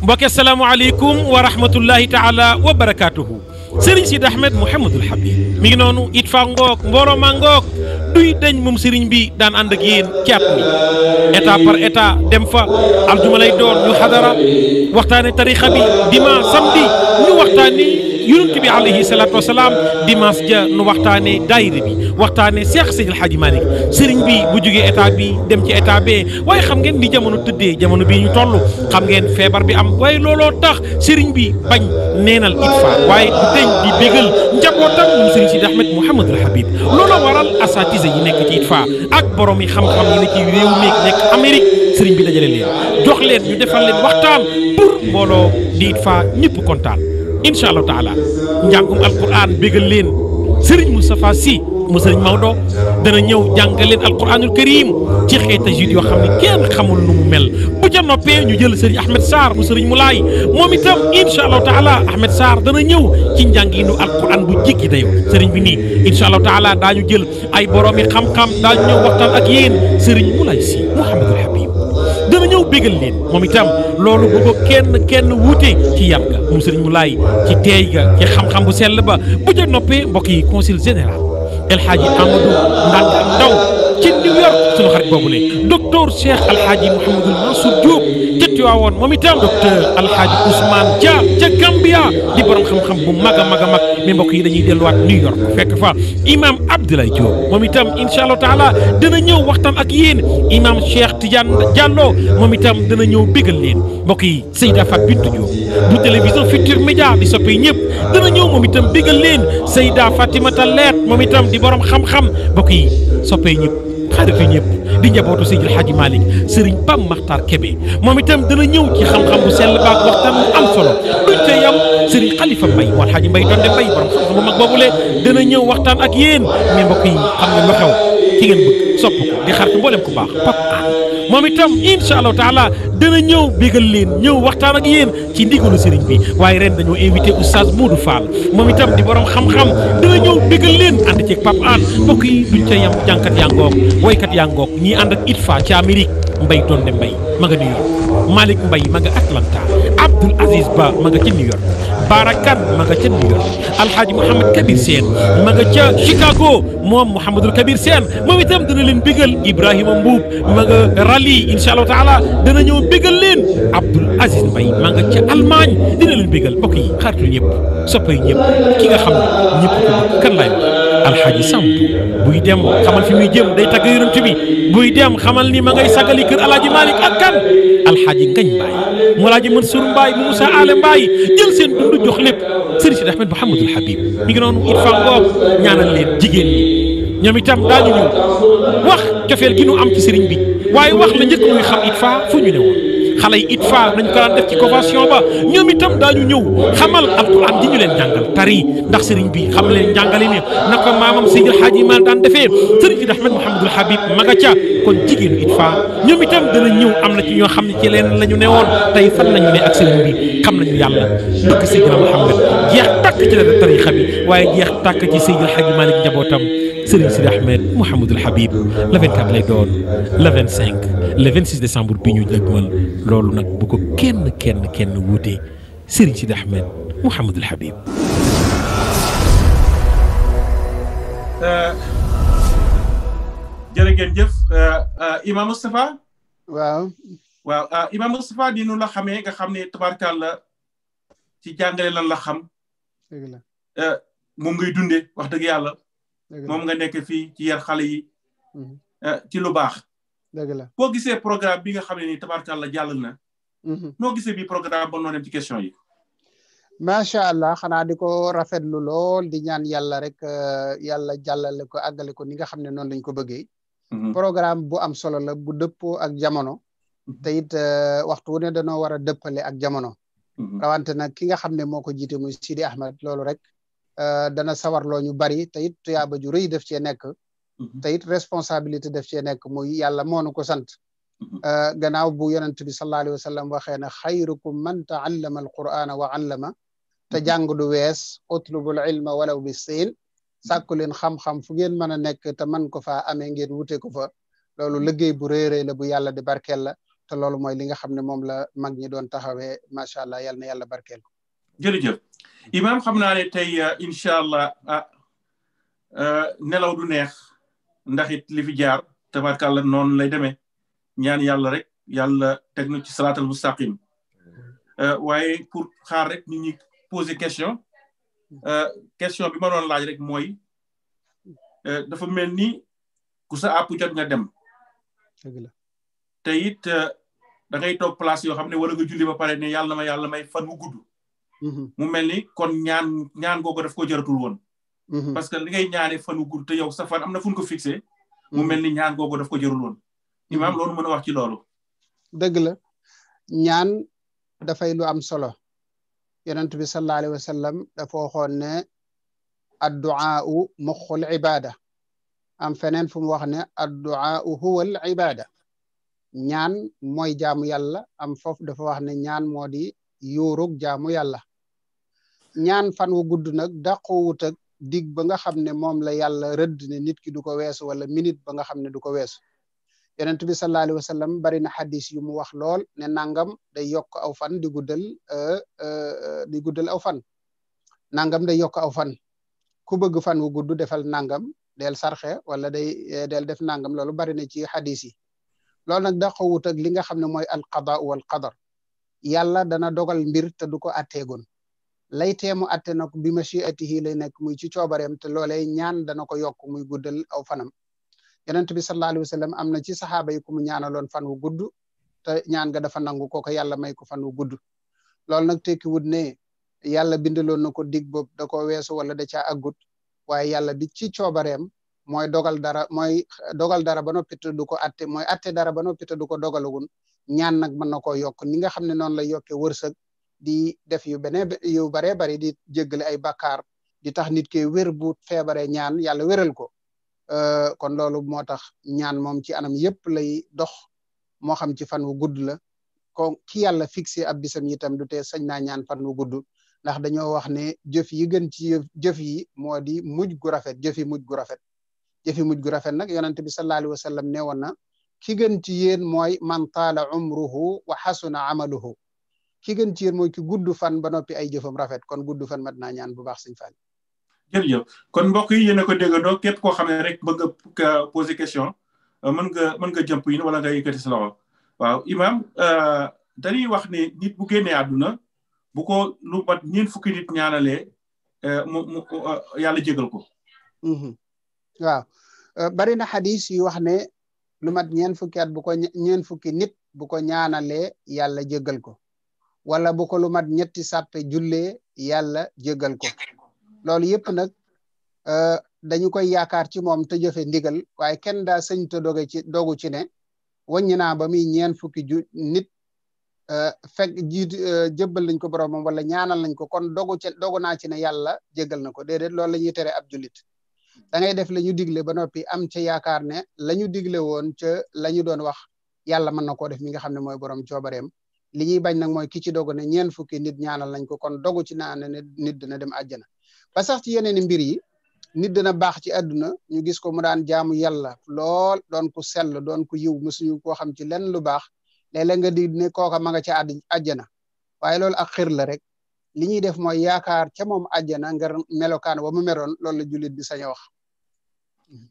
mbokk asalaamaaleykum wa rahmatullahi taala wa barakaatuhu. sëriñ Sidi Ahmed Mouhamadul Habib mi ngi noonu it fa ngoog mbooloo ma ngoog duy dañ moom sëriñ bi daan ànd ak yéen ci at mi état par état dem fa aljuma doon ñu xadara waxtaane tarixa bi dimanche samedi ñu waxtaani yonent bi alayhi salaatu wasalaam ja nu waxtaanee daayira bi waxtaanee Seex Seydil Hadji sëriñ bi bu jugee état bi dem ci état bee waaye xam ngeen ni jamono tëddee jamono bii ñu toll xam ngeen feebar bi am waaye looloo tax sëriñ bi bañ neenal itfa waaye du deñ di bégal njabootam mu sëriñ Sidi Ahmed Mouhamadul Habib looloo waral asatise yi nekk ci itfa ak borom xam-xam ci réew meeg nekk Amérique sëriñ bi dajale leen jox leen kontaan. incha allahu taala njàngum alquran bégal leen sëriñ Moustapha Sy mu sëriñ dana ñëw jàngal leen alquranul karim ci xeeta jiit yoo xam ne kenn xamul nu mu mel bu ca noppee jël sëriñ Ahmed Sarr mu sëriñ Moulay moom itam incha allahu taala Ahmed Sarr dana ñëw ci njànginu alquran bu jéggi dayoo sëriñ bi nii incha allahu taala daañu jël ay boroomi xam-xam daañu ñëw waxtaan ak sëriñ Moulay Sy Mouhamadul Habib bégal leen moom itam loolu bu kenn kenn wuute ci yar ga moom sëriñ ci teey ga ci xam-xam bu sell ba bu ca noppee mbokk yi consul général El Hadji Amadou Ndanka Ndaw ci New York sunu xarit boobu le docteur Cheikh Alhaji Mouhamadul Mansour Diop ca Tiwaawoon moom itam docteur Alhaji Ousmane Dia ca Gambia di borom xam-xam bu mag a mag a mag mais mbokk yi dañuy delluwaat New York fekk fa imam Abdoulaye Diop moom itam incha allahu taala dana ñëw waxtaan ak yéen imam Cheikh Tidiane Diallo moom itam dana ñëw bégal leen mbokk yi Seyda Fat Bintou bu télévision Futur Média di soppe ñëpp dana ñëw moom itam bégal leen Seyda Fatimata Leet moom itam di borom xam mbokk yi soppe ñëpp xaritu ñëpp di njabootu Seydil Hadji Malick sëriñ Pam Makhtar Kébé moom itam dana ñëw ci xam-xam bu sell baak waxtaan mu am solo duñ ca yam sëriñ Khalifa Mbaye Mor Hadji Mbaye donte Mbaye borom xam-xam bu mag boobule dana ñëw waxtaan ak yéen mais mbokk yi xam nga lu ki ngeen bëgg sopp ko di xarit mboolem ku baax pap an moom itam incha allahu taala dana ñëw bégal leen ñëw waxtaan ak yéen ci ndigalu sëriñ bi waaye ren dañoo invité oustaz Modou Fall moom itam di borom xam-xam dana ñëw bégal leen ànd ceeg pap an mbokk yi duñ ca yam jànkat yaa ngoog woykat yaa ngoog ñii ànd ak ITFA ci Amérique mbay doon de mbay ma nga New York Mbay ma nga Atlanta Abdoul Aziz Ba ma nga ca New York Barakan ma nga ca New York Alhaji Mouhamad Seen ma nga ca moom Mouhamadul Kabir Seen moom itam dana leen bégal Ibrahima Mbuub ma nga Rali incha allahu taala dana ñëw bégal leen Abdoul Aziz Mbaye ma nga ca Allemagne dina leen bégal mbokk yi xaritu ñëpp soppeeku ñëpp ki nga xam ne ñëpp ko alxaaji Samb buy dem xamal fi muy jëm day tagg yonent buy dem xamal ni ma ngay sagali kër alaaji Malick ak kan alxaaji Ngañ Mbaay mu alaaji Mansour Mbaay mu Moussa Ale Mbaay jël seen dund jox lépp sëriñ si Ahmed Mouhamadul Habib mi ngi noonu it fa ñaanal leen jigéen ñi ñoom itam daañu ñëw wax cofeel gi nu am ci sëriñ bi waaye wax la njëkk muy xam it fu ñu ne woon xale yi itfa nañ ko daan def ci convention ba ñoom itam daañu ñëw xamal alquran di ñu leen jàngal tari ndax sëriñ bi xam leen jàngale ne na ko maamam Seydil Hadji Mal daan defee sëriñ Ahmed Mouhamadul Habib Magaca kon jigéenu ITFA ñoom itam dana ñëw am na ci ñoo xam ne ci leen la ñu newoon tey fan la ñu ne ak sëriñ bi xam nañu yàlla bëgg Seydina Muhammad jeex tàkk ci la tariixa bi waaye jeex tàkk ci Seydi El Hadji Malick njabootam Serigne Sidi Ahmed Mouhamadul Habib le 24 lay doon le 25 le bi ñu dëgmal loolu nag bu ko kenn kenn kenn wuute Serigne Sidi Ahmed Mouhamadul Habib. Euh, jërë ngeen jëf eh, eh, Imam Moustapha waaw waaw eh, Imam Moustapha di nu la xamee nga xam ne tubaarkàlla ci jàngale lan la xam moom ngay dunde wax dëgg yàlla moom nga nekk fii ci yar xale yi mhm. ci lu baax dëgg la boo gisee programme bi nga xam ne ni tabarkàlla jàll na mhm. noo gisee bi programme ba noo dem ci question yi macha allah xanaa di ko rafetlu lool di ñaan yàlla rek yàlla jàllale ko àggale ko ni nga xam ne noonu lañ ko bëggee Mm-hmm. programme bu am solo la bu dëppoo ak jamono. Mm-hmm. te it euh, waxtu wu ne danoo war a dëppale ak jamono. Mm-hmm. rawante nag ki nga xam ne moo ko jiite muy Sidi Ahmed loolu rek. Euh, dana sawarloo ñu bari te it tuyaaba ju rëy def cee nekk. te it responsabilité def cee nekk muy yàlla moonu ko sant. Euh, gannaaw bu yonent bi sallallahu alayhi wa sallam waxee ne xayrukum man taallama alqur'ana wa allama. te jàng du wees utlubul ilma walaw bi siin sakulin xam-xam fu ngeen mën a nekk te man ko fa amé ngeen wute ko fa loolu liggéey bu réeree la bu yàlla di barkel la te loolu mooy li nga xam ne moom la mag ñi doon taxawee macha allah yàlla na yàlla barkel ko. jërëjëf imaam xam naa ne tey incha allah nelaw du neex ndax it li fi jaar tabarkàlla noonu lay demee ñaan yàlla rek yàlla teg na ci salaatal mustaqim waaye pour xaar rek nit ñi poser question. Eh, question bi ma doon laaj rek mooy eh, dafa mel ni ku sa àpp jot nga dem te it eh, da ngay toog place yoo xam ne wala nga julli ba pare ne yàlla ma yàlla may fan wu gudd mhm. mu mel ni kon ñaan ñaan googu daf ko jaratul woon mhm. parce que li ngay ñaane fan wu gudd te yow sa fan am na fu ko fixé mu mhm. mel ni ñaan googu daf ko jarul woon imaam loolu mën a wax ci loolu dëgg la ñaan dafay lu am solo yonent bi sallallahu alayhi wa sallam dafa waxoon ne adduaau muxul ibada am feneen fu mu wax ne adduaau huwal ibada ñaan mooy jaamu yàlla am foofu dafa wax ne ñaan moo di yuurug jaamu yàlla ñaan fan wu gudd nag dàqoowut ak dig ba nga xam ne moom la yàlla rëdd ne nit ki du ko weesu wala minute ba nga xam ne du ko weesu yonent bi sallallahu alayhi wa sallam bari na xadis yu mu wax lool ne nangam day yokk aw fan di guddal euh, euh, di guddal aw fan nangam day yokk aw fan ku bëgg fan wu gudd defal nangam del sarxe wala day eh, del def nangam loolu bari na ci xadis yi loolu nag dax xawut ak li nga xam ne mooy alqada wal qadar yàlla dana dogal mbir te du ko atteegoon lay teemu atte na ko bi machiatihi lay nekk muy ci coobareem te loolee ñaan dana ko yokk muy guddal aw fanam yonent bi sallallahu alayhi wa sallam am na ci saxaaba yi ku mu fan wu gudd te ñaan nga dafa nangu kooko yàlla may ko fan wu gudd loolu nag tekki wut ne yàlla bindaloon na ko dig boobu da koo weesu wala da caa aggut waaye yàlla bi ci coobareem mooy dogal dara mooy dogal dara ba noppi du ko atte mooy atte dara ba noppi te du ko dogalagul ñaan nag mën na koo yokk ni nga xam ne noonu la yokkee wërsëg di def yu beneen yu baree bari di jéggale ay bakkaar di tax nit ki wér bu feebaree ñaan yàlla wéral ko Euh, kon loolu moo tax ñaan moom ci anam yëpp lay dox moo xam ci fan wu gudd la ko ki yàlla fixé ab bisam itam du tee sañ naa ñaan fan wu gudd ndax dañoo wax ne jëf yi gën ci jëf yi moo di muj gu rafet jëfi mujj gu rafet jëfi mujj gu rafet nag yonent bi sallallahu alayhi wa sallam ne woon na ki gën ci yéen mooy man taala umruhu wa xasuna amaluhu ki gën ci yéen mooy ki gudd fan ba noppi ay jëfam rafet kon gudd fan mat na ñaan bu baax sëñ Fall jërëjëf kon mbokk yi yéen a ko déggandoo képp koo xam ne rek bëgg a poser question euh, mën nga mën nga jëmp yi wala nga yëkkati sa loxo waaw imam euh, dañuy wax ne nit bu génnee àdduna bu ko lu mat ñeent nit ñaanalee euh, mu yàlla jégal ko mhm. waaw bari na xadis yu wax ne lu mat ñeent fukki at bu ko ñeent nit bu ko ñaanalee yàlla jégal ko wala bu ko lu mat ñetti sàppe jullee yàlla jégal ko loolu yëpp nag euh, dañu koy yaakaar ci moom te jëfe ndigal waaye kenn daa sëñ te doge ci dogu ci ne wàññi naa ba muy ñeen fukki ju nit euh, fekk jiit euh, jëbbal nañ ko boromam wala ñaanal nañ ko kon dogu ci dogu naa ci ne yàlla jégal na ko déedéet loolu la ñuy tere ab jullit da def la ñu digle ba noppi am ca yaakaar ne la ñu woon ca la ñu doon wax yàlla mën na koo def mi nga xam ne mooy borom coobareem li ñuy bañ nag mooy ki ci dogu ne ñeen fukki nit ñaanal nañ ko kon dogu ci naa ne nit dina dem àjjana ba sax ci yeneen mbir yi nit dana baax ci aduna ñu gis ko mu daan jaamu yalla lool doon ko sell doon ku yiw mësuñu ko xam ci lenn lu baax léeg nga di ne koka ma nga ci àdd waye lool ak xir la rek li ñi def moy yaakar ca mom àjjana ngar melokan wa mu meron lool la julit bi sañ wax.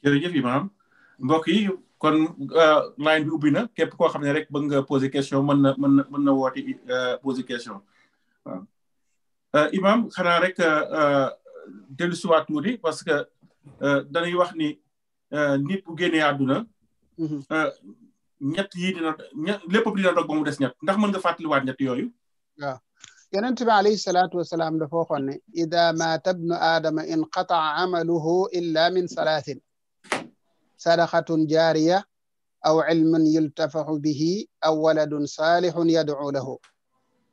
jërëjëf imam mbok yi kon euh, line bi ubbi na képp koo xam rek bëgg nga poser question mën na mën na mën na euh, poser question euh, imam xana rek dellusiwaat tuuti parce que dañuy wax ni nit bu génnee àdduna. ñett yii dina ñett lépp dina dog ba mu des ñett ndax mën nga fàttaliwaat ñett yooyu. waaw yonent bi alayhi salaatu wa salaam dafa waxoon ne. ida maata bnu aadama inqataa amaluhu illa min salaatin sadaqatun jaariya aw ilmun yultafaxu bihi aw waladun saalixun yadcu lahu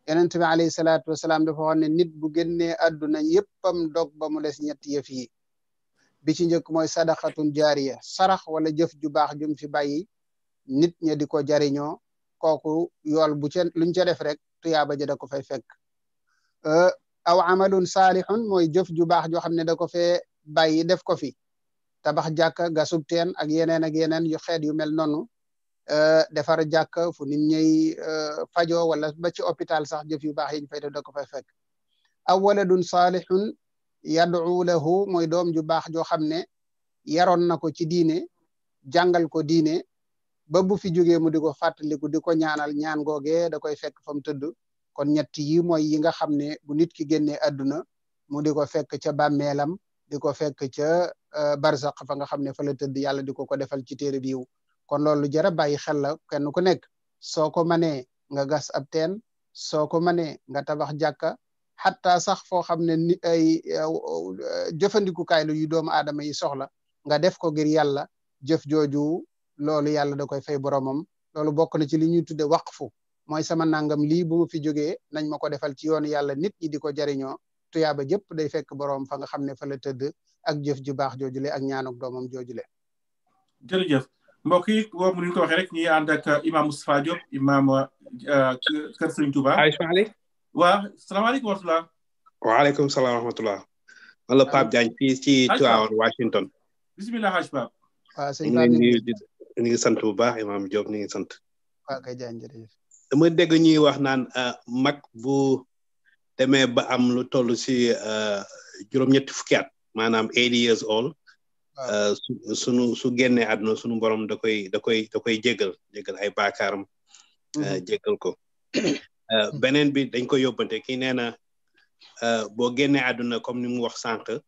yonent bi alayhi salaatu wasalaam dafa waxoon ne nit bu génnee àdduna yëppam dog ba mu des ñetti yëf yi bi ci njëkk mooy sadaqatun jaariya sarax wala jëf ju baax jum fi bàyyi nit ña di ko jariñoo kooku yool bu ca luñ ca def rek tuyaaba ja da ko fay fekk euh, aw amalun saalihun mooy jëf ju baax joo xam ne da ko fee bàyyi def ko fi tabax jàkka gasub teen ak yeneen ak yeneen yu xeet yu mel noonu Euh, defar jàkk fu nit ñay euh, fajo wala ba ci hôpital sax jëf yu baax yi ñu fay def da ko fay fekk aw waladun saalihun yad'u lahu mooy doom ju baax joo xam ne yaroon na ko ci diine jàngal ko diine ba bu fi jógee mu di ko fàttaliku di ko ñaanal ñaan googee da koy fekk fa mu tëdd kon ñett yi mooy yi nga xam ne bu nit ki génnee àdduna mu di ko fekk ca bàmmeelam di ko fekk ca euh, barzaq fa nga xam ne fa la tëdd yàlla di ko ko defal ci téere biiw kon loolu lu jar a bàyyi xel la kenn ku nekk soo ko mënee nga gas ab teen soo ko mënee nga tabax jàkka xatta sax foo xam ne ni ay jëfandikukaay lu yu doomu aadama yi soxla nga def ko ngir yàlla jëf jooju loolu yàlla da koy fay boromam loolu bokk na ci li ñuy tudde waqfu mooy sama nangam lii bu ma fi jógee nañ ma ko defal ci yoonu yàlla nit ñi di ko jariñoo tuyaaba jëpp day fekk borom fa nga xam ne fa la tëdd ak jëf ju baax joojule ak ñaanuk doomam joojule jërëjëf mbokk yi mu ni ko waxee rek ñuy ànd ak imam Moustapha Diop imam eh, kër Serigne Touba. Aïcha Ali. waaw salaamaaleykum wa rahmatulah. alaykum salaam wa rahmatulah. man la Pape Diagne fii ci Tiwaawan Washington. bisimilah Haj Pape. waaw sëñ Pape ñu ngi ñu ngi sant bu baax imam Diop ñu ngi sant. waaw kay Diagne jërëjëf. dama dégg ñuy wax naan eh, mag bu demee ba am lu toll si eh, juróom-ñetti fukki at maanaam 80 years old. Euh, sunu su génnee àdduna sunu borom da koy da koy da koy jégal jégal ay baakaaram euh, mhm. jégal ko euh, beneen bi dañ ko yóbbante kii nee na boo génnee àdduna comme ni mu wax sànq ba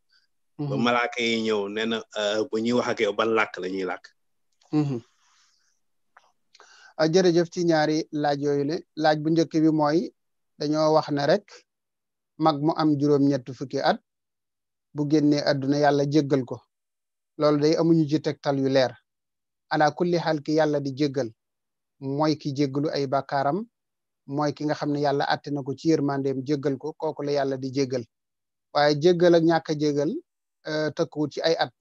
mhm. malaaka yi ñëw nee na bu ñuy wax ak yow ban làkk la ñuy làkk mhm. ah, jërëjëf ci ñaari laaj yooyu le laaj bu njëkk bi mooy dañoo wax ne rek mag mu am juróom-ñett at bu génnee àdduna yàlla jéggal ko loolu day amuñu ci tegtal yu leer ala kulli xaal ki yàlla di jéggal mooy ki jéggalu ay bàkkaaram mooy ki nga xam ne yàlla àtte na ko ci yërmandeem jéggal ko kooku la yàlla di jéggal waaye jéggal ak ñàkk a jéggal euh, tëkkuwut ci ay at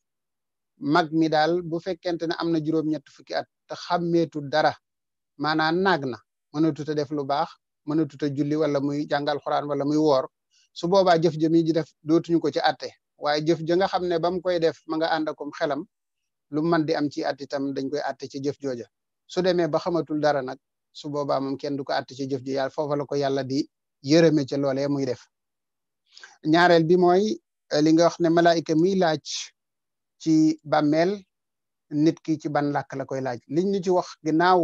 mag mi daal bu fekkente ne am na juróom-ñett fukki at te xàmmeetu dara maanaam nag na mënatut a def lu baax mënatut a julli wala muy jàngal xuraan wala muy woor su boobaa jëf-jëf yi di def dootuñu ko ci àtte waaye jëf ja nga xam ne ba mu koy def ma nga ànd akum xelam lu mën di am ci at itam dañ koy àtte ci jëf jooja su demee ba xamatul dara nag su boobaa moom kenn du ko àtte ci jëf ji yàlla foofa la ko yàlla di yërëme ca muy def ñaareel bi mooy eh, li nga wax ne malaayika miy laaj ci bàmmeel nit ki ci ban làkk la koy laaj liñ ñu ci wax ginnaaw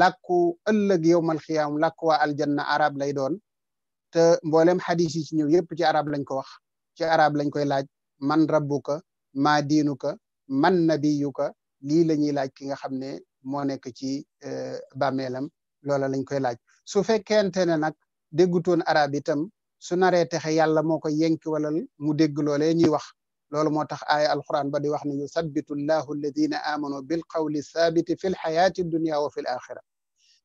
làkku ëllëg yowmal xiyaam làkku waa aljanna arab lay doon te mboolem xadis yi ci ñëw yëpp ci arab lañ ko wax ci arab lañ koy laaj man rabbuka ma dinuka man nabiyuka li lañuy laaj ki nga xamne mo nek ci bamelam lola lañ koy laaj su fekkente ne nag déggutoon arab itam su nare tax yàlla moko yenk walal mu dégg lolé ñi wax lolou motax ay alquran ba di wax ni yusabbitu llahu alladhina amanu bil qawli fi lxayaati dunya wa fi l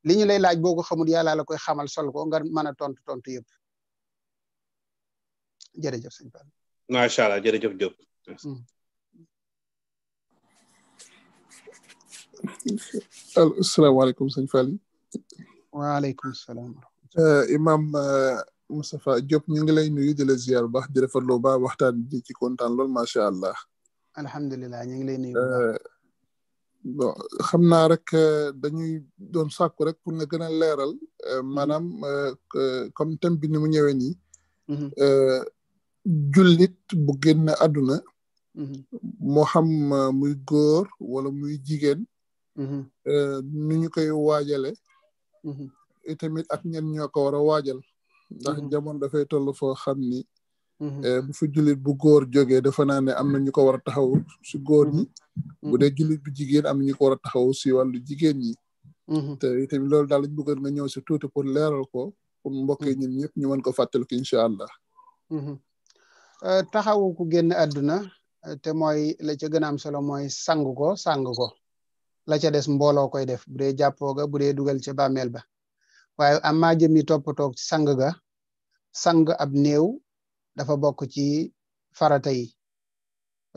liñu lay laaj boko xamul yàlla la koy xamal sol ko nga mën tontu tontu yëpp jërëjëf sëñ Fall. macha allah jërëjëf Diop. Hmm. asalaamaaleykum sëñ Fall. waaleykum salaam. Eh, Imaam eh, Moustapha Diop ñu ngi lay nuyu di la ziar bu baax di rafetlu bu baax waxtaan bi ci kontaan lool macha allah. alhamdulilah ñu ngi lay nuyu. Eh, bon xam naa rek dañuy doon sàkku rek pour nga gën a leeral maanaam comme thème bi ni ñëwee nii. Hmm. jullit bu génn aduna mm-hmm. mu xam muy góor wala muy jigéen mm-hmm. euh, nu ñu koy waajale itamit mm-hmm. ak ñen ñoo ko war a waajal ndax jamon dafay toll foo xam ni euh, bu fa julit bu góor jógee dafa naa ne am na ñu ko war a taxaw si góor ñi bu dee julit bu jigéen am na ñu ko war a taxaw si wàllu jigéen ñi te itamit loolu daal lañ bëggoon nga ñëw si tuuti pour leeral ko pour mbokk yi ñun ñëpp ñu mën ko fàttaliku incha allah Euh, taxawu ku génn àdduna euh, te mooy la ca gën a am solo mooy sang ko sang ko la ca des mbooloo koy def bu dee jàppoo ga bu dee dugal ca bàmmeel ba waaye amaa jëmi toppatoo sang ga sang ab néew dafa bokk ci farata yi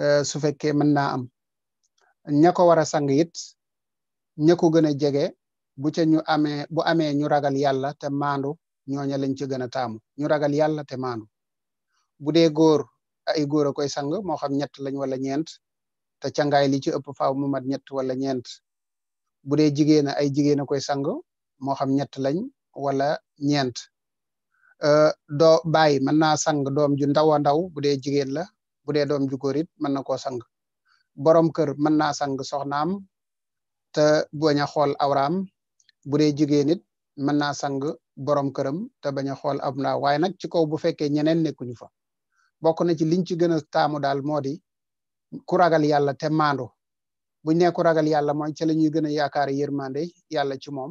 euh, su fekkee mën naa am ña ko war a sang yit ña ko gën a jege bu ca ñu amee bu amee ñu ragal yàlla te maandu ñooña lañ ci gën a taamu ñu ragal yàlla te maandu bu dee góor ay góor a koy sang moo xam ñett lañ wala ñeent te cangaay li ci ëpp faw mu mat ñett wala ñeent bu dee jigéen ay jigéen a koy sang moo xam ñett lañ wala ñeent doo bàyyi mën naa sang doom ju ndawa ndaw bu dee jigéen la bu dee doom ju góor it mën na koo sang borom kër mën naa sang soxnaam te bañ a xool awraam bu dee jigéen it mën naa sang borom këram te bañ a xool ab naa waaye nag ci kaw bu fekkee ñeneen nekkuñu fa bokk na ci liñ ci gën a taamu daal moo di ku ragal yàlla te maandu buñ ne ku ragal yàlla mooy ca la ñuy gën a yaakaar yërmande yàlla ci moom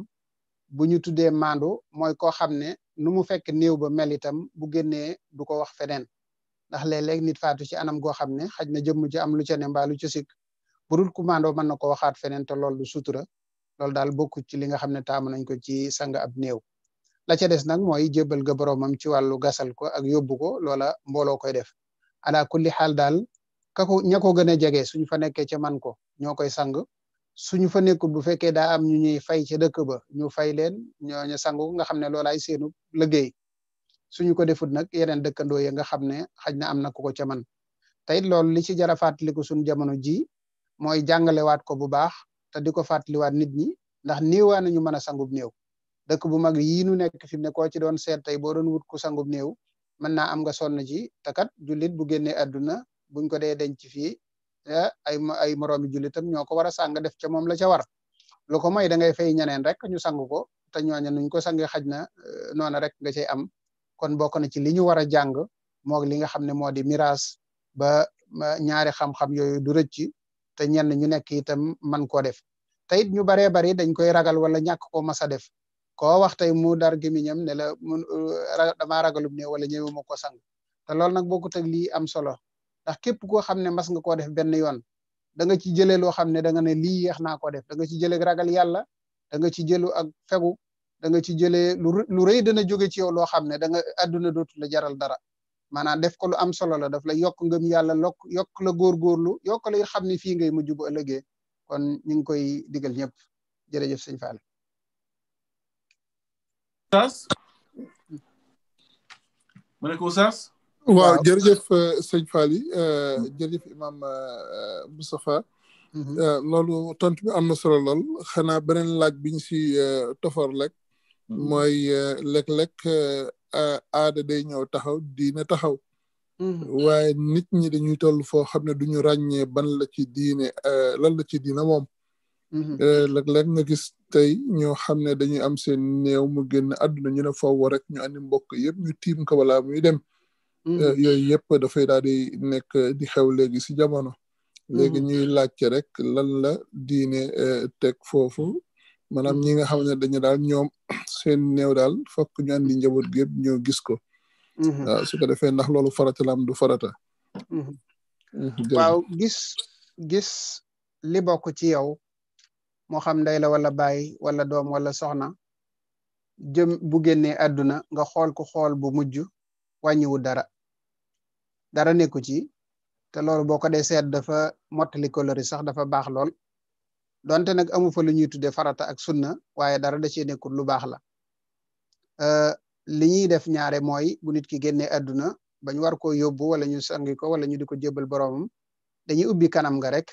bu ñu tuddee maandu mooy koo xam ne nu mu fekk néew ba melitam itam bu génnee du ko wax feneen ndax léeg-léeg nit faatu ci anam goo xam ne xaj na jëmm ci am lu ca ne mbaa lu ca sikk bu dul ku maandoo mën na ko waxaat feneen te loolu du sutura loolu daal bokku ci li nga xam ne taamu nañ ko ci sang ab néew la ca des nag mooy jébbal ga boroomam ci wàllu gasal ko ak yóbbu ko loola mbooloo koy def ala kulli xaal daal kako ña ko gën a jege suñu fa nekkee ca man ko ñoo koy sang suñu fa nekkul bu fekkee daa am ñu ñuy fay ca dëkk ba ñu fay leen ñooñu sangu nga xam ne ay seenu liggéey suñu ko defut nag yeneen dëkkandoo ya nga xam ne xaj na am na ku ko ca man te it loolu li ci jar a fàttaliku suñu jamono ji mooy jàngalewaat ko bu baax te di ko fàttaliwaat nit ñi ndax néewaa nañu mën a sangub néew dëkk bu mag yii nu nekk fi mu ne koo ci doon seet tey boo doon wut ku sangub néew mën naa am nga sonn ci te julit jullit bu génnee àdduna buñ ko dee denc fii eh, ay ay moroomi jullitam ñoo ko war a sàng def ca moom la ca war lu ko mooy da ngay fay ñeneen rek ñu sangu ko te ñooña nuñ ko sange xaj na eh, noona rek nga cay am kon bokk na ci li ñu war a jàng moog li nga xam ne moo di miraas ba ñaari xam-xam yooyu du rëcc te ñenn ñu nekk itam man koo def te it ñu baree bari dañ koy ragal wala ñàkk ko mas a def ko wax tey mu dar gémiñam ne la mun damaa ragalub ne wala ñëwu ma ko sang te loolu nag bokkut ak lii am solo ndax képp koo xam ne mas nga koo def benn yoon da nga ci jëlee loo xam ne da nga ne lii yeex naa koo def da nga ci jëlee ragal yàlla da nga ci jëlu ak fegu da nga ci jële lu lu rëy dana jóge ci yow loo xam ne da nga àdduna dootu jaral dara maanaam def ko lu am solo la daf la yokk ngëm yàlla lokk yokk la góorgóorlu yokk la xam ne fii ngay mujj bu ëllëgee kon ñu ngi koy digal ñëpp jërëjëf sëñ Fall Oustaz ma ne ko Oustaz waaw jërëjëf euh, sëñ Fally euh, jërëjëf imam euh, Moustapha mhm. loolu am na solo lool xanaa beneen laaj bi ñu si tofor lek mhm. mooy lekk-lekk aada day ñëw taxaw diine taxaw mhm. waaye nit ñi dañuy toll foo xam ne duñu ràññee ban la ci diine lan la ci diine moom Mm-hmm. Euh, léeg-léeg nga gis tey ñoo xam ne dañuy am seen néew mu génn àdduna ñu ne faww rek ñu andi mbokk yëpp ñu tiim ko balaa muy dem. Mm-hmm. Euh, yooyu yëpp dafay daal di nekk di xew léegi si jamono. Mm-hmm. léegi ñuy laajte rek lan la diine euh, teg foofu maanaam ñi nga xam ne dañu daal ñoom seen néew daal fok ñu andi njaboot gi yëpp gis ko. waaw su ko defee ndax loolu farata la am du farata. waaw gis gis li bokk ci yow. moo xam ndey la wala baay wala doom wala soxna jëm bu génnee àdduna nga xool ko xool bu mujj wàññiwu dara dara nekku ci te loolu boo ko dee seet dafa mottali kolori sax dafa baax lool donte nag amu fa lu ñuy tuddee farata ak sunna waaye dara da cee nekkul lu baax la euh, li ñuy def ñaare mooy bu nit ki génnee àdduna bañ war koo yóbbu wala ñu sangi ko wala ñu di ko jébbal boroomam dañuy ubbi kanam nga rek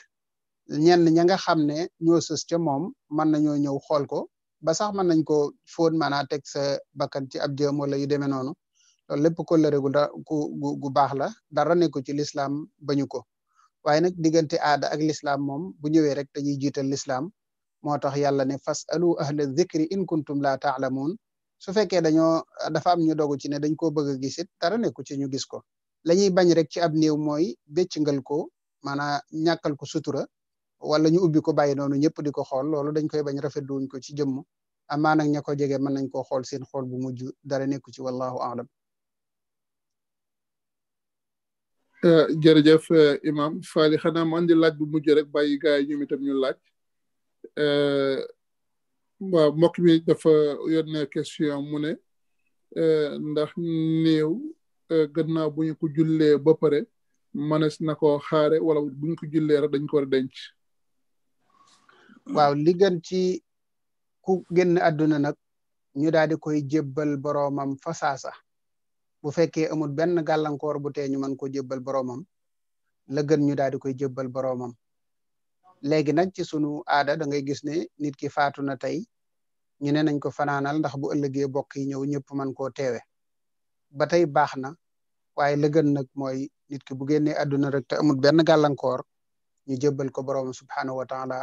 ñenn ña nga xam ne ñoo sës ca moom mën nañoo ñëw xool ko ba sax mën nañ ko fóon maanaa teg sa bakkan ci ab jëm wala yu demee noonu loolu lépp ko lëre da gu gu baax la dara nekku ci lislaam bañu ko waaye nag diggante aada ak lislaam moom bu ñëwee rek dañuy jiital lislaam moo tax yàlla ne fas alu ahla zikri in kuntum la taalamuun su fekkee dañoo dafa am ñu dogu ci ne dañ koo bëgg a gisit dara nekku ci ñu gis ko la ñuy bañ rek ci ab néew mooy béccangal ko maanaa ñàkkal ko sutura wala ñu ubbi ko bàyyi noonu ñëpp di ko xool loolu dañ koy bañ rafetlu wuñ ko ci jëmm amaa nag ña ko jege mën nañ koo xool seen xool bu mujj dara nekku ci wallahu aalam eh, jërëjëf eh, imam Faly xanaa man di laaj bu mujj rek bàyyi gars yi ñoom itam ñu laaj eh, waaw mbokk mi dafa yónnee question mu ne ndax néew gannaaw buñ ñu ko jullee ba pare mënees na koo xaare wala buñ ko jullee rek dañ ko denc waaw li gën ci ku génn àdduna nag ñu daal di koy jébbal boroomam fa saasa bu fekkee amul benn gàllankoor bu tee ñu mën ko jébbal boroomam la gën ñu daal di koy jébbal boroomam léegi nag ci sunu aada da ngay gis ne nit ki faatu na tey ñu ne nañ ko fanaanal ndax bu ëllëgee bokk yi ñëw ñëpp mën koo teewe ba tey baax na waaye la gën nag mooy nit ki bu génnee àdduna rek te amul benn gàllankoor ñu jébbal ko boroomam subhaanahu wa taala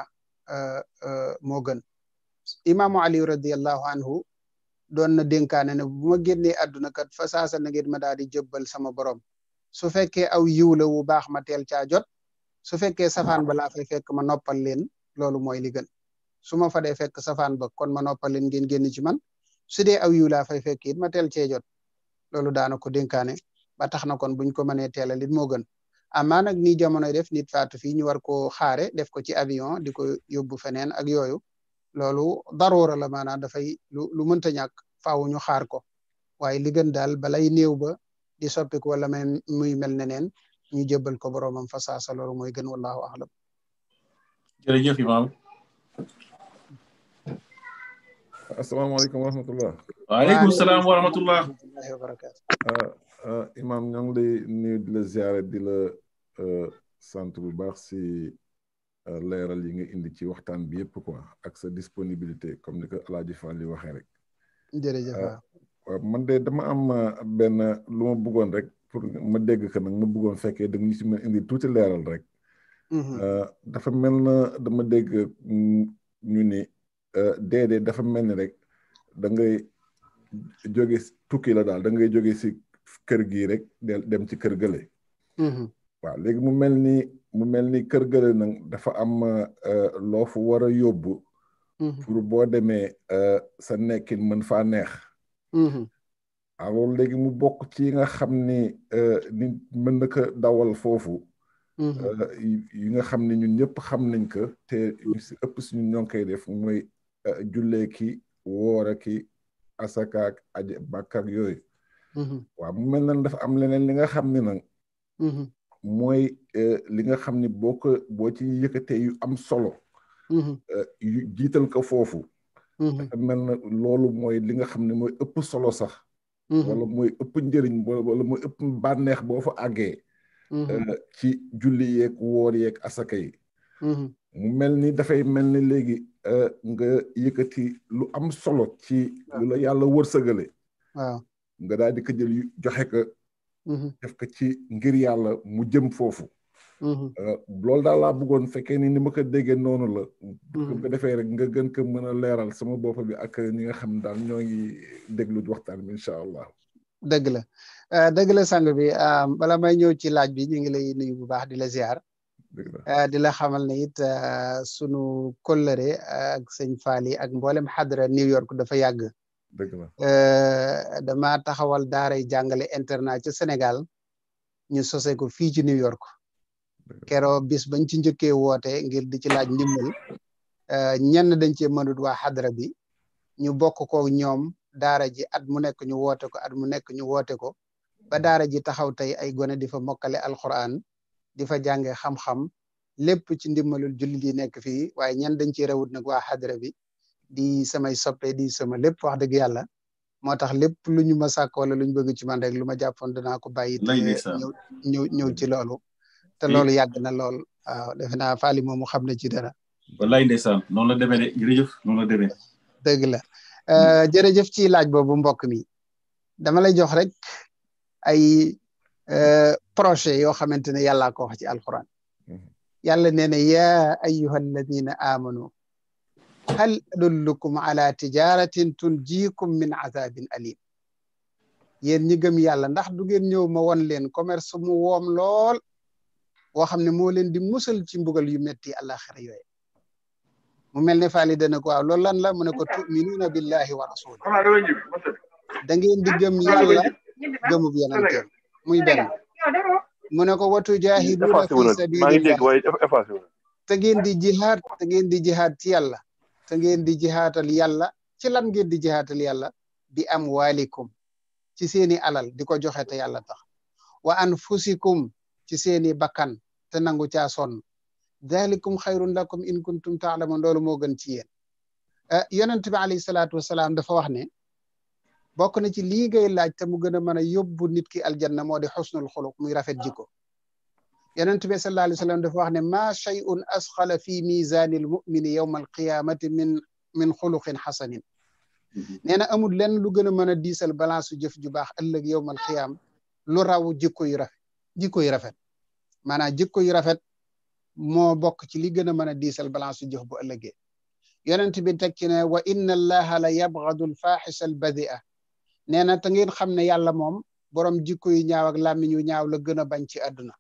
Euh, euh, moo gën imaamu ali radiallahu anhu doon na dénkaane ne bu ma génnee àdduna kat fa saasa na ngeen ma daal di jëbbal sama borom su fekkee aw yiw la wu baax ma teel caa jot su fekkee safaan ba laa fay fekk ma noppal leen loolu mooy li gën su ma fa dee fekk safaan ba kon ma noppal leen ngeen génn ci man su dee aw yiw laa fay fekk it ma teel cee jot loolu daana ko dénkaane ba tax na kon buñ ko mënee teelal it moo gën amaa nag ni jamonoy def nit faatu fii ñu war koo xaare def ko ci avion di ko yóbbu feneen ak yooyu loolu daroora la maanaam dafay lu lu mënta ñàkk faaw ñu xaar ko waaye li gën daal balay néew ba di soppiku wala muy mel ne neen ñu jébbal ko boroomam fa saasa loolu mooy gën wallahu a'lam jërëjëf imaam asalaamaaleykum wa rahmatullah waaleykum salaam wa rahmatullah wa Santubu euh, bu baax si euh, leeral yi nga indi ci waxtaan bi yépp quoi ak sa disponibilité comme ni ko alaaji Fall li waxee rek. jërëjëf euh, man de dama am benn lu ma bëggoon rek pour ma dégg ko nag ma bëggoon fekkee da ñu si mën indi tuuti leeral rek. Mm-hmm. dafa mel na dama dégg mm, ñu ne déedéet dafa mel ni rek da ngay jóge tukki la daal da ngay jóge si kër gii rek dem ci kër gële. Mm-hmm. waaw léegi mu mel ni mu mel ni kër gële nag dafa am euh, loofu fu war a yóbbu mhm. pour boo demee euh, sa nekkin mën faa neex mhm. alors ah, léegi mu bokk ci nga xam ni euh, mën na ko dawal foofu mhm. yi nga xam ne ñun ñëpp xam nañ ko te ñu si ëpp si ñun ñoo ngi koy def mooy jullee ki woora ki asaka aje bàkk ak mu mel na dafa am leneen li nga xam ni nag mooy euh, li nga xam ni boo ko ci yëkkatee yu am solo. Mm-hmm. Euh, yu jiital ko foofu. Mm-hmm. mel na loolu mooy li nga xam ne mooy ëpp solo sax. Mm-hmm. wala mooy ëpp njëriñ wala mooy ëpp bànneex boo fa àggee. Euh, ci julli yeeg woor yeeg asaka yi. mu mel ni dafay mel ni léegi nga yëkkati lu am solo ci. Ah. lu la yàlla wërsëgale. waaw ah. nga daal di ko jël joxe ko. Mm-hmm. def ko ci ngir yàlla mu jëm foofu mm-hmm. euh, loolu daal laa bëggoon fekkee ni ni ma ko déggee noonu la mm-hmm. defee rek nga gën ko mën a leeral sama bopp bi ak ñi nga xam daal ñoo ngi déglu waxtaan bi incha allah dëgg la euh, dëgg la sang bi euh, bala may ñëw ci laaj bi ñu ngi lay nuyu bu baax di la ziar di la xamal ne it sunu kollëre ak sëñ Faali ak mboolem xadra New York dafa yàgg dëgg la euh, dama taxawal daaray jàngale internat ci Sénégal ñu sose ko fii ci New York. kero bis bañ ci njëkkee woote ngir di ci laaj ndimbal euh, ñenn dañ cee mënut waa xadra bi ñu bokk ko ñoom daara ji at mu nekk ñu woote ko at mu nekk ñu woote ko ba daara ji taxaw tey ay gone di fa mokkale alquran di fa jànge xam-xam lépp ci ndimbalul jullit yi nekk fii waaye ñenn dañ cee rawut nag waa xadra bi di samay soppe di sama lépp wax dëgg yàlla moo tax lépp lu ñu ma sàkk wala lu ñu bëgg ci man rek lu ma jàppoon danaa ko bàyyi. te ñëw ñëw ñëw ci loolu. te mm. loolu yàgg na lool. waaw defe naa Faly moomu xam na ci dara. wallaay ndeysaan noonu la demee de jërëjëf noonu la demee. Mm. Euh, jërëjëf ci laaj boobu mbokk mi dama lay jox rek ay euh, projet yoo xamante ne yàllaa ko ci alxuraan. Mm-hmm. yàlla nee na yaa ayyuha alladina hal adullukum ala tijaratin tunjikum min azabin alim yéen ñi gëm yàlla ndax du ngeen ñëw ma won leen commerce mu woom lool boo xam ne moo leen di musal ci mbugal yu metti àllaaxira yooyu mu mel ne faali dana ko waaw loolu lan la mu ne ko tuminuuna billahi wa rasuli di gëm yàlla gëmub yonenteem muy benn mu ne ko watu jaahiduuna fi sabilillah te ngeen di jihaad te ngeen di jihaad ci yàlla te ngeen di jihaatal yalla ci lan ngeen di jihaatal yalla bi walikum ci seeni alal di joxe te yalla tax wa anfusikum ci seeni bakkan te nangu caa sonn dalikum khairun lakum in kuntum ta'lamun lolu mo gën ci yéen eh, yonent bi ali salaatu wasalaam dafa wax ne bokku na ci li ngay laaj te mu gëna mëna yobbu nit ki aljanna modi husnul khuluq muy rafet ah. yonent bi sallallahu alayhi wa sallam dafa wax ne maa shay'un asxala fi mizaani al mumini yowma al qiyaamati min min xuluqin xasanin mhm. nee na amul lenn lu gën a mën a diisal balance su jëf ju baax ëllëg yowmal xiyaam lu raw jikko yu rafet jikko yu rafet maanaam jikko yu rafet moo bokk ci li gën a mën a diisal balance su jëf bu ëllëgee yonent bi teg ci ne wa inna allaha la yabgadu alfaaxisa albadia nee na te ngeen xam ne yàlla moom borom jikko yu ñaaw ak làmmiñ yu ñaaw la gën a bañ ci àdduna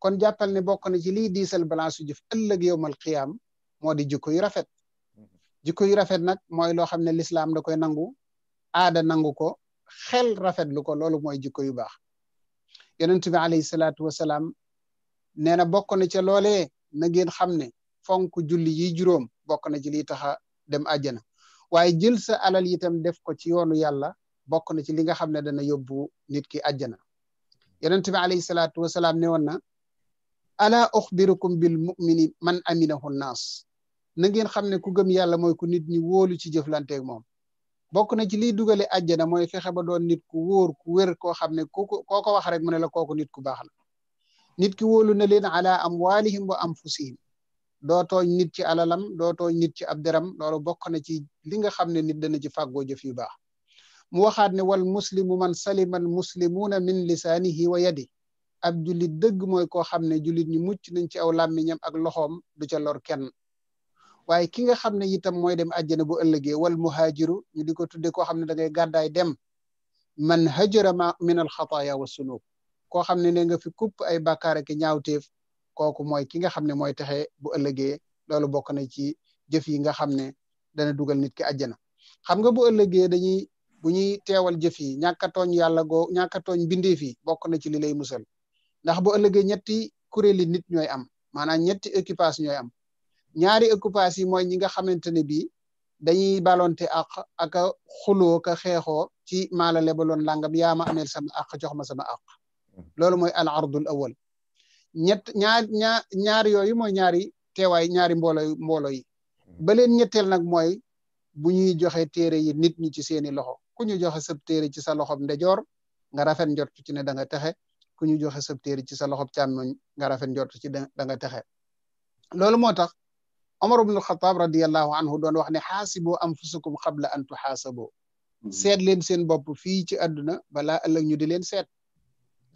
kon jàppal ne bokk na ci liy diisal balance su jëf ëllëg yowmal qiyaam moo di jikko yu rafet jikko yu rafet nag mooy loo xam ne lislaam da koy nangu aada nangu ko xel rafetlu ko loolu mooy jikko yu baax yonent bi alayhi salaatu wasalaam nee na bokk na ca loolee na ngeen xam ne fonk juli yi juróom bokk na ci li taxa dem àjjana waaye jël sa alal itam def ko ci yoonu yàlla bokk na ci li nga xam ne dana yóbbu nit ki àjjana yonent bi alayhi salaatu wasalaam ne woon na ألا أخبركم بالمؤمنين من أمينه الناس نجين خمنا كوجم يالله ما يكون ندني وولي تيجي فلان تيمام بوك نجي لي دوغالي أجنا ما يفي خبر دون نيت كوور كوير كو خمنا كوكو كوكو وخرج من الكوكو كو نيت كباخل نيت كوولو نلين على أموالهم وأنفسهم دوتو نيت كي ألالم دوتو نيت كي أبدرم دورو بوك نجي لينغ خمنا نيت دنا جي فاق وجه في باخ والمسلم من سلم المسلمون من لسانه ويده ab jullit dëgg mooy koo xam ne jullit ñu mucc nañ ci aw làmmiñam ak loxoom du ca lor kenn waaye ki nga xam ne itam mooy dem àjjana bu ëllëgee wal muhaajiru ñu di ko tudde koo xam ne da ngay gàddaay dem man hajara ma min al xataaya wa sunub koo xam ne ne nga fi kupp ay bàkkaar ak ñaawteef kooku mooy ki nga xam ne mooy texe bu ëllëgee loolu bokk na ci jëf yi nga xam ne dana dugal nit ki àjjana xam nga bu ëllëgee dañuy bu ñuy teewal jëf yi ñàkk a tooñ yàlla goo ñàkk a tooñ bokk na ci lilay lay ndax bu ëllëgee ñetti kuréeli nit ñooy am maanaam ñetti occupation ñooy am ñaari occupation yi mooy ñi nga xamante ne bii dañuy balonte àq ak a xuloo ka xeexoo ci maa la lebaloon langam yaa ma ameel sama àq jox ma sama àq loolu mooy al ardul awal ñett ñaar ñaar ñaar yooyu mooy ñaari teewaay ñaari mboolo mboolo yi ba ñetteel nag mooy bu ñuy joxe téere yi nit ñi ci seeni loxo ku ñu joxe sab téere ci sa loxob ndejoor nga rafet njort ci ne da nga texe ku ñu joxe sab téere ci sa loxob càmmoñ nga rafet njort ci da nga texe loolu moo tax Omar ibn Khattab radiyallahu anhu doon wax ne xaasibu anfusakum qabla an tuxaasabu hmm. seet leen seen bopp fii ci àdduna balaa ëllëg ñu di leen seet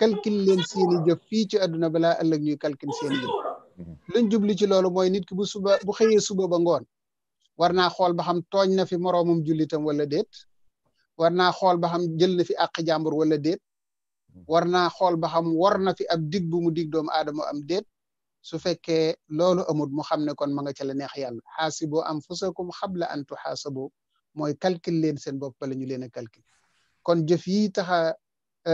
calcul leen seeni jëf fii ci àdduna balaa ëllëg ñuy calcul seen jëf hmm. luñ jubli ci loolu mooy nit ki bu suba bu xëyee suba ba ngoon war naa xool ba xam tooñ na fi moroomum jullitam wala déet war naa xool ba xam jël na fi àq jàmbur wala déet war naa xool ba xam war na fi ab dig bu mu dig doomu aadama am déet su fekkee loolu amut mu xam ne kon ma nga ca la neex yàlla xaasibu anfusakum xabla an tuxaasabu mooy calcul leen seen bopp bala ñu leen a calcul kon jëf yi taxa e,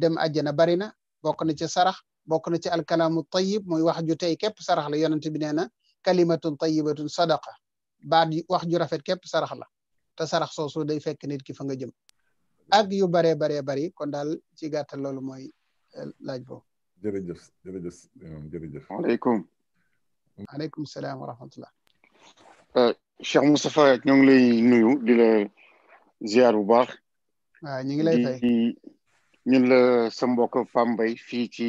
dem àjjana bari na bokk na ca sarax bokk na ci alkalaamu tayyib mooy wax ju tey képp sarax la yonent bi nee na kalimatun tayyibatun sadaqa baat wax ju rafet képp sarax la te sarax soosu day fekk nit ki fa nga jëm ak yu baree baree bari kon daal ci gàttal loolu mooy euh, laaj boobu. jërëjëf jërëjëf euh, jërëjëf. waaleykum. waaleykum salaam wa rahmatullah. Euh, Cheikh Moustapha ñoo ngi lay nuyu di la ziar bu baax. waaw ñu ngi lay fay la sa mbokk Pambay fii ci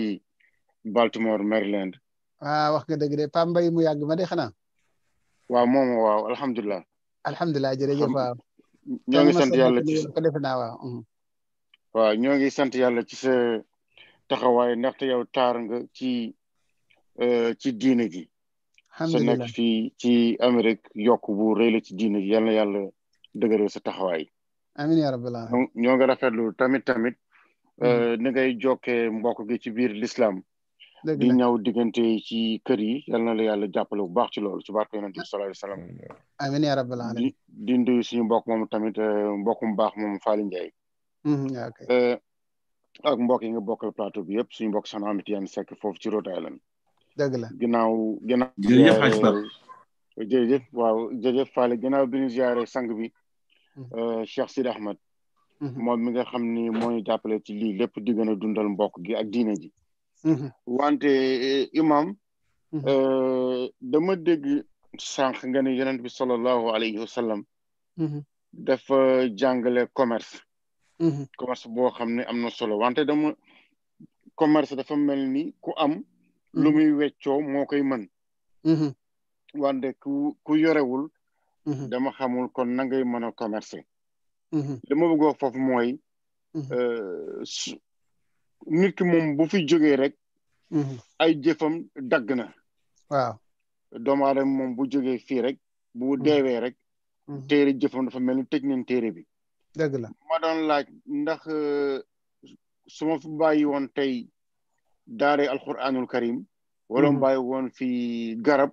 Baltimore Maryland. waaw wax nga dëgg Pambay mu yàgg ma de xanaa. waaw moom waaw alhamdulilah. alhamdulilah jërëjëf waaw. ñoo ngi sant yàlla ci mm. waaw ñoo ngi sant yàlla ci sa taxawaay ndaxte yow taar nga ci euh, ci diine gi sa nekk ci Amérique yokk bu rëy la ci diine gi yal na yàlla dëgëral sa taxawaay amiin ñoo ngi rafetlu tamit tamit mm. euh, ni ngay jokkee mbokk gi ci biir l'islam di ñaw diggante ci kër yi yal na la yàlla jàppale bu baax ci loolu ci barke yonent bi amiin yaa rabbal alamin di nuyu mbokk moom tamit eh, mbokk mu baax moom Faly Ndiaye. Mm-hmm, eh, ak mbokk yi nga bokkal plateau bi yëpp suñu mbokk soxna Amity Yane Seck foofu ci Rhode Island. dëgg la ginnaaw ginnaaw. jërëjëf Hadj Pape jërëjëf waaw jërëjëf bi sang bi. Mm-hmm. Eh, Cheikh Sidi Ahmed. Mm-hmm. moom mi nga xam ni moo ñu jàppale ci lii lépp di gën a dundal mbokk gi ak diine ji. wante imam dama dégg. sànq nga ne yonent bi sallallahu alayhi wa sallam mm-hmm. dafa jàngale commerce mm-hmm. commerce boo xam ne am na solo wante dama commerce dafa mel ni ku am lu mm-hmm. muy weccoo moo koy mën wante ku ku yorewul dama xamul kon na ngay mën a commercer li ma bëggoo mooy euh, nit ki moom bu fi jógee rek ay jëfam dagg na doomu aadama moom bu jógee fii rek bu mhm. deewee rek mhm. téere jëfam dafa mel ni tëj nañ téere bi ma doon laaj ndax euh, su ma fi bàyyi woon tey daare alquranul karim wala mu mhm. bàyyi woon fi garab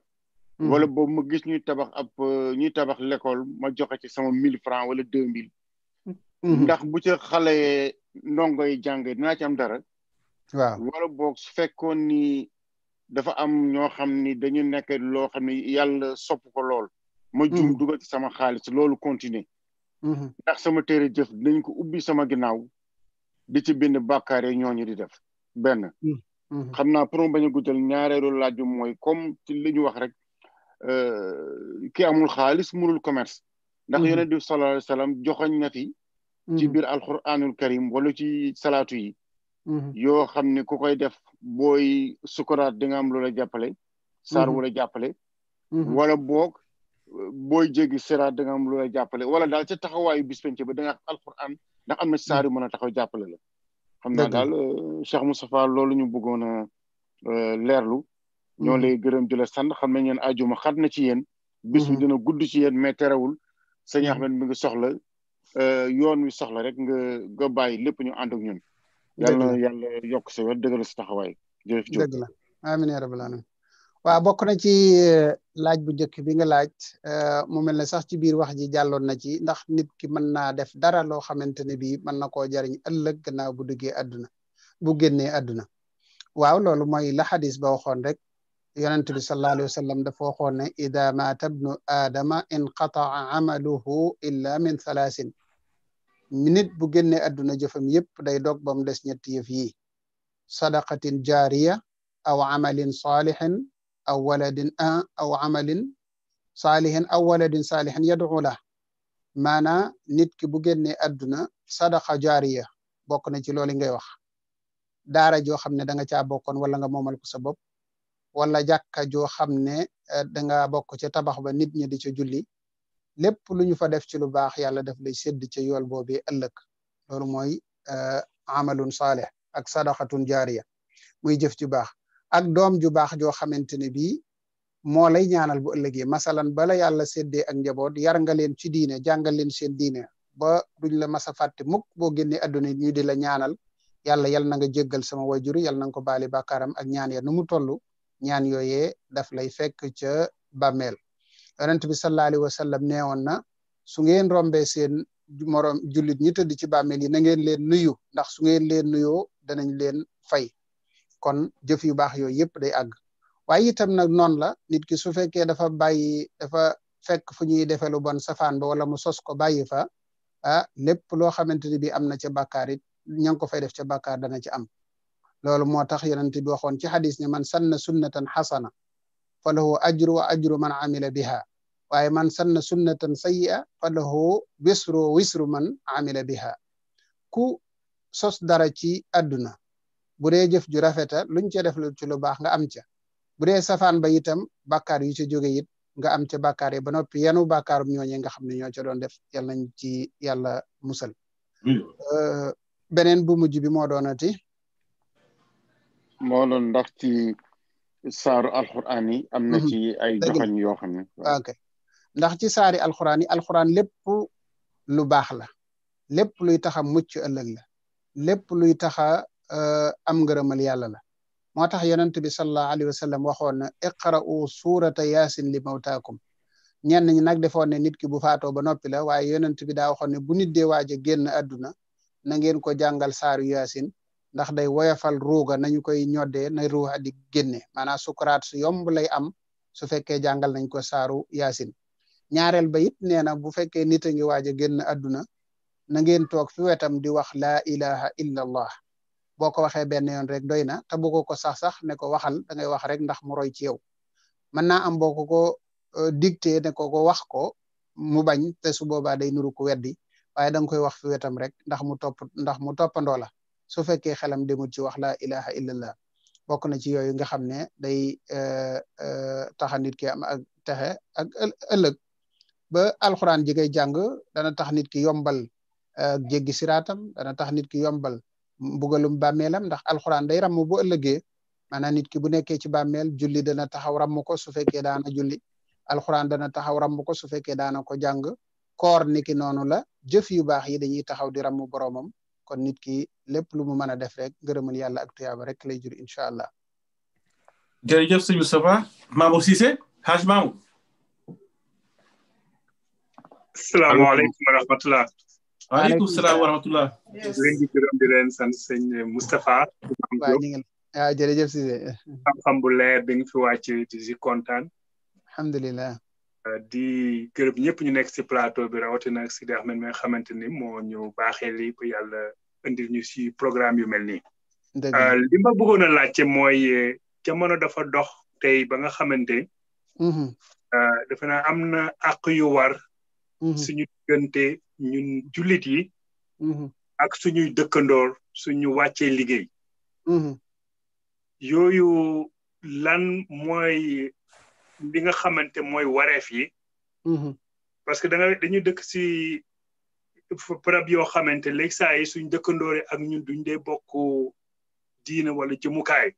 wala bo ma gis ñuy tabax ab euh, ñuy tabax l'école ma joxe ci sama mille francs wala deux mille ndax bu ca xale ndongo yi jàngee dinaa ci am dara waaw wala boog su ni dafa am ñoo xam ni dañu nekk loo xam ni yàlla sopp ko lool ma jum dugal ci sama xaalis loolu continuer ndax sama téere jëf dañ ko ubbi sama ginnaaw di ci bind bàkkaar yi ñooñu di def benn xam naa pour ma bañ a guddal ñaareelu laaj mooy comme ci li ñu wax rek ki amul xaalis mënul commerce ndax yonent bi sallallahu alayhi wa sallam joxoñ na fi ci biir alquranul karim wala ci salaatu yi Mm-hmm. yoo xam ne ku koy def booy sukuraat di nga am lu la jàppale. sar mm-hmm. wu la jàppale. Mm-hmm. wala boog booy jéggi siraat da nga am lu la jàppale wala daal ca taxawaayu bis penc ba da nga alquran ndax am na saar yu a taxaw jàppale la. xam naa daal euh, Cheikh Moustapha loolu ñu bëggoon a euh, leerlu. ñoo lay gërëm di sant xam nañ ngeen ajuma xat na ci yéen. bis bi dina gudd ci yéen mais terewul. sëñ Ahmed mi ngi soxla euh, yoon wi soxla rek nga nga bàyyi lépp ñu ànd ak ñun. yàlla yàlla yokk sa wér dëggal sa taxawaay jërëjëf dëgg la amiin waaw bokk na ci eh, laaj bu njëkk bi nga laaj eh, mu mel ne sax ci biir wax ji jàlloon na ci ndax nit ki mën naa def dara loo xamante ne bii mën na koo jariñ ëllëg gannaaw bu duggee àdduna bu génnee àdduna waaw loolu mooy la xadis ba rek yonent bi sallallahu alayhi wa sallam dafa waxoon ne ida maata bnu aadama inqataa amaluhu illa min thalaasin nit bu génne àdduna jëfam yépp day dog ba mu des ñetti yëf yi sadaqatin jaariya aw amalin saalihin aw waladin aw amalin saalihin aw waladin saalihin yad'u la maana nit ki bu génne àdduna sadaqa jaariya bokk na ci loolu ngay wax daara joo xam ne da nga caa bokkoon wala nga moomal ko sa bopp wala jàkka joo xam ne eh, da nga bokk ca tabax ba nit ñi di ca julli lépp lu ñu fa def ci lu baax yàlla daf lay sédd ca yool boobee ëllëg loolu mooy euh, amalun saalih ak sadaxatun jaariya muy jëf ju baax ak doom ju baax joo xamante ne bii moo lay ñaanal bu ëllëgee masalan bala yàlla séddee ak njaboot yar nga leen ci diine jàngal leen seen diine ba duñ la mas a fàtte muk boo génnee adduna ñu di la ñaanal yàlla yal na nga jéggal sama wajuru yal na nga ko baali bàkkaaram ak ñaan ya nu mu toll ñaan yooyee daf lay fekk ca bàmmeel yonent bi sallallahu alayhi wa sallam nee woon na su ngeen rombe seen morom jullit ñi tëdd ci bàmmeel yi na ngeen leen nuyu ndax su ngeen leen nuyoo danañ leen fay kon jëf yu baax yooyu yëpp day àgg waaye itam nag noonu la nit ki su fekkee dafa bàyyi dafa fekk fu ñuy defee bon safaan ba wala mu sos ko bàyyi fa ah lépp loo xamante ni bii am na ca bàkkaar it ña ngi ko fay def ca bàkkaar dana ci am loolu moo tax yonent bi waxoon ci xadis ne man sanna sunnatan xasana falahu ajru wa ajru man amila biha waaye man sanna sunnatan sayyi'a falahu wisru wisru man amila biha ku sos dara ci àdduna bu dee jëf ju rafeta luñ ca def lu ci lu baax nga am ca bu dee safaan ba itam bàkkaar yu ca jóge it nga am ca bàkkaar yi ba noppi yenu bàkkaarum ñooñee nga xam ne ñoo ca doon def yal nañ ci yàlla musal hmm. euh, beneen bu mujj bi moo doonati moo doon ndax ci saaru alxuraan yi am na mhm. ci ay joxañ yoo xam ne ok ndax ci saari alxuraan yi alxuraan lépp lu baax la lépp luy tax a mucc ëllëg la lépp luy taxa a euh, am ngërëmal yàlla la moo tax yonent bi sallallahu alayhi wa sallam waxoon na iqra'u suurata yaasin li mawtaakum ñenn ñi nag defoon ne nit ki bu faatoo ba noppi la waaye yonent bi daa waxoon ne bu nit de waaj a génn àdduna na ngeen ko jàngal saaru yaasin ndax day woyafal ruuga nañu koy ñoddee na ruuxa di génne maanaam sukuraat su yomb lay am su fekkee jàngal nañ ko saaru yaasin ñaareel ba it nee na bu fekkee nit a ngi waaj a génn àdduna na ngeen toog fi wetam di wax laa ilaha illa allah boo ko waxee benn yoon rek doy na te ko ko sax sax ne ko waxal da wax rek ndax mu roy ci yow mën naa am boo ko ko euh, dicté ne ko ko wax ko mu bañ te su boobaa day nuru ku weddi waaye da nga koy wax fi wetam rek ndax mu topp ndax mu toppandoo la su fekkee xelam demul ci wax laa ilaha illallah bokk na ci yooyu nga xam ne day eh, eh, taxa nit ki am ak texe ak ëllëg ba alxuraan ji ngay jàng dana tax nit ki yombal eh, jéggi siraatam dana tax nit ki yombal mbugalum bàmmeelam ndax alxuraan day ramm bu ëllëgee maanaam nit ki bu nekkee ci bàmmeel julli dana taxaw ramm ko su fekkee daana julli alxuraan dana taxaw ramm ko su fekkee daana ko jàng koor niki noonu la jëf yu baax yi dañuy taxaw di ramm boroomam kon nit ki lépp lu mu mën a def rek ngërëmal yàlla ak tuyaaba rek lay jur incha allah. jërëjëf sëñ Moustapha Mamour Cissé Hadj Mamour. salaamaaleykum wa rahmatulah. waaleykum salaam wa rahmatulah. leen di gërëm di leen sant sëñ Moustapha. waaw ah, jërëjëf leer bi kontaan. alhamdulilah. Eh, di gërëm ñëpp ñu nekk ci plateau bi rawatina ak di Ahmed mi nga xamante ni moo ñu baaxee li ba yàlla indil ñu si programme yu mel nii. Eh, li ma bëggoon a laajte mooy eh, jamono dafa dox tey ba nga xamante. Mm-hmm. dafa naa am na àq yu war. Mm-hmm. suñu diggante ñun jullit yi. Mm-hmm. ak suñuy dëkkandoor suñu wàccee liggéey. yooyu lan mooy bi nga xamante mooy waree yi mm-hmm. parce que da nga dañu dëkk si barab yoo xamante léegi saa yi suñ dëkkandoore ak ñun duñ dee bokk diina wala jëmukaay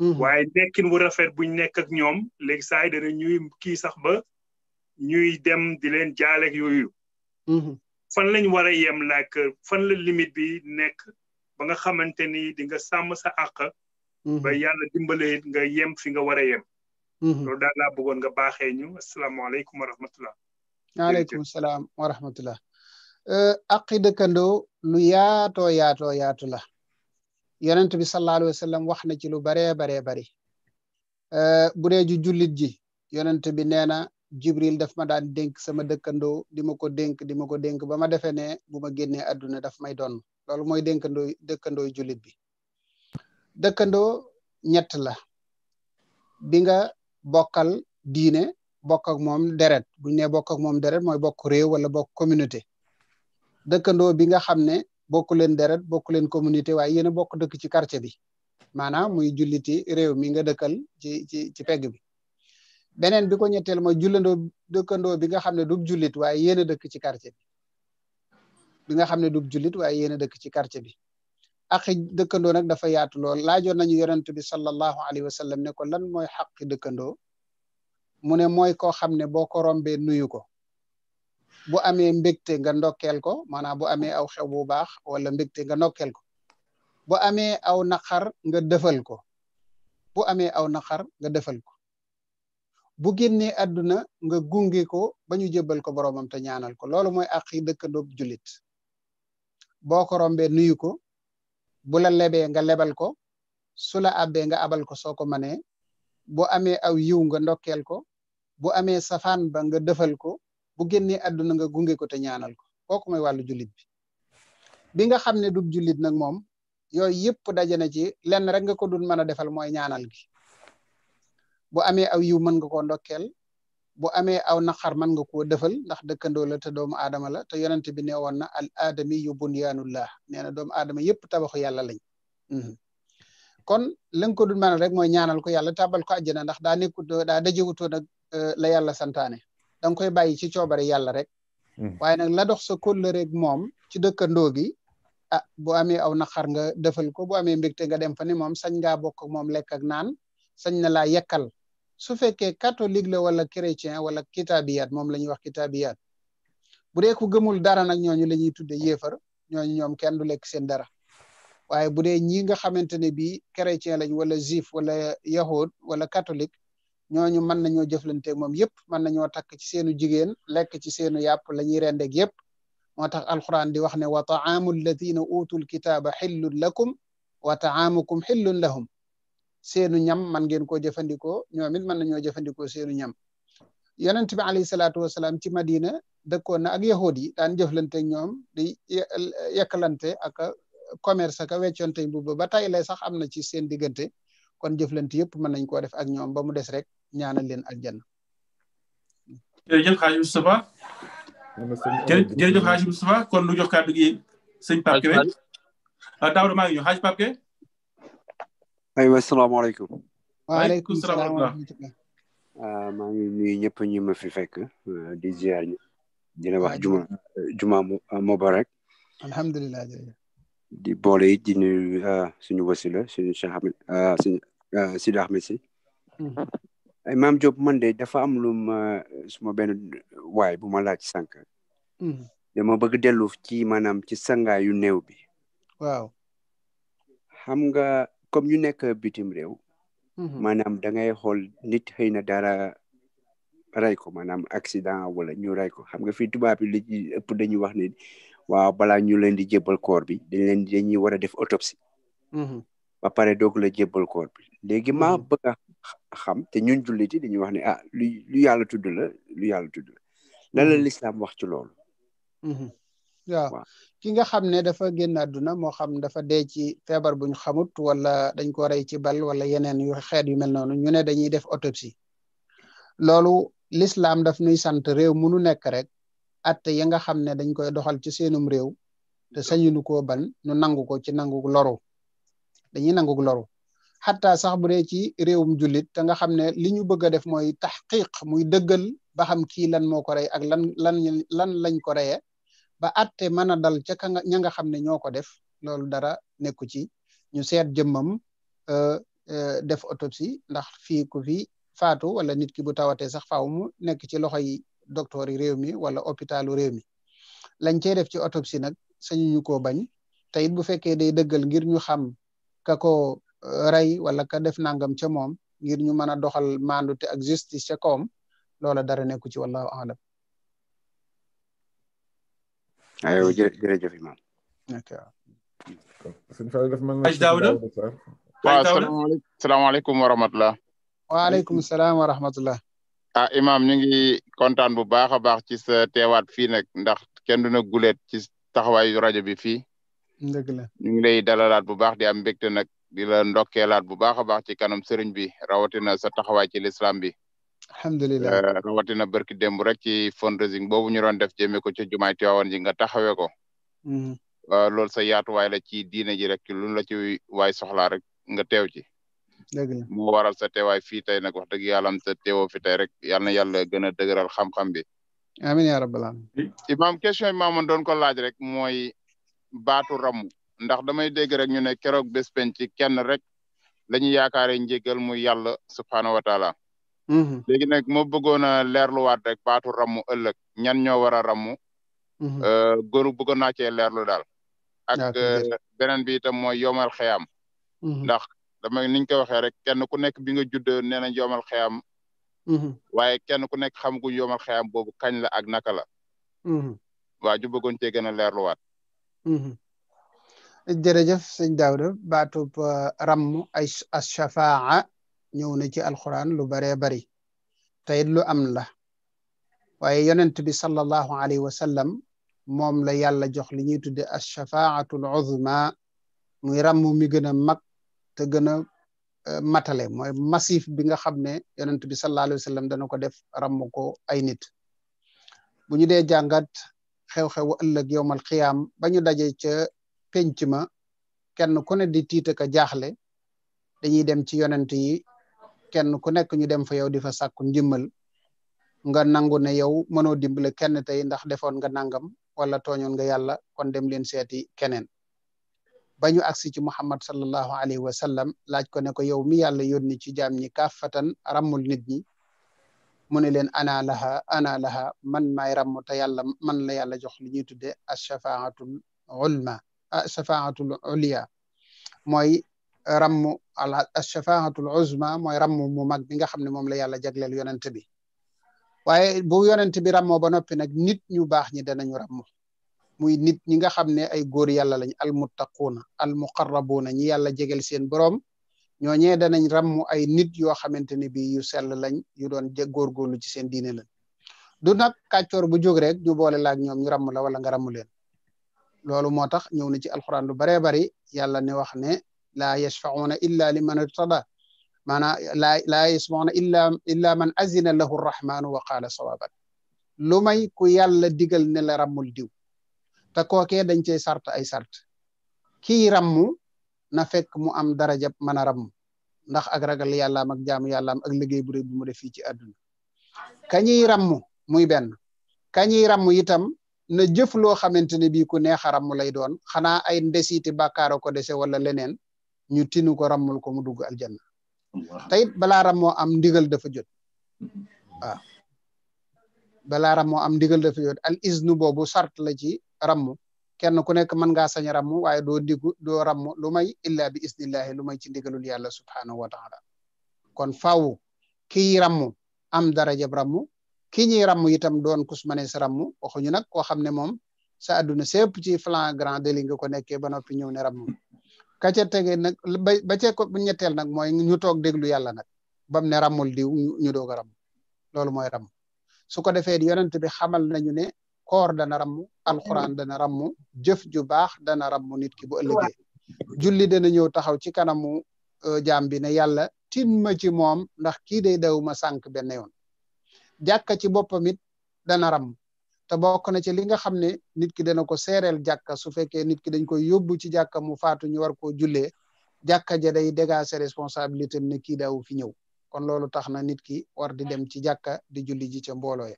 mm-hmm. waaye nekkin wu rafet buñ nekk ak ñoom léegi saa yi dana ñuy kii sax ba ñuy dem di leen jaaleeg yooyu mm-hmm. fan lañ war a yem like fan la limite bi nekk ba nga xamante ni di nga sàmm sa àq ba yàlla dimbalee nga yem fi nga war a yem Mm-hmm. loolu daal laa bëggoon nga baaxee ñu asalaamaaleykum wa rahmatullah waaleykum salaam wa rahmatullah eh, dëkkandoo lu yaato yaatoo yaatu la yonent bi sallallahu alayhi wa sallam wax na ci lu baree baree bari eh, bu dee ju jullit ji yonent bi nee na jibril daf ma daan dénk sama dëkkandoo di ma ko dënk di ma ko dénk ba ma defee ne bu ma génnee àdduna daf may doon loolu mooy dénkandoo dëkkandoo jullit bi dëkkandoo ñett la bokkal diine bokk ak moom deret bu ñu nee bokk moom deret mooy bokk réew wala bokk communauté dëkkandoo bi nga xam ne bokku leen deret bokku leen communauté waaye yéen a bokk dëkk ci karce bi maanaam muy julliti réew mi nga dëkkal ci ci ci pegg bi beneen bi ko ñetteel mooy jullandoo dëkkandoo bi nga xam ne du jullit waaye yéen a dëkk ci karce bi bi nga xam ne du jullit waaye yéen dëkk ci quartier bi aqi dëkkandoo nag dafa yaatu lool laajoon nañu yonent bi sallallahu alayhi wa sallam ne ko lan mooy xaqi dëkkandoo mu ne mooy koo xam ne boo ko rombee nuyu ko bu amee mbégte nga ndokkeel ko maanaam bu amee aw xew bu baax wala mbégte nga ndokkeel ko bu amee aw naqar nga defal ko bu amee aw naqar nga defal ko bu génnee àdduna nga gunge ko ba ñu jébbal ko boroomam te ñaanal ko loolu mooy aqi dëkkandoo jullit boo ko rombee nuyu ko bu la lebee nga lebal ko su la abbee nga abal ko soo ko mënee bu amee aw yiw nga ndokkeel ko bu amee safaan ba nga defal ko bu génnee àdduna nga gunge ko te ñaanal ko kooku mooy wàllu jullit bi bi nga xam ne du jullit nag moom yooyu yëpp daje na ci lenn rek nga ko dul mën a defal mooy ñaanal gi bu amee aw yiw mën nga ko ndokkeel bu amee aw xar mën nga koo defal ndax dëkkandoo la te doomu aadama la te yonent bi ne woon na al aadami yu bunyaanullah nee na doomu aadama yëpp tabaxu yàlla lañ mhm. kon la nga ko dul maanaam rek mooy ñaanal ko yàlla tàbbal ko àjjana ndax daa nekkut daa dajewutoo nag e, la yàlla santaane da koy bàyyi ci coobare yàlla rek mhm. waaye nag la dox sa kóllë rek moom ci dëkkandoo gi ah bu amee aw naqar nga defal ko bu amee mbégte nga dem fa ne moom sañ ngaa bokk ak moom lekk ak naan sañ na laa yekkal su fekkee catholique la wala chrétien wala kitaabiyaat moom la ñuy wax kitaabiyaat bu dee ku gëmul dara nag ñooñu la ñuy tudde yéefar ñooñu ñoom kenn du lekk seen dara waaye bu dee ñii nga xamante ne bii chrétien lañ wala juif wala yahud wala catholique ñooñu mën nañoo jëflante moom yëpp mën nañoo takk ci seenu jigéen lekk ci seenu yàpp la ñuy rendeg yëpp moo tax alquran di wax ne wa taamu alladina utul kitaaba xillun lakum wa taamukum xillun lahum seenu ñam man ngeen koo jëfandikoo ñoom it mën nañoo jëfandikoo seenu ñam yonent bi alayhi salaatu wasalaam ci Madina dëkkoon na ak yahud yi daan jëflante ak ñoom di yekkalante ak commerce ak weccoonte mbubb ba tey sax am na ci seen diggante kon jëflante yëpp mën nañ koo def ak ñoom ba mu des rek ñaanal leen aljanna. jërëjëf xaaj Moustapha jërëjëf xaaj kon nu jox kàddu gi sëñ Pape Kébé Daouda maa ngi ñëw xaaj Pape Kébé aywa salaamaaleykum. waaleykum salaam wa rahmatulah. Ah, maa ngi nuyu ñëpp ñi ma fi fekk ah, di ziar dina wax juma juma ah, mubarak alhamdulilah di boole it di nuyu suñu wasila suñu Cheikh Ahmed suñu Sidi Ahmed si. Imam hmm. Diop man de dafa am lu ma suma benn waay bu ma laaj sànq. Hmm. dama bëgg dellu ci maanaam ci sangaa yu néew bi. waaw xam comme ñu nekk bitim réew mm-hmm. maanaam da ngay xool nit xëy na dara ray ko maanaam accident wala ñu ray ko xam nga fii tubaab bi li ci ëpp wax ne waaw balaa ñu leen di jébbal koor bi dañ leen dañuy war a def autopsie mm-hmm. ba pare doog la jébbal koor bi ma maa mm-hmm. bëgg a xam te ñun julliti dañuy wax ne ah lu lu yàlla tudd la lu yàlla tudd la lan la wax ci loolu ki nga xam ne dafa génn àdduna moo xam dafa dee ci feebar bu ñu xamut wala dañ ko rey ci ball wala yeneen yu xeet yu mel noonu ñu ne dañuy def autopsie loolu lislaam daf nuy sant réew munu nekk rek atte ya nga xam ne dañ koy doxal ci seenum réew te sañunu ko ban nu nangu ko ci nangu loru dañuy nangu loru xata sax bu dee ci réewum jullit te nga xam ne li ñu bëgg a def mooy taxqiq muy dëggal ba xam kii lan moo ko rey ak lan lan lañ ko reyee ba atte mën a dal ca nga ña nga xam ne ñoo ko def loolu dara nekku ci ñu seet jëmmam euh, euh, def autopsie ndax fii ku fi faatu wala nit ki bu tawatee sax faaw mu nekk ci loxo yi docteur yi réew mi wala hôpitalu réew mi lañ cey def ci autopsie nag sañu ñu bañ te it bu fekkee day dëggal ngir ñu xam ka ko euh, rey wala ka def nangam ca moom ngir ñu mën a doxal maandu te ak justice ca kawam loola dara nekku ci wallahu alam waaw yow jërëjëf imam sëñ Fallou daf ma wa rahmatulah salaam wa rahmatulah ah imam ñu ngi kontaan bu baax a baax ci sa teewaat fii nag ndax kenn duna guleet ci taxawaayu rajo bi fii dëgg la ñu ngi lay dalalaat bu baax di am mbégte nag di la ndokkeelaat bu baax a baax ci kanam sëriñ bi rawatina sa taxawaay ci lislaam bi alhamdulilah na barki démb rek ci fundraising bobu ñu ron def jëmee ko ci jumaay Tiwaawan ji nga taxawé ko. lool sa yaatu way la ci diine ji rek luñ la ci way soxla rek nga tew ci. dëgg moo waral sa teway fi tay nak wax deug yàlla am sa teewoo fi tay rek yalla yalla gëna gën xam-xam bi. amin ya rabbal alamin imam question yi maamoon doon ko laaj rek moy baatu ramu ndax damay dégg rek ñu ne kérok bespen ci kenn rek lañu yaakaare yaakaaree mu yalla subhanahu wa taala. Mm-hmm. léegi nag moo bëggoon a leerluwaat rek baatu rammu ëllëg ñan ñoo war a rammu. Mm-hmm. Euh, góor bëggoon naa cee leerlu daal. Euh, bi itam mooy yomal xeyam. Mm-hmm. ndax dama niñ ko waxee rek kenn ku nekk bi nga judd nee nañ yomal xeyam. waaye kenn ku nekk xam guñ yomal xeyam boobu kañ la ak naka la. waa ju bëggoon cee gën a leerluwaat. ñëw na ci alxuraan lu baree bari teyit lu am la waaye yonent bi sallallahu alayhi wa sallam moom la yàlla jox li ñuy tudde ashafaatul uzma muy ràmm mi gën a mag te gën a matale mooy masif bi nga xam ne yonent bi sallallahu alayhi wa sallam dana ko def ràmm ko ay nit bu ñu dee jàngat xew-xewu ëllëg yowmal xiyaam ba ñu daje ca penc ma kenn ku ne di tiita ka jaaxle dañuy dem ci yonent yi kenn ku nekk ñu dem fa yow di fa sàkku njëmmal nga nangu ne yow mënoo dimbale kenn tey ndax defoon nga nangam wala tooñoon nga yàlla kon dem leen seeti keneen ba ñu agsi ci muhammad sallallahu alayhi wa sallam laaj ko ne ko yow mi yàlla yónni ci jaam ñi kaafatan rammul nit ñi mu ne leen ana laha ana laha man maay ramm te yàlla man la yàlla jox li ñuy tudde ashafaatul ulma ashafaatul ulia mooy ramm al ashafaatul uzma mooy ramm mu mag bi nga xam ne moom la yàlla jagleel yonent bi waaye bu yonent bi rammoo ba noppi nag nit ñu baax ñi danañu ramm muy nit ñi nga xam ne ay góor yàlla lañ almuttaquuna almuqarrabuuna ñi yàlla jegel seen boroom ñooñee danañ ramm ay nit yoo xamante ne bi yu sell lañ yu doon góorgóorlu ci seen diine lañ du nag kàccoor bu jóg rek ñu boole laak ñoom ñu ramm la wala nga ramm leen loolu moo tax ñëw na ci alxuraan lu baree bari yàlla ne wax ne laa yashfauna illa liman irtada maanaam laa laa yasmauna illa illa man azina lahu rrahmanu wa qaala sawaban lu may ku yàlla digal ne la rammul diw te kookee dañ ce sarta ay sart kii rammu na fekk mu am daraja mën a ramm ndax ak ragal yàllaam ak jaamu yàllaam ak liggéey bu rëy bu mu def fii ci àdduna kañuy rammu muy benn kañuy rammu itam na jëf loo xamante ne bii ku neex a rammu lay doon xanaa ay ndesiiti bàkkaaro ko dese wala leneen ñu tinu ko ràmmul ko mu dugg aljanna te it balaa rammoo am digal dafa jot waaw balaa rammoo am ndigal dafa al iznu boobu sart la ci rammu kenn ku nekk mën ngaa sañ a waaye doo diggu doo rammu lu may illa bi isnillahi lu may ci ndigalul yàlla subhanahu wa taala kon faaw kii rammu am darajab rammu ki ñuy rammu yitam doon kus manees rammu waxuñu nag koo xam ne moom sa àdduna sépp ci flanc grand délit nga ko nekkee ba noppi ñëw ne rammu ka tege nag ba ba ca ñetteel nag mooy ñu toog déglu yàlla nag bam ne ràmmul diw ñu doog a ràmm loolu mooy ràmm su ko defee yonent bi xamal nañu ne koor dana ràmm alxuraan dana ràmm jëf ju baax dana ràmm nit ki bu ëllëgee julli dana ñëw taxaw ci kanamu jaam bi ne yàlla tin ma ci moom ndax kii day daw ma sànq benn yoon jàkka ci boppam dana ràmm te bokk na ci li nga xam ne nit ki dana ko seereel jàkka su fekkee nit ki dañ koy yóbbu ci jàkka mu faatu ñu war koo jullee jàkka ja day dégager responsabilité ne kii wu fi ñëw kon loolu tax na nit ki war di dem ci jàkka di julli ji ca mbooloo ya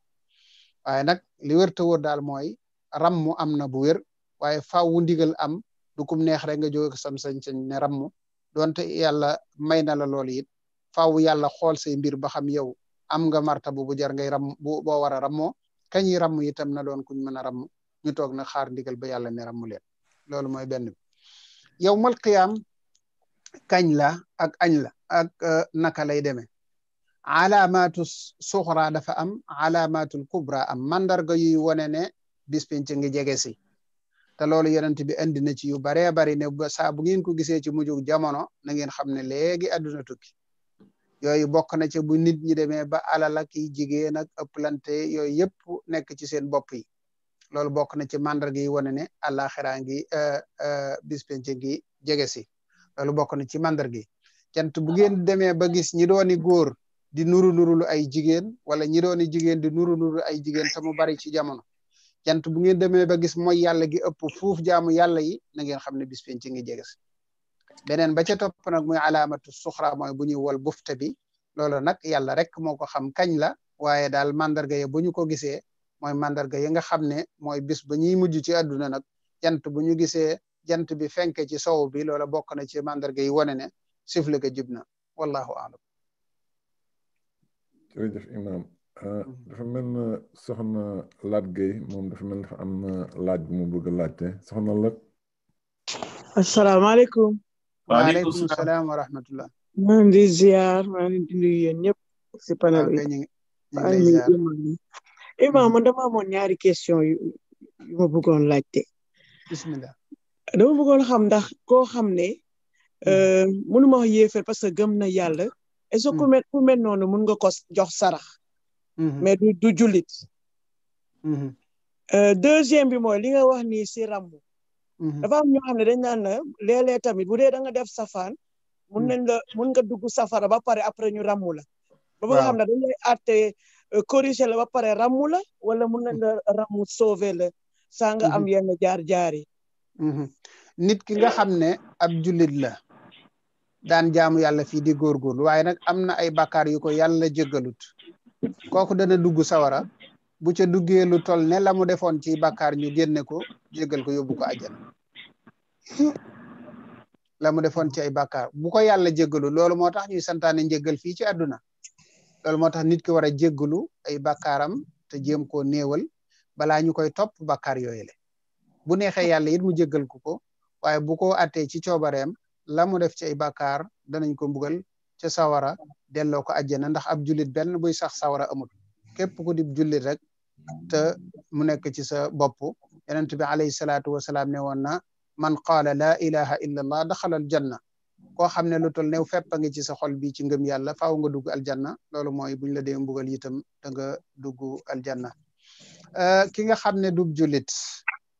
waaye nag li wér te wóor daal mooy rammu am na bu wér waaye wu ndigal am du neex rek nga jóge sam sañ-sañ ne rammu donte yàlla may na la loolu it faaw yàlla xool say mbir ba xam yow am nga marta bu bu jar ngay ram bu boo war a rammoo kañuy ràmm itam na doon kuñ mën a ràmm ñu toog na xaar ndigal ba yàlla ne ramu leen loolu mooy benn bi yow mal qiyaam kañ la ak añ la ak euh, naka lay deme alamatu suxra dafa am alaamaatul kubra am mandarga yuy wone ne bis penc ngi jege si te loolu yonent bi andi na ci yu baree bari ne ba bu ngeen ko gisee ci mujjug jamono na ngeen xam ne léegi àdduna tukki yooyu bokk na ci bu nit ñi demee ba alal ak yi jigéen ak ëpplante yooyu yëpp nekk ci seen bopp yi loolu bokk na ci mandarga yi wane ne àllaaxira ngi euh, euh, bis penc ngi jege si loolu bokk na ci mandarga yi jant bu ngeen demee ba gis ñi dooni góor di nuru nurulu ay jigéen wala ñi dooni jigéen di nuru nuru ay jigéen te mu bari ci jamono jant bu ngeen demee ba gis mooy yàlla gi ëpp fuuf jaamu yàlla yi na ngeen xam ne bis penc ngi jege si beneen ba ca topp nag muy alaamatu suxra mooy bu ñuy wol bufta bi loolu nag yàlla rek moo ko xam kañ la waaye daal mandarga ya bu ñu ko gisee mooy mandarga yi nga xam ne mooy bis ba ñuy mujj ci àdduna nag jant bu ñu gisee jant bi fenk ci sow bi loola bokk na ci mandarga yi wane ne sifle ga jub na wallahu aalam ah, mm-hmm. na soxna laaj Gueye moom dafa a laajte soxna waaleykum salaam wa rahmatullah maa ngi di ziar maa ngi di nuyu yéen ñëpp si panel bi imam hmm. amoon ñaari question yu ma bëggoon laajte dama bëggoon xam ndax koo xam ne hmm. euh, mënu ma wax yéefar parce que gëm na yàlla est-ce que ku hmm. mel ku jox sarax mais du du jullit euh, deuxième bi mooy li nga wax Mhm. dafa am ñoo xam ne dañ naan na léeg tamit bu dee da nga def safaan. mun mhm. nañ la mun nga dugg safara ba pare après ñu ràmmu la. ba a xam ne dañ lay àtte euh, corrigé la ba pare ràmmu la wala mun nañ la ràmmu sauvé la. saa am mhm. yenn jaar-jaar yi. nit ki nga xam ne ab jullit la. daan jaamu yàlla fii di góorgóorlu waaye nag am na ay bakkaar yu ko yàlla jéggalut kooku dana dugg sawara. bu ca duggee lu toll ne la mu defoon ci bàkkaar ñu génne ko jéggal ko yóbbu ko mu defoon ci ay bàkkaar bu ko yàlla jéggalu loolu moo tax ñuy santaane njéggal fii ci àdduna loolu moo tax nit ki war a jéggalu ay bàkkaaram te jéem koo néewal balaa ñu koy topp bàkkaar yooyu bu neexee yàlla it mu jéggal ko ko waaye bu ko attee ci coobareem la mu def ci ay bàkkaar danañ ko mbugal ca sawara delloo ko àjjana ndax ab julit benn buy sax sawara amut képp ku di julli rek te mu nekk ci sa bopp yonent bi alayhi salaatu wasalaam ne woon na man qala la ilaha illa allah daxala al janna Ko xam lu tol new fepp nga ci sa xol bi ci ngeum yalla faaw nga dugg aljanna lolu moy buñ la dee mbugal yitam da nga dugg aljanna euh, ki nga xamne dub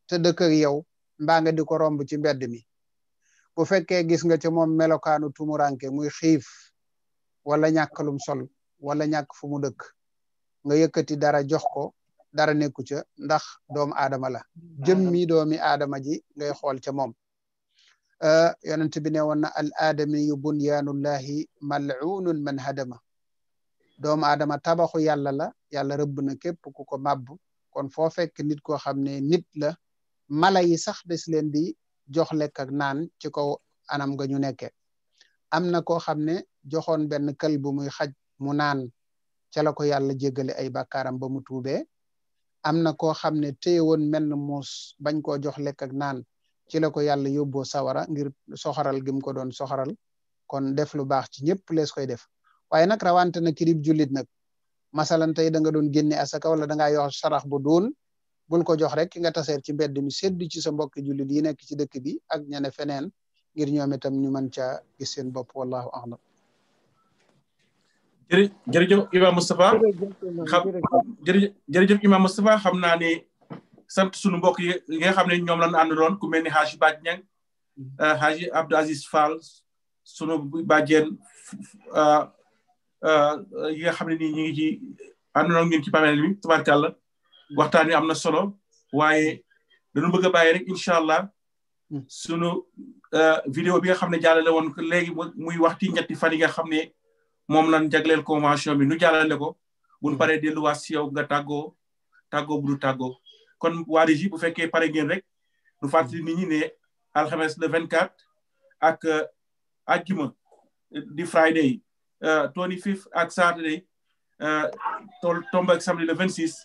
te dekk ak yow mba nga diko romb ci mbedd mi bu fekke gis nga ci mom melokanu tumuranke muy xif wala ñakalum sol wala ñak fu mu dekk nga yëkkati dara jox ko dara nekku ca ndax doomu aadama la jëm jëmmi doomi aadama ji ngay xool ca moom euh, yonent bi ne woon na al aadami yu bunyaanullahi mal'uunun man hadama doom aadama tabaxu yàlla la yàlla rëbb na képp ku ko màbb kon foo fekk nit koo xam ne nit la mala yi sax des leen di jox lekk ak naan ci kaw anam nga ñu nekke am na koo xam ne joxoon benn kël muy xaj mu naan ca la ko yàlla jéggale ay bàkkaaram ba mu tuubee am na koo xam ne téye woon na muus bañ koo jox lekk ak naan ci la ko yàlla yóbboo sawara ngir soxaral gim ko doon soxaral kon def lu baax ci ñëpp lees koy def waaye nag rawante na kirib jullit nag masalan tey da nga doon génne asaka wala danga ngaa sarax bu doon bul ko jox rek ki nga taseer ci mbedd mi sedd ci sa mbokki jullit yi nekk ci dëkk bi ak ñene feneen ngir ñoom itam ñu mën caa seen bopp wallahu a'lam jërëjëf jërëjëf Imam Moustapha xam jërëjëf jërëjëf Imam Moustapha xam naa ni sant sunu mbokk yi nga xam ne ñoom lañu àndaloon ku mel ni Haji Badj Ñang mm-hmm. euh, Haji Abdou Aziz Fall sunu bàjjeen euh, euh, yi nga xam ne nii ñu ngi ci àndaloon ngeen ci panel bi tabarkàlla mm-hmm. waxtaan wi am na solo waaye dañu bëgg a bàyyi rek incha allah mm-hmm. sunu vidéo bi nga xam ne jàllale woon léegi muy waxti ñetti fan yi nga xam ne moom lan jagleel convention bi nu jàllale ko buñ hmm. paree delluwaat si yow nga tàggoo tàggoo bu du tàggoo kon waa régie bu fekkee pare ngeen rek nu fàttali hmm. nit ñi ne alxames le 24 ak ajjuma euh, euh, di friday euh, twenty fifth ak saturday tool tombe ak vingt le 26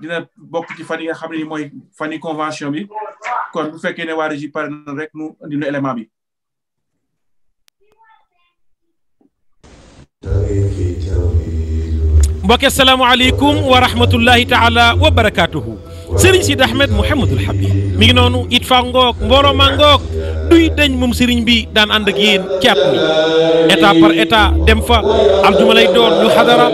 dina bokk ci fan yi nga xam ne mooy fan yi convention bi kon bu fekkee ne waa régie pare na rek nu indi nu élément bi mbokk salaamaaleykum wa rahmatullahi taala wa barakaatuhu sëriñ Sidi Ahmed Mouhamadul Habib mi ngi noonu it fa mbooloo ma duy dañ moom sëriñ bi daan ànd ak yéen ci par état dem fa aljuma doon ñu xadara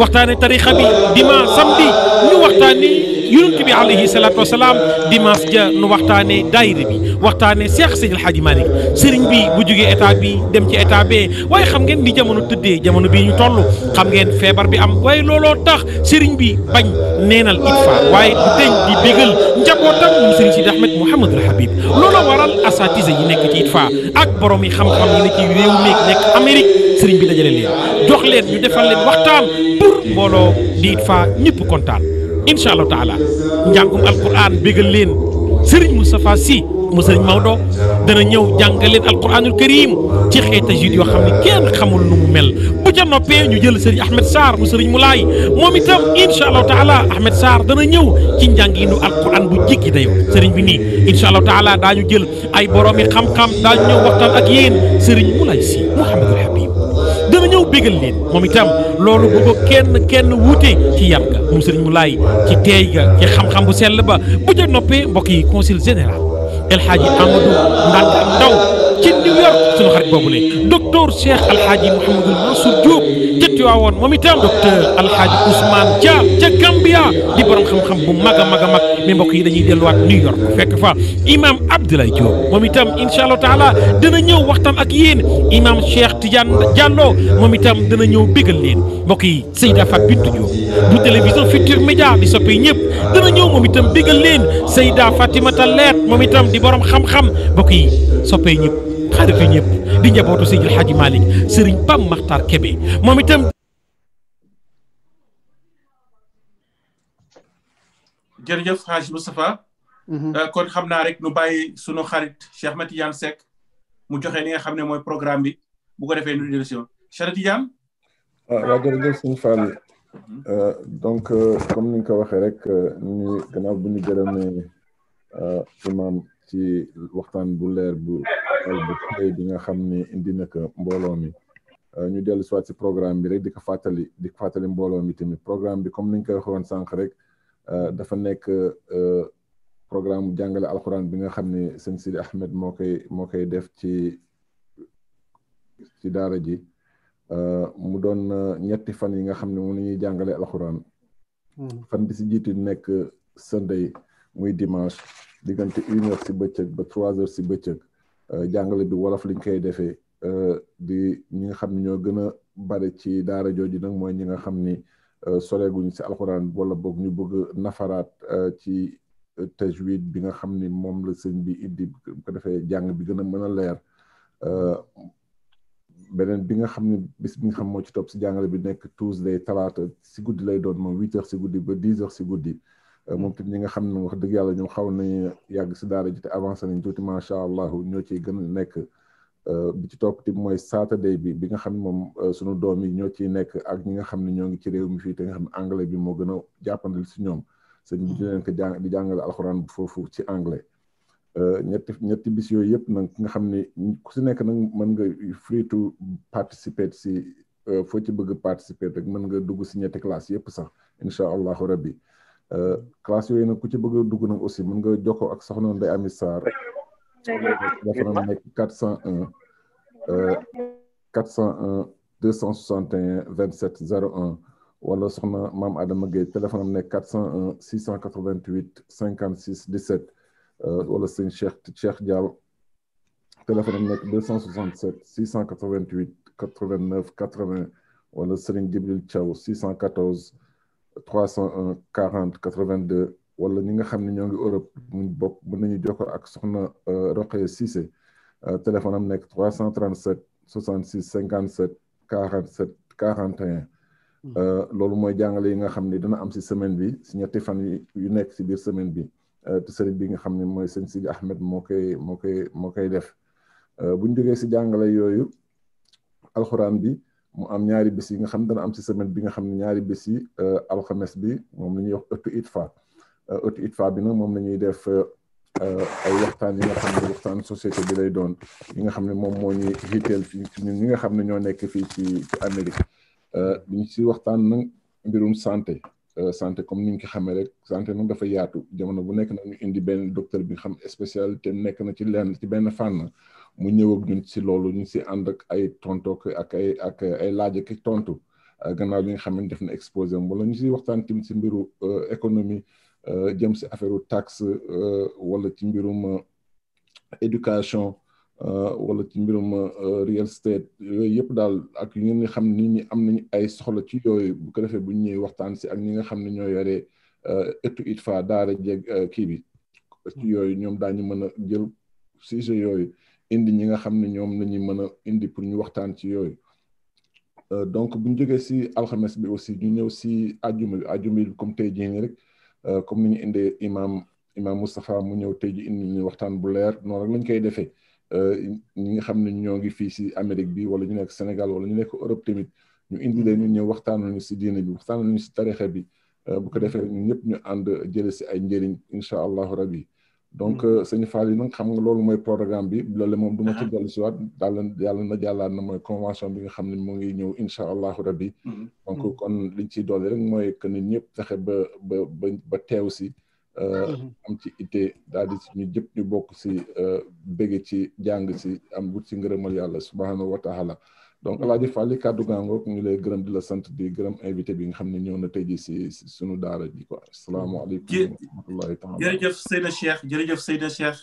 waxtaane tarixa bi dimanche samedi ñu waxtaani yonent bi alayhi salaatu wasalaam dimanche ja nu waxtaane daayira bi waxtaanee Seex Seydi El sëriñ bi bu jógee état bi dem ci état bee waaye xam ngeen ni jamono tëddee jamono bii ñu toll xam ngeen feebar bi am waaye looloo tax sëriñ bi bañ neenal itfa waaye du deñ di bégal njabootam mu sëriñ Sidi Ahmed Mouhamadul Habib looloo waral asatise yi nekk ci itfa ak borom yi xam-xam yi ne ci réew mi nekk Amérique sëriñ bi dajale leen jox leen ñëpp kontaan. incha allahu taala njàngum alquran bégal leen sëriñ Moustapha Sy mu sëriñ Maodo dana ñëw jàngal leen alquranul karim ci xeeta jiit yoo xam ne kenn nu mu mel bu ca noppee ñu jël sëriñ Ahmed Sarr mu sëriñ Moulay moom itam incha taala Ahmed Sarr dana ñëw ci njànginu alquran bu jéggi dayoo sëriñ bi nii taala daañu jël ay boroomi xam-xam daañu ñëw waxtaan ak yéen sëriñ Moulay Sy Mouhamadul Habib dana ñëw bégal leen moom itam kenn kenn wuute ci yam ga moom sëriñ mu laay ci teey ga ci xam-xam bu sell ba bu ja noppee mbokk yi conseil général El Hadji Amadou Ndanda Ndaw ci suñu xarit boobu le docteur Cheikh Alhaji Mouhamadul Mansour Diop ca Tiwaawoon moom itam docteur Alhaji Ousmane Dia ca Gambia di borom xam-xam bu mag a mag a mag mais mbokk yi dañuy delluwaat New York fekk fa imam Abdoulaye Diop moom itam incha allahu taala dana ñëw waxtaan ak yéen imam Cheikh Tidiane Diallo moom itam dana ñëw bégal leen mbokk yi Seyda Fat Bintou Diop bu télévision Futur Média di soppi ñëpp dana ñëw moom itam bégal leen Seyda Fatimata Leet moom itam di borom xam mbokk yi soppi xaritu ñëpp di njabootu Seydil Hadji Malick Serigne Pam Makhtar Kébé moom itam. jërëjëf Hadj Moustapha. Mhm. Euh, kon xam naa rek nu bàyyi sunu xarit Cheikh Matidiane Seck mu joxe li nga xam ne mooy programme bi bu ko defee nu direction Cheikh Matidiane. Ah, waaw jërëjëf suñu Fall mhm. euh, donc euh, comme ni nga ko waxee rek ñu gannaaw bu ñu gërëmee imam ci waxtaan bu leer bu bu tey bi nga xam ne indi na ko mbooloo mi euh, ñu dellu si ci programme bi rek di ko fàttali di ko fàttali mbooloo mi tamit programme bi comme niñ koy waxoon sànq rek euh, dafa nekk euh, programme jàngale alxuraan bi nga xam ne sëñ Sidi Ahmed moo koy moo koy def ci ci daara ji mu doon ñetti fan yi nga xam ne moom la ñuy jàngale alxuraan hmm. fan bi si jiitu nekk sunday muy dimanche diggante une heure si bëccëg ba trois heures si bëccëg euh, jàngale bi wolof liñ koy defee euh, di ñi nga xam ne ñoo gën a bare ci daara jooju nag mooy ñi nga xam ni euh, soreeguñ si alxuraan wala boog ñu bëgg nafaraat ci tajwid bi nga xam ni moom la sëñ bi indi bu ko defee jàng bi gën a mën a leer beneen bi nga xam ne bis bi nga xam moo ci topp si jàngale bi nekk Tuesday talaata si guddi lay doon moom huit heures si guddi ba dix heures si guddi moom tamit ñi nga xam ne wax dëgg yàlla ñoom xaw nañu yàgg si daara ji te avancé nañ tuuti macha allah ñoo ciy gën a nekk euh, bi ci topp tamit mooy saturday bi bi nga xam ne moom euh, sunu doom yi ñoo ciy nekk ak ñi nga xam ne ñoo ngi ci réew mi fii te nga xam ne anglais bi moo gën a jàppandal si ñoom sëñ bi di leen ko jàng foofu ci anglais euh, ñetti ñetti bis yooyu yëpp nag nga xam ne ku si nekk nag mën nga free to participer si foo ci bëgg participer rek mën nga dugg si ñetti classe yëpp sax incha allahu rabbi Euh, classe yooyu nag ku ci bëgg dugg nag aussi mën nga jokkoo ak soxna Ndeye Amy Sarr téléphone am nekk 401 401 261 27 01 wala soxna maam Adama Gueye téléphone am nekk 401 688 56 17 wala sëñ Cheikh Cheikh Diallo téléphone am nekk 267 688 89 80 wala Serigne Djibril Thiaw 614 340 82 wala ñi nga xam ne ñoo ngi Europe mu bokk mën nañu jokko ak soxna euh, Roqaya Cissé euh, téléphone am nekk 337 66 57 47 41 loolu mooy jàngale yi nga xam ne dana am si semaine bi si ñetti fan yu nekk si biir semaine bi euh, te sëriñ bi nga xam ne mooy sëñ Sidi Ahmed moo koy moo koy moo koy def bu jógee si jàngale yooyu alxuraan bi mu am ñaari bés yi nga xam dana am si semaine bi nga xam ne ñaari bés yi euh, alxames bi moom la ñuy wax ëttu itfa euh, ëttu itfa bi nag moom la ñuy def euh, ay waxtaan yi nga société bi lay doon yi nga xam ne moom moo ñuy xiiteel fii ñun ñi nga xam ne ñoo nekk fii ci ci Amérique diñ si waxtaan nag mbirum santé santé comme ni ñu ko xamee rek santé nag dafa yaatu jamono bu nekk nag ñu indi benn docteur bi nga xam spécialité nekk na ci lenn ci benn fànn mu ñëw ak ñun si loolu ñu si ànd ak ay tontu ak ay ak ay laaj ak tontu euh, gannaaw bi nga xam ne def na exposé am wala ñu si waxtaan tamit si mbiru euh, économie euh, jëm si affaire taxe wala ci mbirum éducation wala ci mbirum real estate yooyu yëpp daal ak ñi xam ni ñi am nañu ay soxla ci yooyu bu ko defee bu ñu ñëwee waxtaan si ak ñi nga xam ne ñoo yore ëttu ITFA daara jeeg kii bi. ci yooyu ñoom daañu mën a jël sujet yooyu. indi ñi nga xam ñom lañuy mëna indi pour ñu waxtaan ci yooyu euh, donc bu joggé ci si alxames bi aussi ñu ñëw ci ajuma bi ajuma bi comme tay jii nii rek euh, comme ni ñu indé imam imam mustafa mu ñëw tay ji indi ñu waxtaan bu leer non rek lañ koy defee euh, ñi nga xam ñoo ngi fi ci Amérique bi wala ñu nekk Sénégal wala ñu nekk Europe tamit ñu indi leen ñu ñëw ñu ci diiné bi waxtaan ñu ci tarixa bi bu ko défé ñun ñëpp ñu and jël ci ay njëriñ inshallah rabbi rabi donc hmm. euh, sëñ Fall yi nag xam nga loolu mooy programme bi loolu moom du ma ci dellu si waat yàlla na jàllaat na mooy convention bi nga xam ne mu ngi ñëw incha allahu rabbi hmm. donc hmm. kon liñ ciy dolli rek mooy que ni ñëpp fexe ba ba ba teew si euh, am ci ittee daal di ñu jëp ñu bokk si euh, bëgg ci jàng si am wut si ngërëmal yàlla subhanahu wa taala donc Alaaji Fàlli kàddu gàngoog ñu lay gërëm di la sant di gërëm invité bi nga xam ne ñëw na tey ji si sunu daara ji quoi asalaamaaleykum wa rahmatullahi taala jërëjëf Seyda Cheikh jërëjëf Seyda Cheikh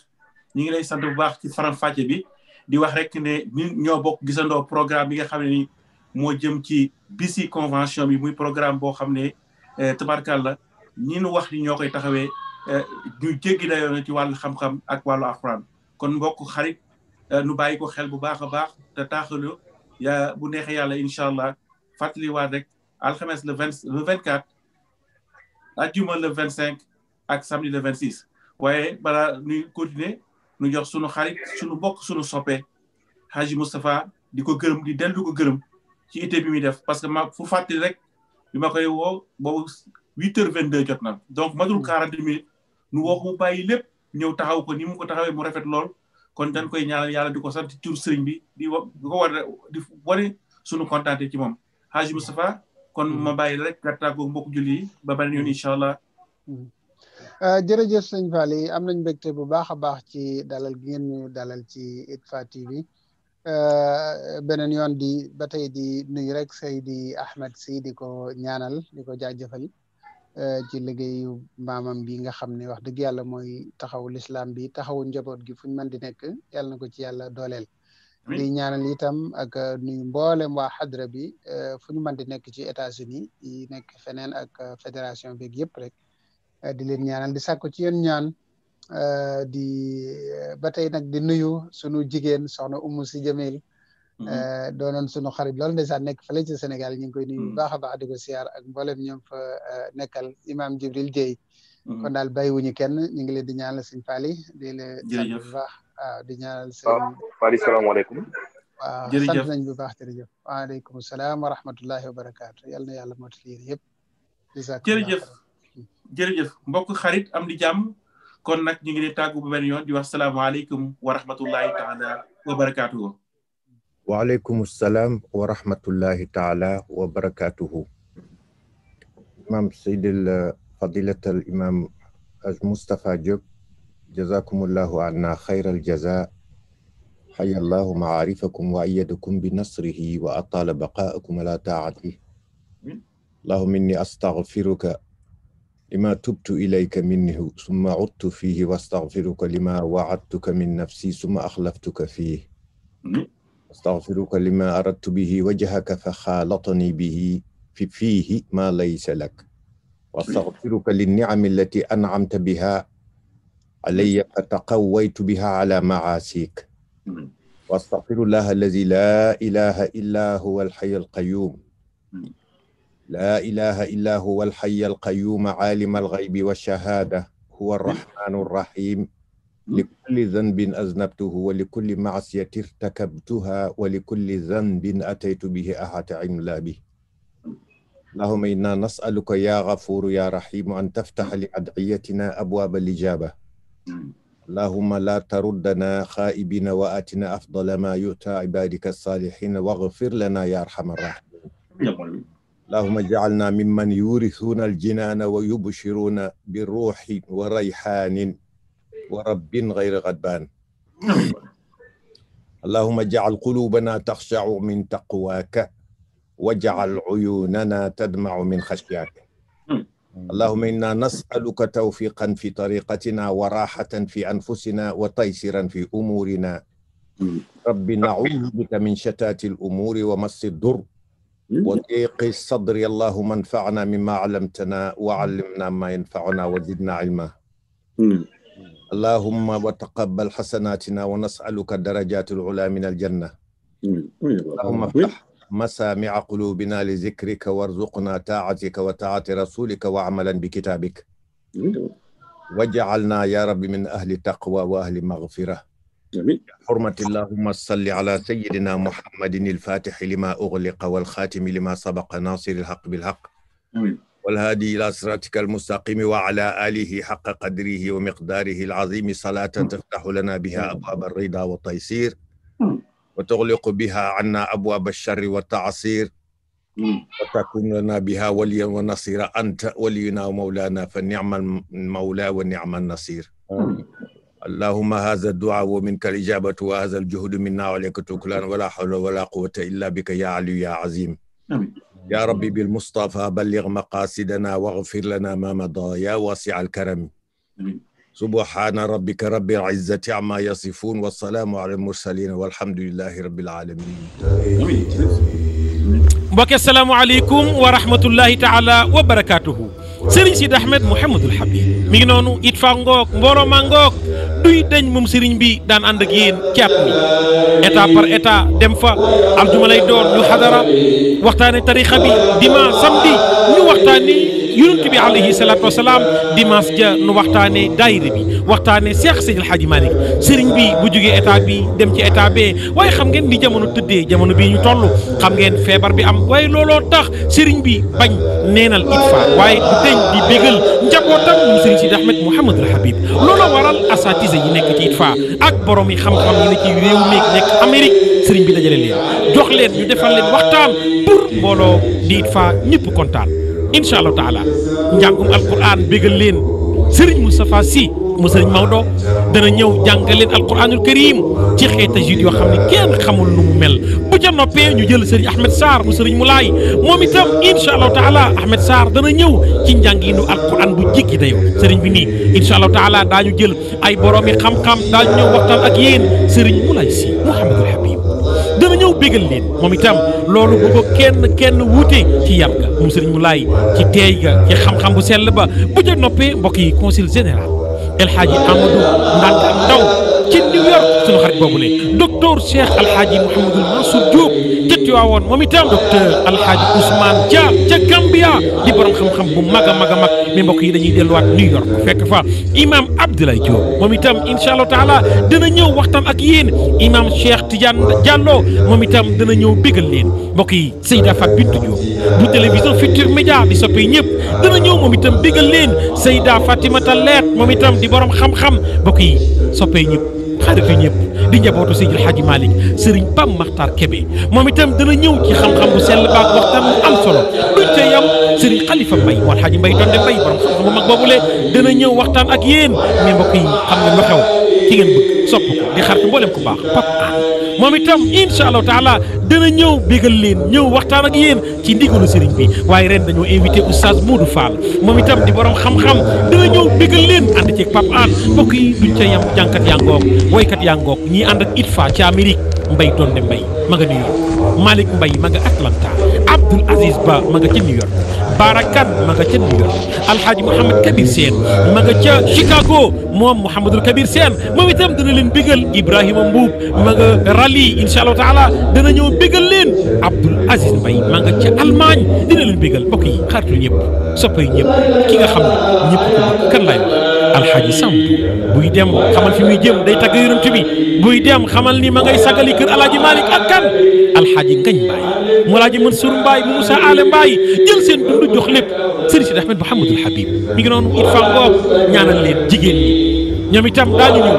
ñi ngi lay sant bu baax ci faram-fàcce bi di wax rek ne ñun ñoo bokk gisandoo programme bi nga xam ne ni moo jëm ci bisi convention bi muy programme boo xam ne eh, tabarkalla ñi nu wax ni ñoo koy taxawee eh, ñu jéggi dayoo na ci wàllu xam-xam ak wàllu alxuraan kon mbokk xarit eh, nu bàyyi ko xel bu baax a baax te taaxalu yaa bu neexee yàlla incha allah fàttaliwaat rek alxames le vingt le vingt quatre ajjuma le vingt cinq ak samedi le vingt six waaye balaa nu continuer nu jox sunu xarit sunu bokk sunu soppe Haji Moustapha di ko gërëm di dellu ko gërëm ci ité bi muy def parce que ma fu fàttali rek bi ma koy woo boobu huit heures vingt deux jot na donc matul quarante mi nu woo ko mu bàyyi lépp ñëw taxaw ko ni mu ko taxawee mu rafet lool kon dañ koy ñaanal yàlla di ko sant tur sëriñ bi di di ko war di wari suñu ci moom Haji Moustapha kon ma mm. bàyyi rek gàttaagoo mbokk julli yi ba beneen yoon mm. incha allah mm. euh, jërëjëf sëñ Fall yi am nañ mbégte bu baax a baax ci dalal gi ngeen ñu dalal ci ITFA TV euh, beneen yoon di ba tey di nuyu rek di Ahmed si di ko ñaanal di ko jaajëfal Eh, ci liggéeyu maamam bi nga xam ne wax dëgg yàlla mooy taxaw lislaam bi taxawu njaboot gi fuñ mën di nekk yàlla na ko ci yàlla dooleel di ñaanal itam ak eh, nuyu mboolem waa xadra bi eh, fu ñu mën di nekk ci États-Unis yi nekk feneen ak fédération beeg yëpp rek di leen ñaanal di sàkku ci yéen ñaan di ba tey nag di nuyu sunu jigéen soxna Umu Si Jamil Mm-hmm. Eh, doonoon sunu xarit lool ndeysaan nekk fële ci Sénégal ñu ngi koy nuyu bu mm-hmm. baax a baax di ko siyaar ak mboolem ñoom fa eh, nekkal imaam Jibril Dieye mm-hmm. kon daal bàyyiwuñu kenn ñu ngi leen di ñaanal sëñ Fally di la sant bu baax waaw di ñaanal nañ bu baax jërëjëf waaleykum salaam wa rahmatullahi wa barakaatu yal na yàlla mootali yéen yëpp jërëjëf jërëjëf mbokk xarit am di jàmm kon nag ñu ngi ne tàggu bu benn yoon di wa rahmatullahi taala wa barakaatu وعليكم السلام ورحمة الله تعالى وبركاته إمام سيد فضيلة الإمام مصطفى جب جزاكم الله عنا خير الجزاء حي الله معارفكم وأيدكم بنصره وأطال بقاءكم على طاعته اللهم إني أستغفرك لما تبت إليك منه ثم عدت فيه واستغفرك لما وعدتك من نفسي ثم أخلفتك فيه أستغفرك لما أردت به وجهك فخالطني به في فيه ما ليس لك وأستغفرك للنعم التي أنعمت بها علي فتقويت بها على معاسيك واستغفر الله الذي لا اله الا هو الحي القيوم لا اله الا هو الحي القيوم عالم الغيب والشهاده هو الرحمن الرحيم لكل ذنب أذنبته ولكل معصية ارتكبتها ولكل ذنب أتيت به أحد عملا به اللهم إنا نسألك يا غفور يا رحيم أن تفتح لأدعيتنا أبواب الإجابة اللهم لا تردنا خائبين وآتنا أفضل ما يؤتى عبادك الصالحين واغفر لنا يا أرحم الراحمين اللهم اجعلنا ممن يورثون الجنان ويبشرون بالروح وريحان ورب غير غدبان نعم. اللهم اجعل قلوبنا تخشع من تقواك واجعل عيوننا تدمع من خشياك نعم. اللهم انا نسالك توفيقا في طريقتنا وراحه في انفسنا وتيسيرا في امورنا نعم. رب نعوذ بك من شتات الامور ومس الضر وضيق الصدر اللهم انفعنا مما علمتنا وعلمنا ما ينفعنا وزدنا علما اللهم وتقبل حسناتنا ونسألك الدرجات العلى من الجنة اللهم افتح مسامع قلوبنا لذكرك وارزقنا طاعتك وطاعة رسولك وعملا بكتابك واجعلنا يا رب من أهل تقوى وأهل مغفرة حرمة اللهم صل على سيدنا محمد الفاتح لما أغلق والخاتم لما سبق ناصر الحق بالحق والهادي إلى صراطك المستقيم وعلى آله حق قدره ومقداره العظيم صلاة تفتح لنا بها أبواب الرضا والتيسير وتغلق بها عنا أبواب الشر والتعصير وتكون لنا بها وليا ونصيرا أنت ولينا ومولانا فالنعم المولى والنعم النصير اللهم هذا الدعاء ومنك الإجابة وهذا الجهد منا وعليك توكلان ولا حول ولا قوة إلا بك يا علي يا عظيم آمين يا ربي بالمصطفى بلغ مقاصدنا واغفر لنا ما مضى يا واسع الكرم سبحان ربك رب العزة عما يصفون والسلام على المرسلين والحمد لله رب العالمين السلام عليكم ورحمة الله تعالى وبركاته sëriñ Sidi Ahmed Mouhamadul Habib mi ngi noonu it fa ngoog mbooloo ngoog duy dañ moom sëriñ bi daan ànd ak yéen ci at mi état par état dem fa aljuma lay doon ñu xadara waxtaane tarixa bi dimanche samedi ñu waxtaani yonent bi alayhi salaatu wasalaam dimanche ja nu waxtaane daayira bi waxtaanee seex Seydi El Hadji sëriñ bi bu jógee état bi dem ci état bee waaye xam ngeen ni jamono tëddee jamono bii ñu toll xam ngeen feebar bi am waaye looloo tax sëriñ bi bañ neenal itfa waaye du deñ di bégal njabootam mu sëriñ Sidi Ahmed Mouhamadul Habib looloo waral asatise yi nekk ci itfa ak borom yi xam-xam yi ne ci réew mi nekk Amérique sëriñ bi dajale leen jox leen ñu kontaan. incha allahu taala njàngum alquran bégal leen sëriñ Moustapha Sy mu sëriñ Maodo dana ñëw jàngal leen alquranul karim ci xeeta jiit yoo xam ne kenn xamul nu mu mel bu ca noppee ñu jël sëriñ Ahmed Sarr mu sëriñ Moulay moom itam incha allahu taala Ahmed Sarr dana ñëw ci njànginu alquran bu jéggi dayoo sëriñ bi nii incha allahu taala daañu jël ay boroomi xam-xam daañu ñëw waxtaan ak yéen sëriñ Moulay Sy Mouhamadul Habib ñëw bégal leen moom itam loolu bu kenn kenn wuute ci yar ga moom sëriñ mu laay ci teey ga ci xam-xam bu sell ba bu ja noppee mbokk yi conseil général El Hadji Amadou Ndanda Ndaw yor suñu xarit boobu le docteur Cheikh Alhaji Mouhamadul Mansour Diop ca Tiwaawoon moom itam docteur Alhaji Ousmane Dia ca Gambia di borom xam-xam bu mag a mag a mag mais mbokk yi dañuy delluwaat New York fekk fa imam Abdoulaye Diop moom itam incha allahu taala dana ñëw waxtaan ak yéen imam Cheikh Tidiane Diallo moom itam dana ñëw bégal leen mbokk yi Seyda Fat Bintou Diop bu télévision Futur Média di soppi ñëpp dana ñëw moom itam bégal leen Seyda borom xam mbokk yi soppee xaritu ñëpp di njabootu Seydil Hadji Malick Serigne Pam Makhtar Kébé moom itam dana ñëw ci xam-xam bu sell baak waxtaan am solo duñ ca Serigne Khalifa Mbaye wal Hadji Mbaye Donde Mbaye borom xam-xam bu mag boobule dana ñëw waxtaan ak yéen mais mbokk xam ngeen bëgg sopp ko di mboolem ku baax Pape Hann moom itam incha allahu taala dana ñëw bégal leen ñëw waxtaan ak yéen ci ndigalu Serigne bi waaye ren dañoo invité oustaz Modou Fall moom itam di borom xam-xam dana ñëw bégal leen ànd ceeg Pape Hann mbokk duñ ca yam jànkat yaa ngoog woykat yaa ngoog ñii ànd ak ITFA ci Amérique Mbaye Donde mbay ma nga New York maga Mbaye ma nga Atlanta Abdoul Aziz Ba ma nga ca New Barakan ma nga ca New York Alhaji Mouhamed Kabir Seen ma nga ca moom Mouhamadul Kabir Seen moom itam dana leen bégal Ibrahima Mbuub ma nga Rali incha allahu taala dana ñëw bégal leen Abdoul Aziz Mbaye ma nga ca dina leen bégal mbokk xaritu ñëpp soppay ñëpp ki nga xam ne ñëpp ko kan alxaaji Samb buy dem xamal fi muy jëm day tagg bi buy dem xamal ni ma ngay sagali kër alaaji Malick ak kan alxaaji Ngañ Mbaay mu alaaji Mansour Mbaay mu Moussa Ale Mbaay jël seen dund jox lépp sëriñ Sidi Ahmed Mouhamadul Habib mi ngi noonu it fa ngoog ñaanal leen jigéen ñi itam daañu ñëw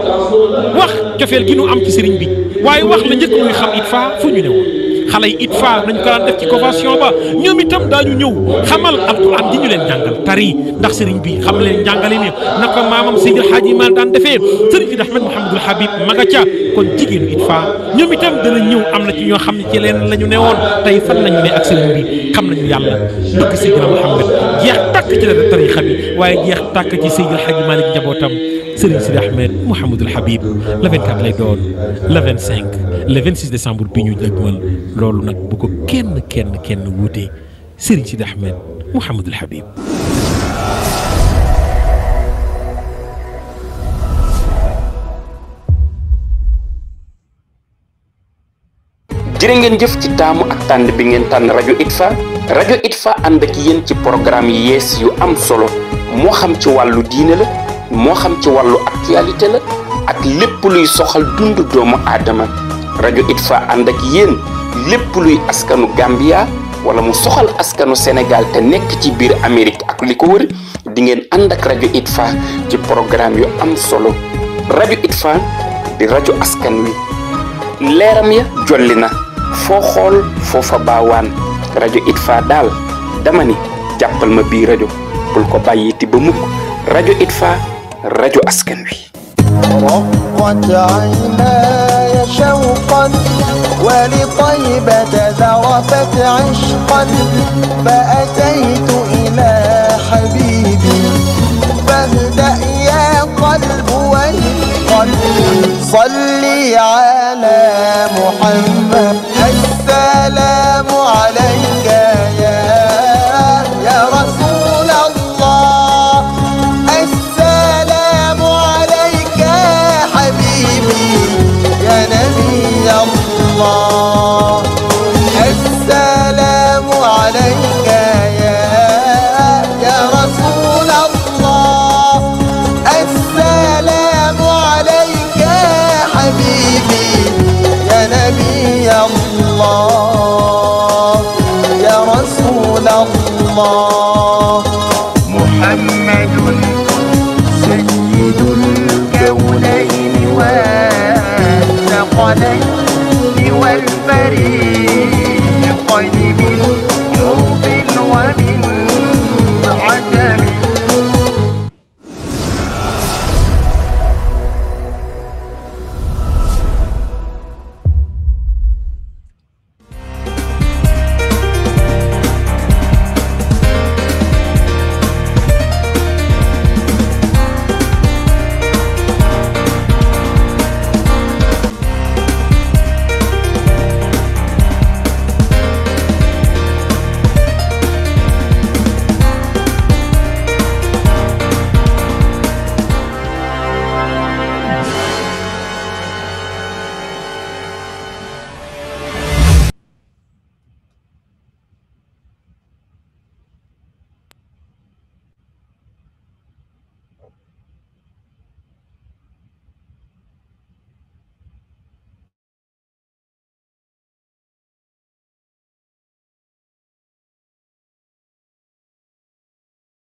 wax cofeel gi nu am ci sëriñ bi waaye wax la njëkk muy xam it fa fu ñu ne woon xale yi it itfa nañ ko daan def ci convention ba ñoom itam daañu ñëw xamal alquran di ñu leen jàngal tari ndax sëriñ bi xam leen jàngale ne na ko maamam Seydi Hadji Mal daan defee sëriñ bi Ahmed Mouhamadul Habib Magaca kon jigéenu itfa ñoom itam dana ñëw am na ci ñoo xam ne ci leen la ne woon tey fan la ñu ne ak sëriñ bi xam nañu yàlla bëgg Seydina Mouhamed jeex tàkk ci la tariixa bi waaye jeex tàkk ci Seydi Hadji Malick njabootam Serigne Sidi Ahmed Mouhamadul Habib le 24 lay doon le 25 le 26 décembre bi ñu dëgmal loolu nag bu ko kenn kenn kenn wuute Serigne Sidi Ahmed Mouhamadul Habib. jërë ngeen jëf ci taamu ak tànn bi ngeen tànn rajo Itfa rajo Itfa ànd ak yéen ci programme yi yees yu am solo moo xam ci wàllu diine la. mo xam ci walu actualité la ak lepp luy soxal dundu doomu adama radio itfa ànd ak yéen luy askanu gambia wala mu soxal askanu senegal te nek ci bir amerique ak liko wër di ngeen ànd ak itfa ci programme yu am solo Radio itfa di radio askan wi leram ya jollina fo xol fo fa bawan radio itfa dal, dama ni jappal ma bi radio bul ko ti ba mukk radio itfa راديو أسكنوي رقت عيناي شوقا ولطيبة ذرفت عشقا فأتيت إلى حبيبي فاهدأ يا قلب قلبي صلي على محمد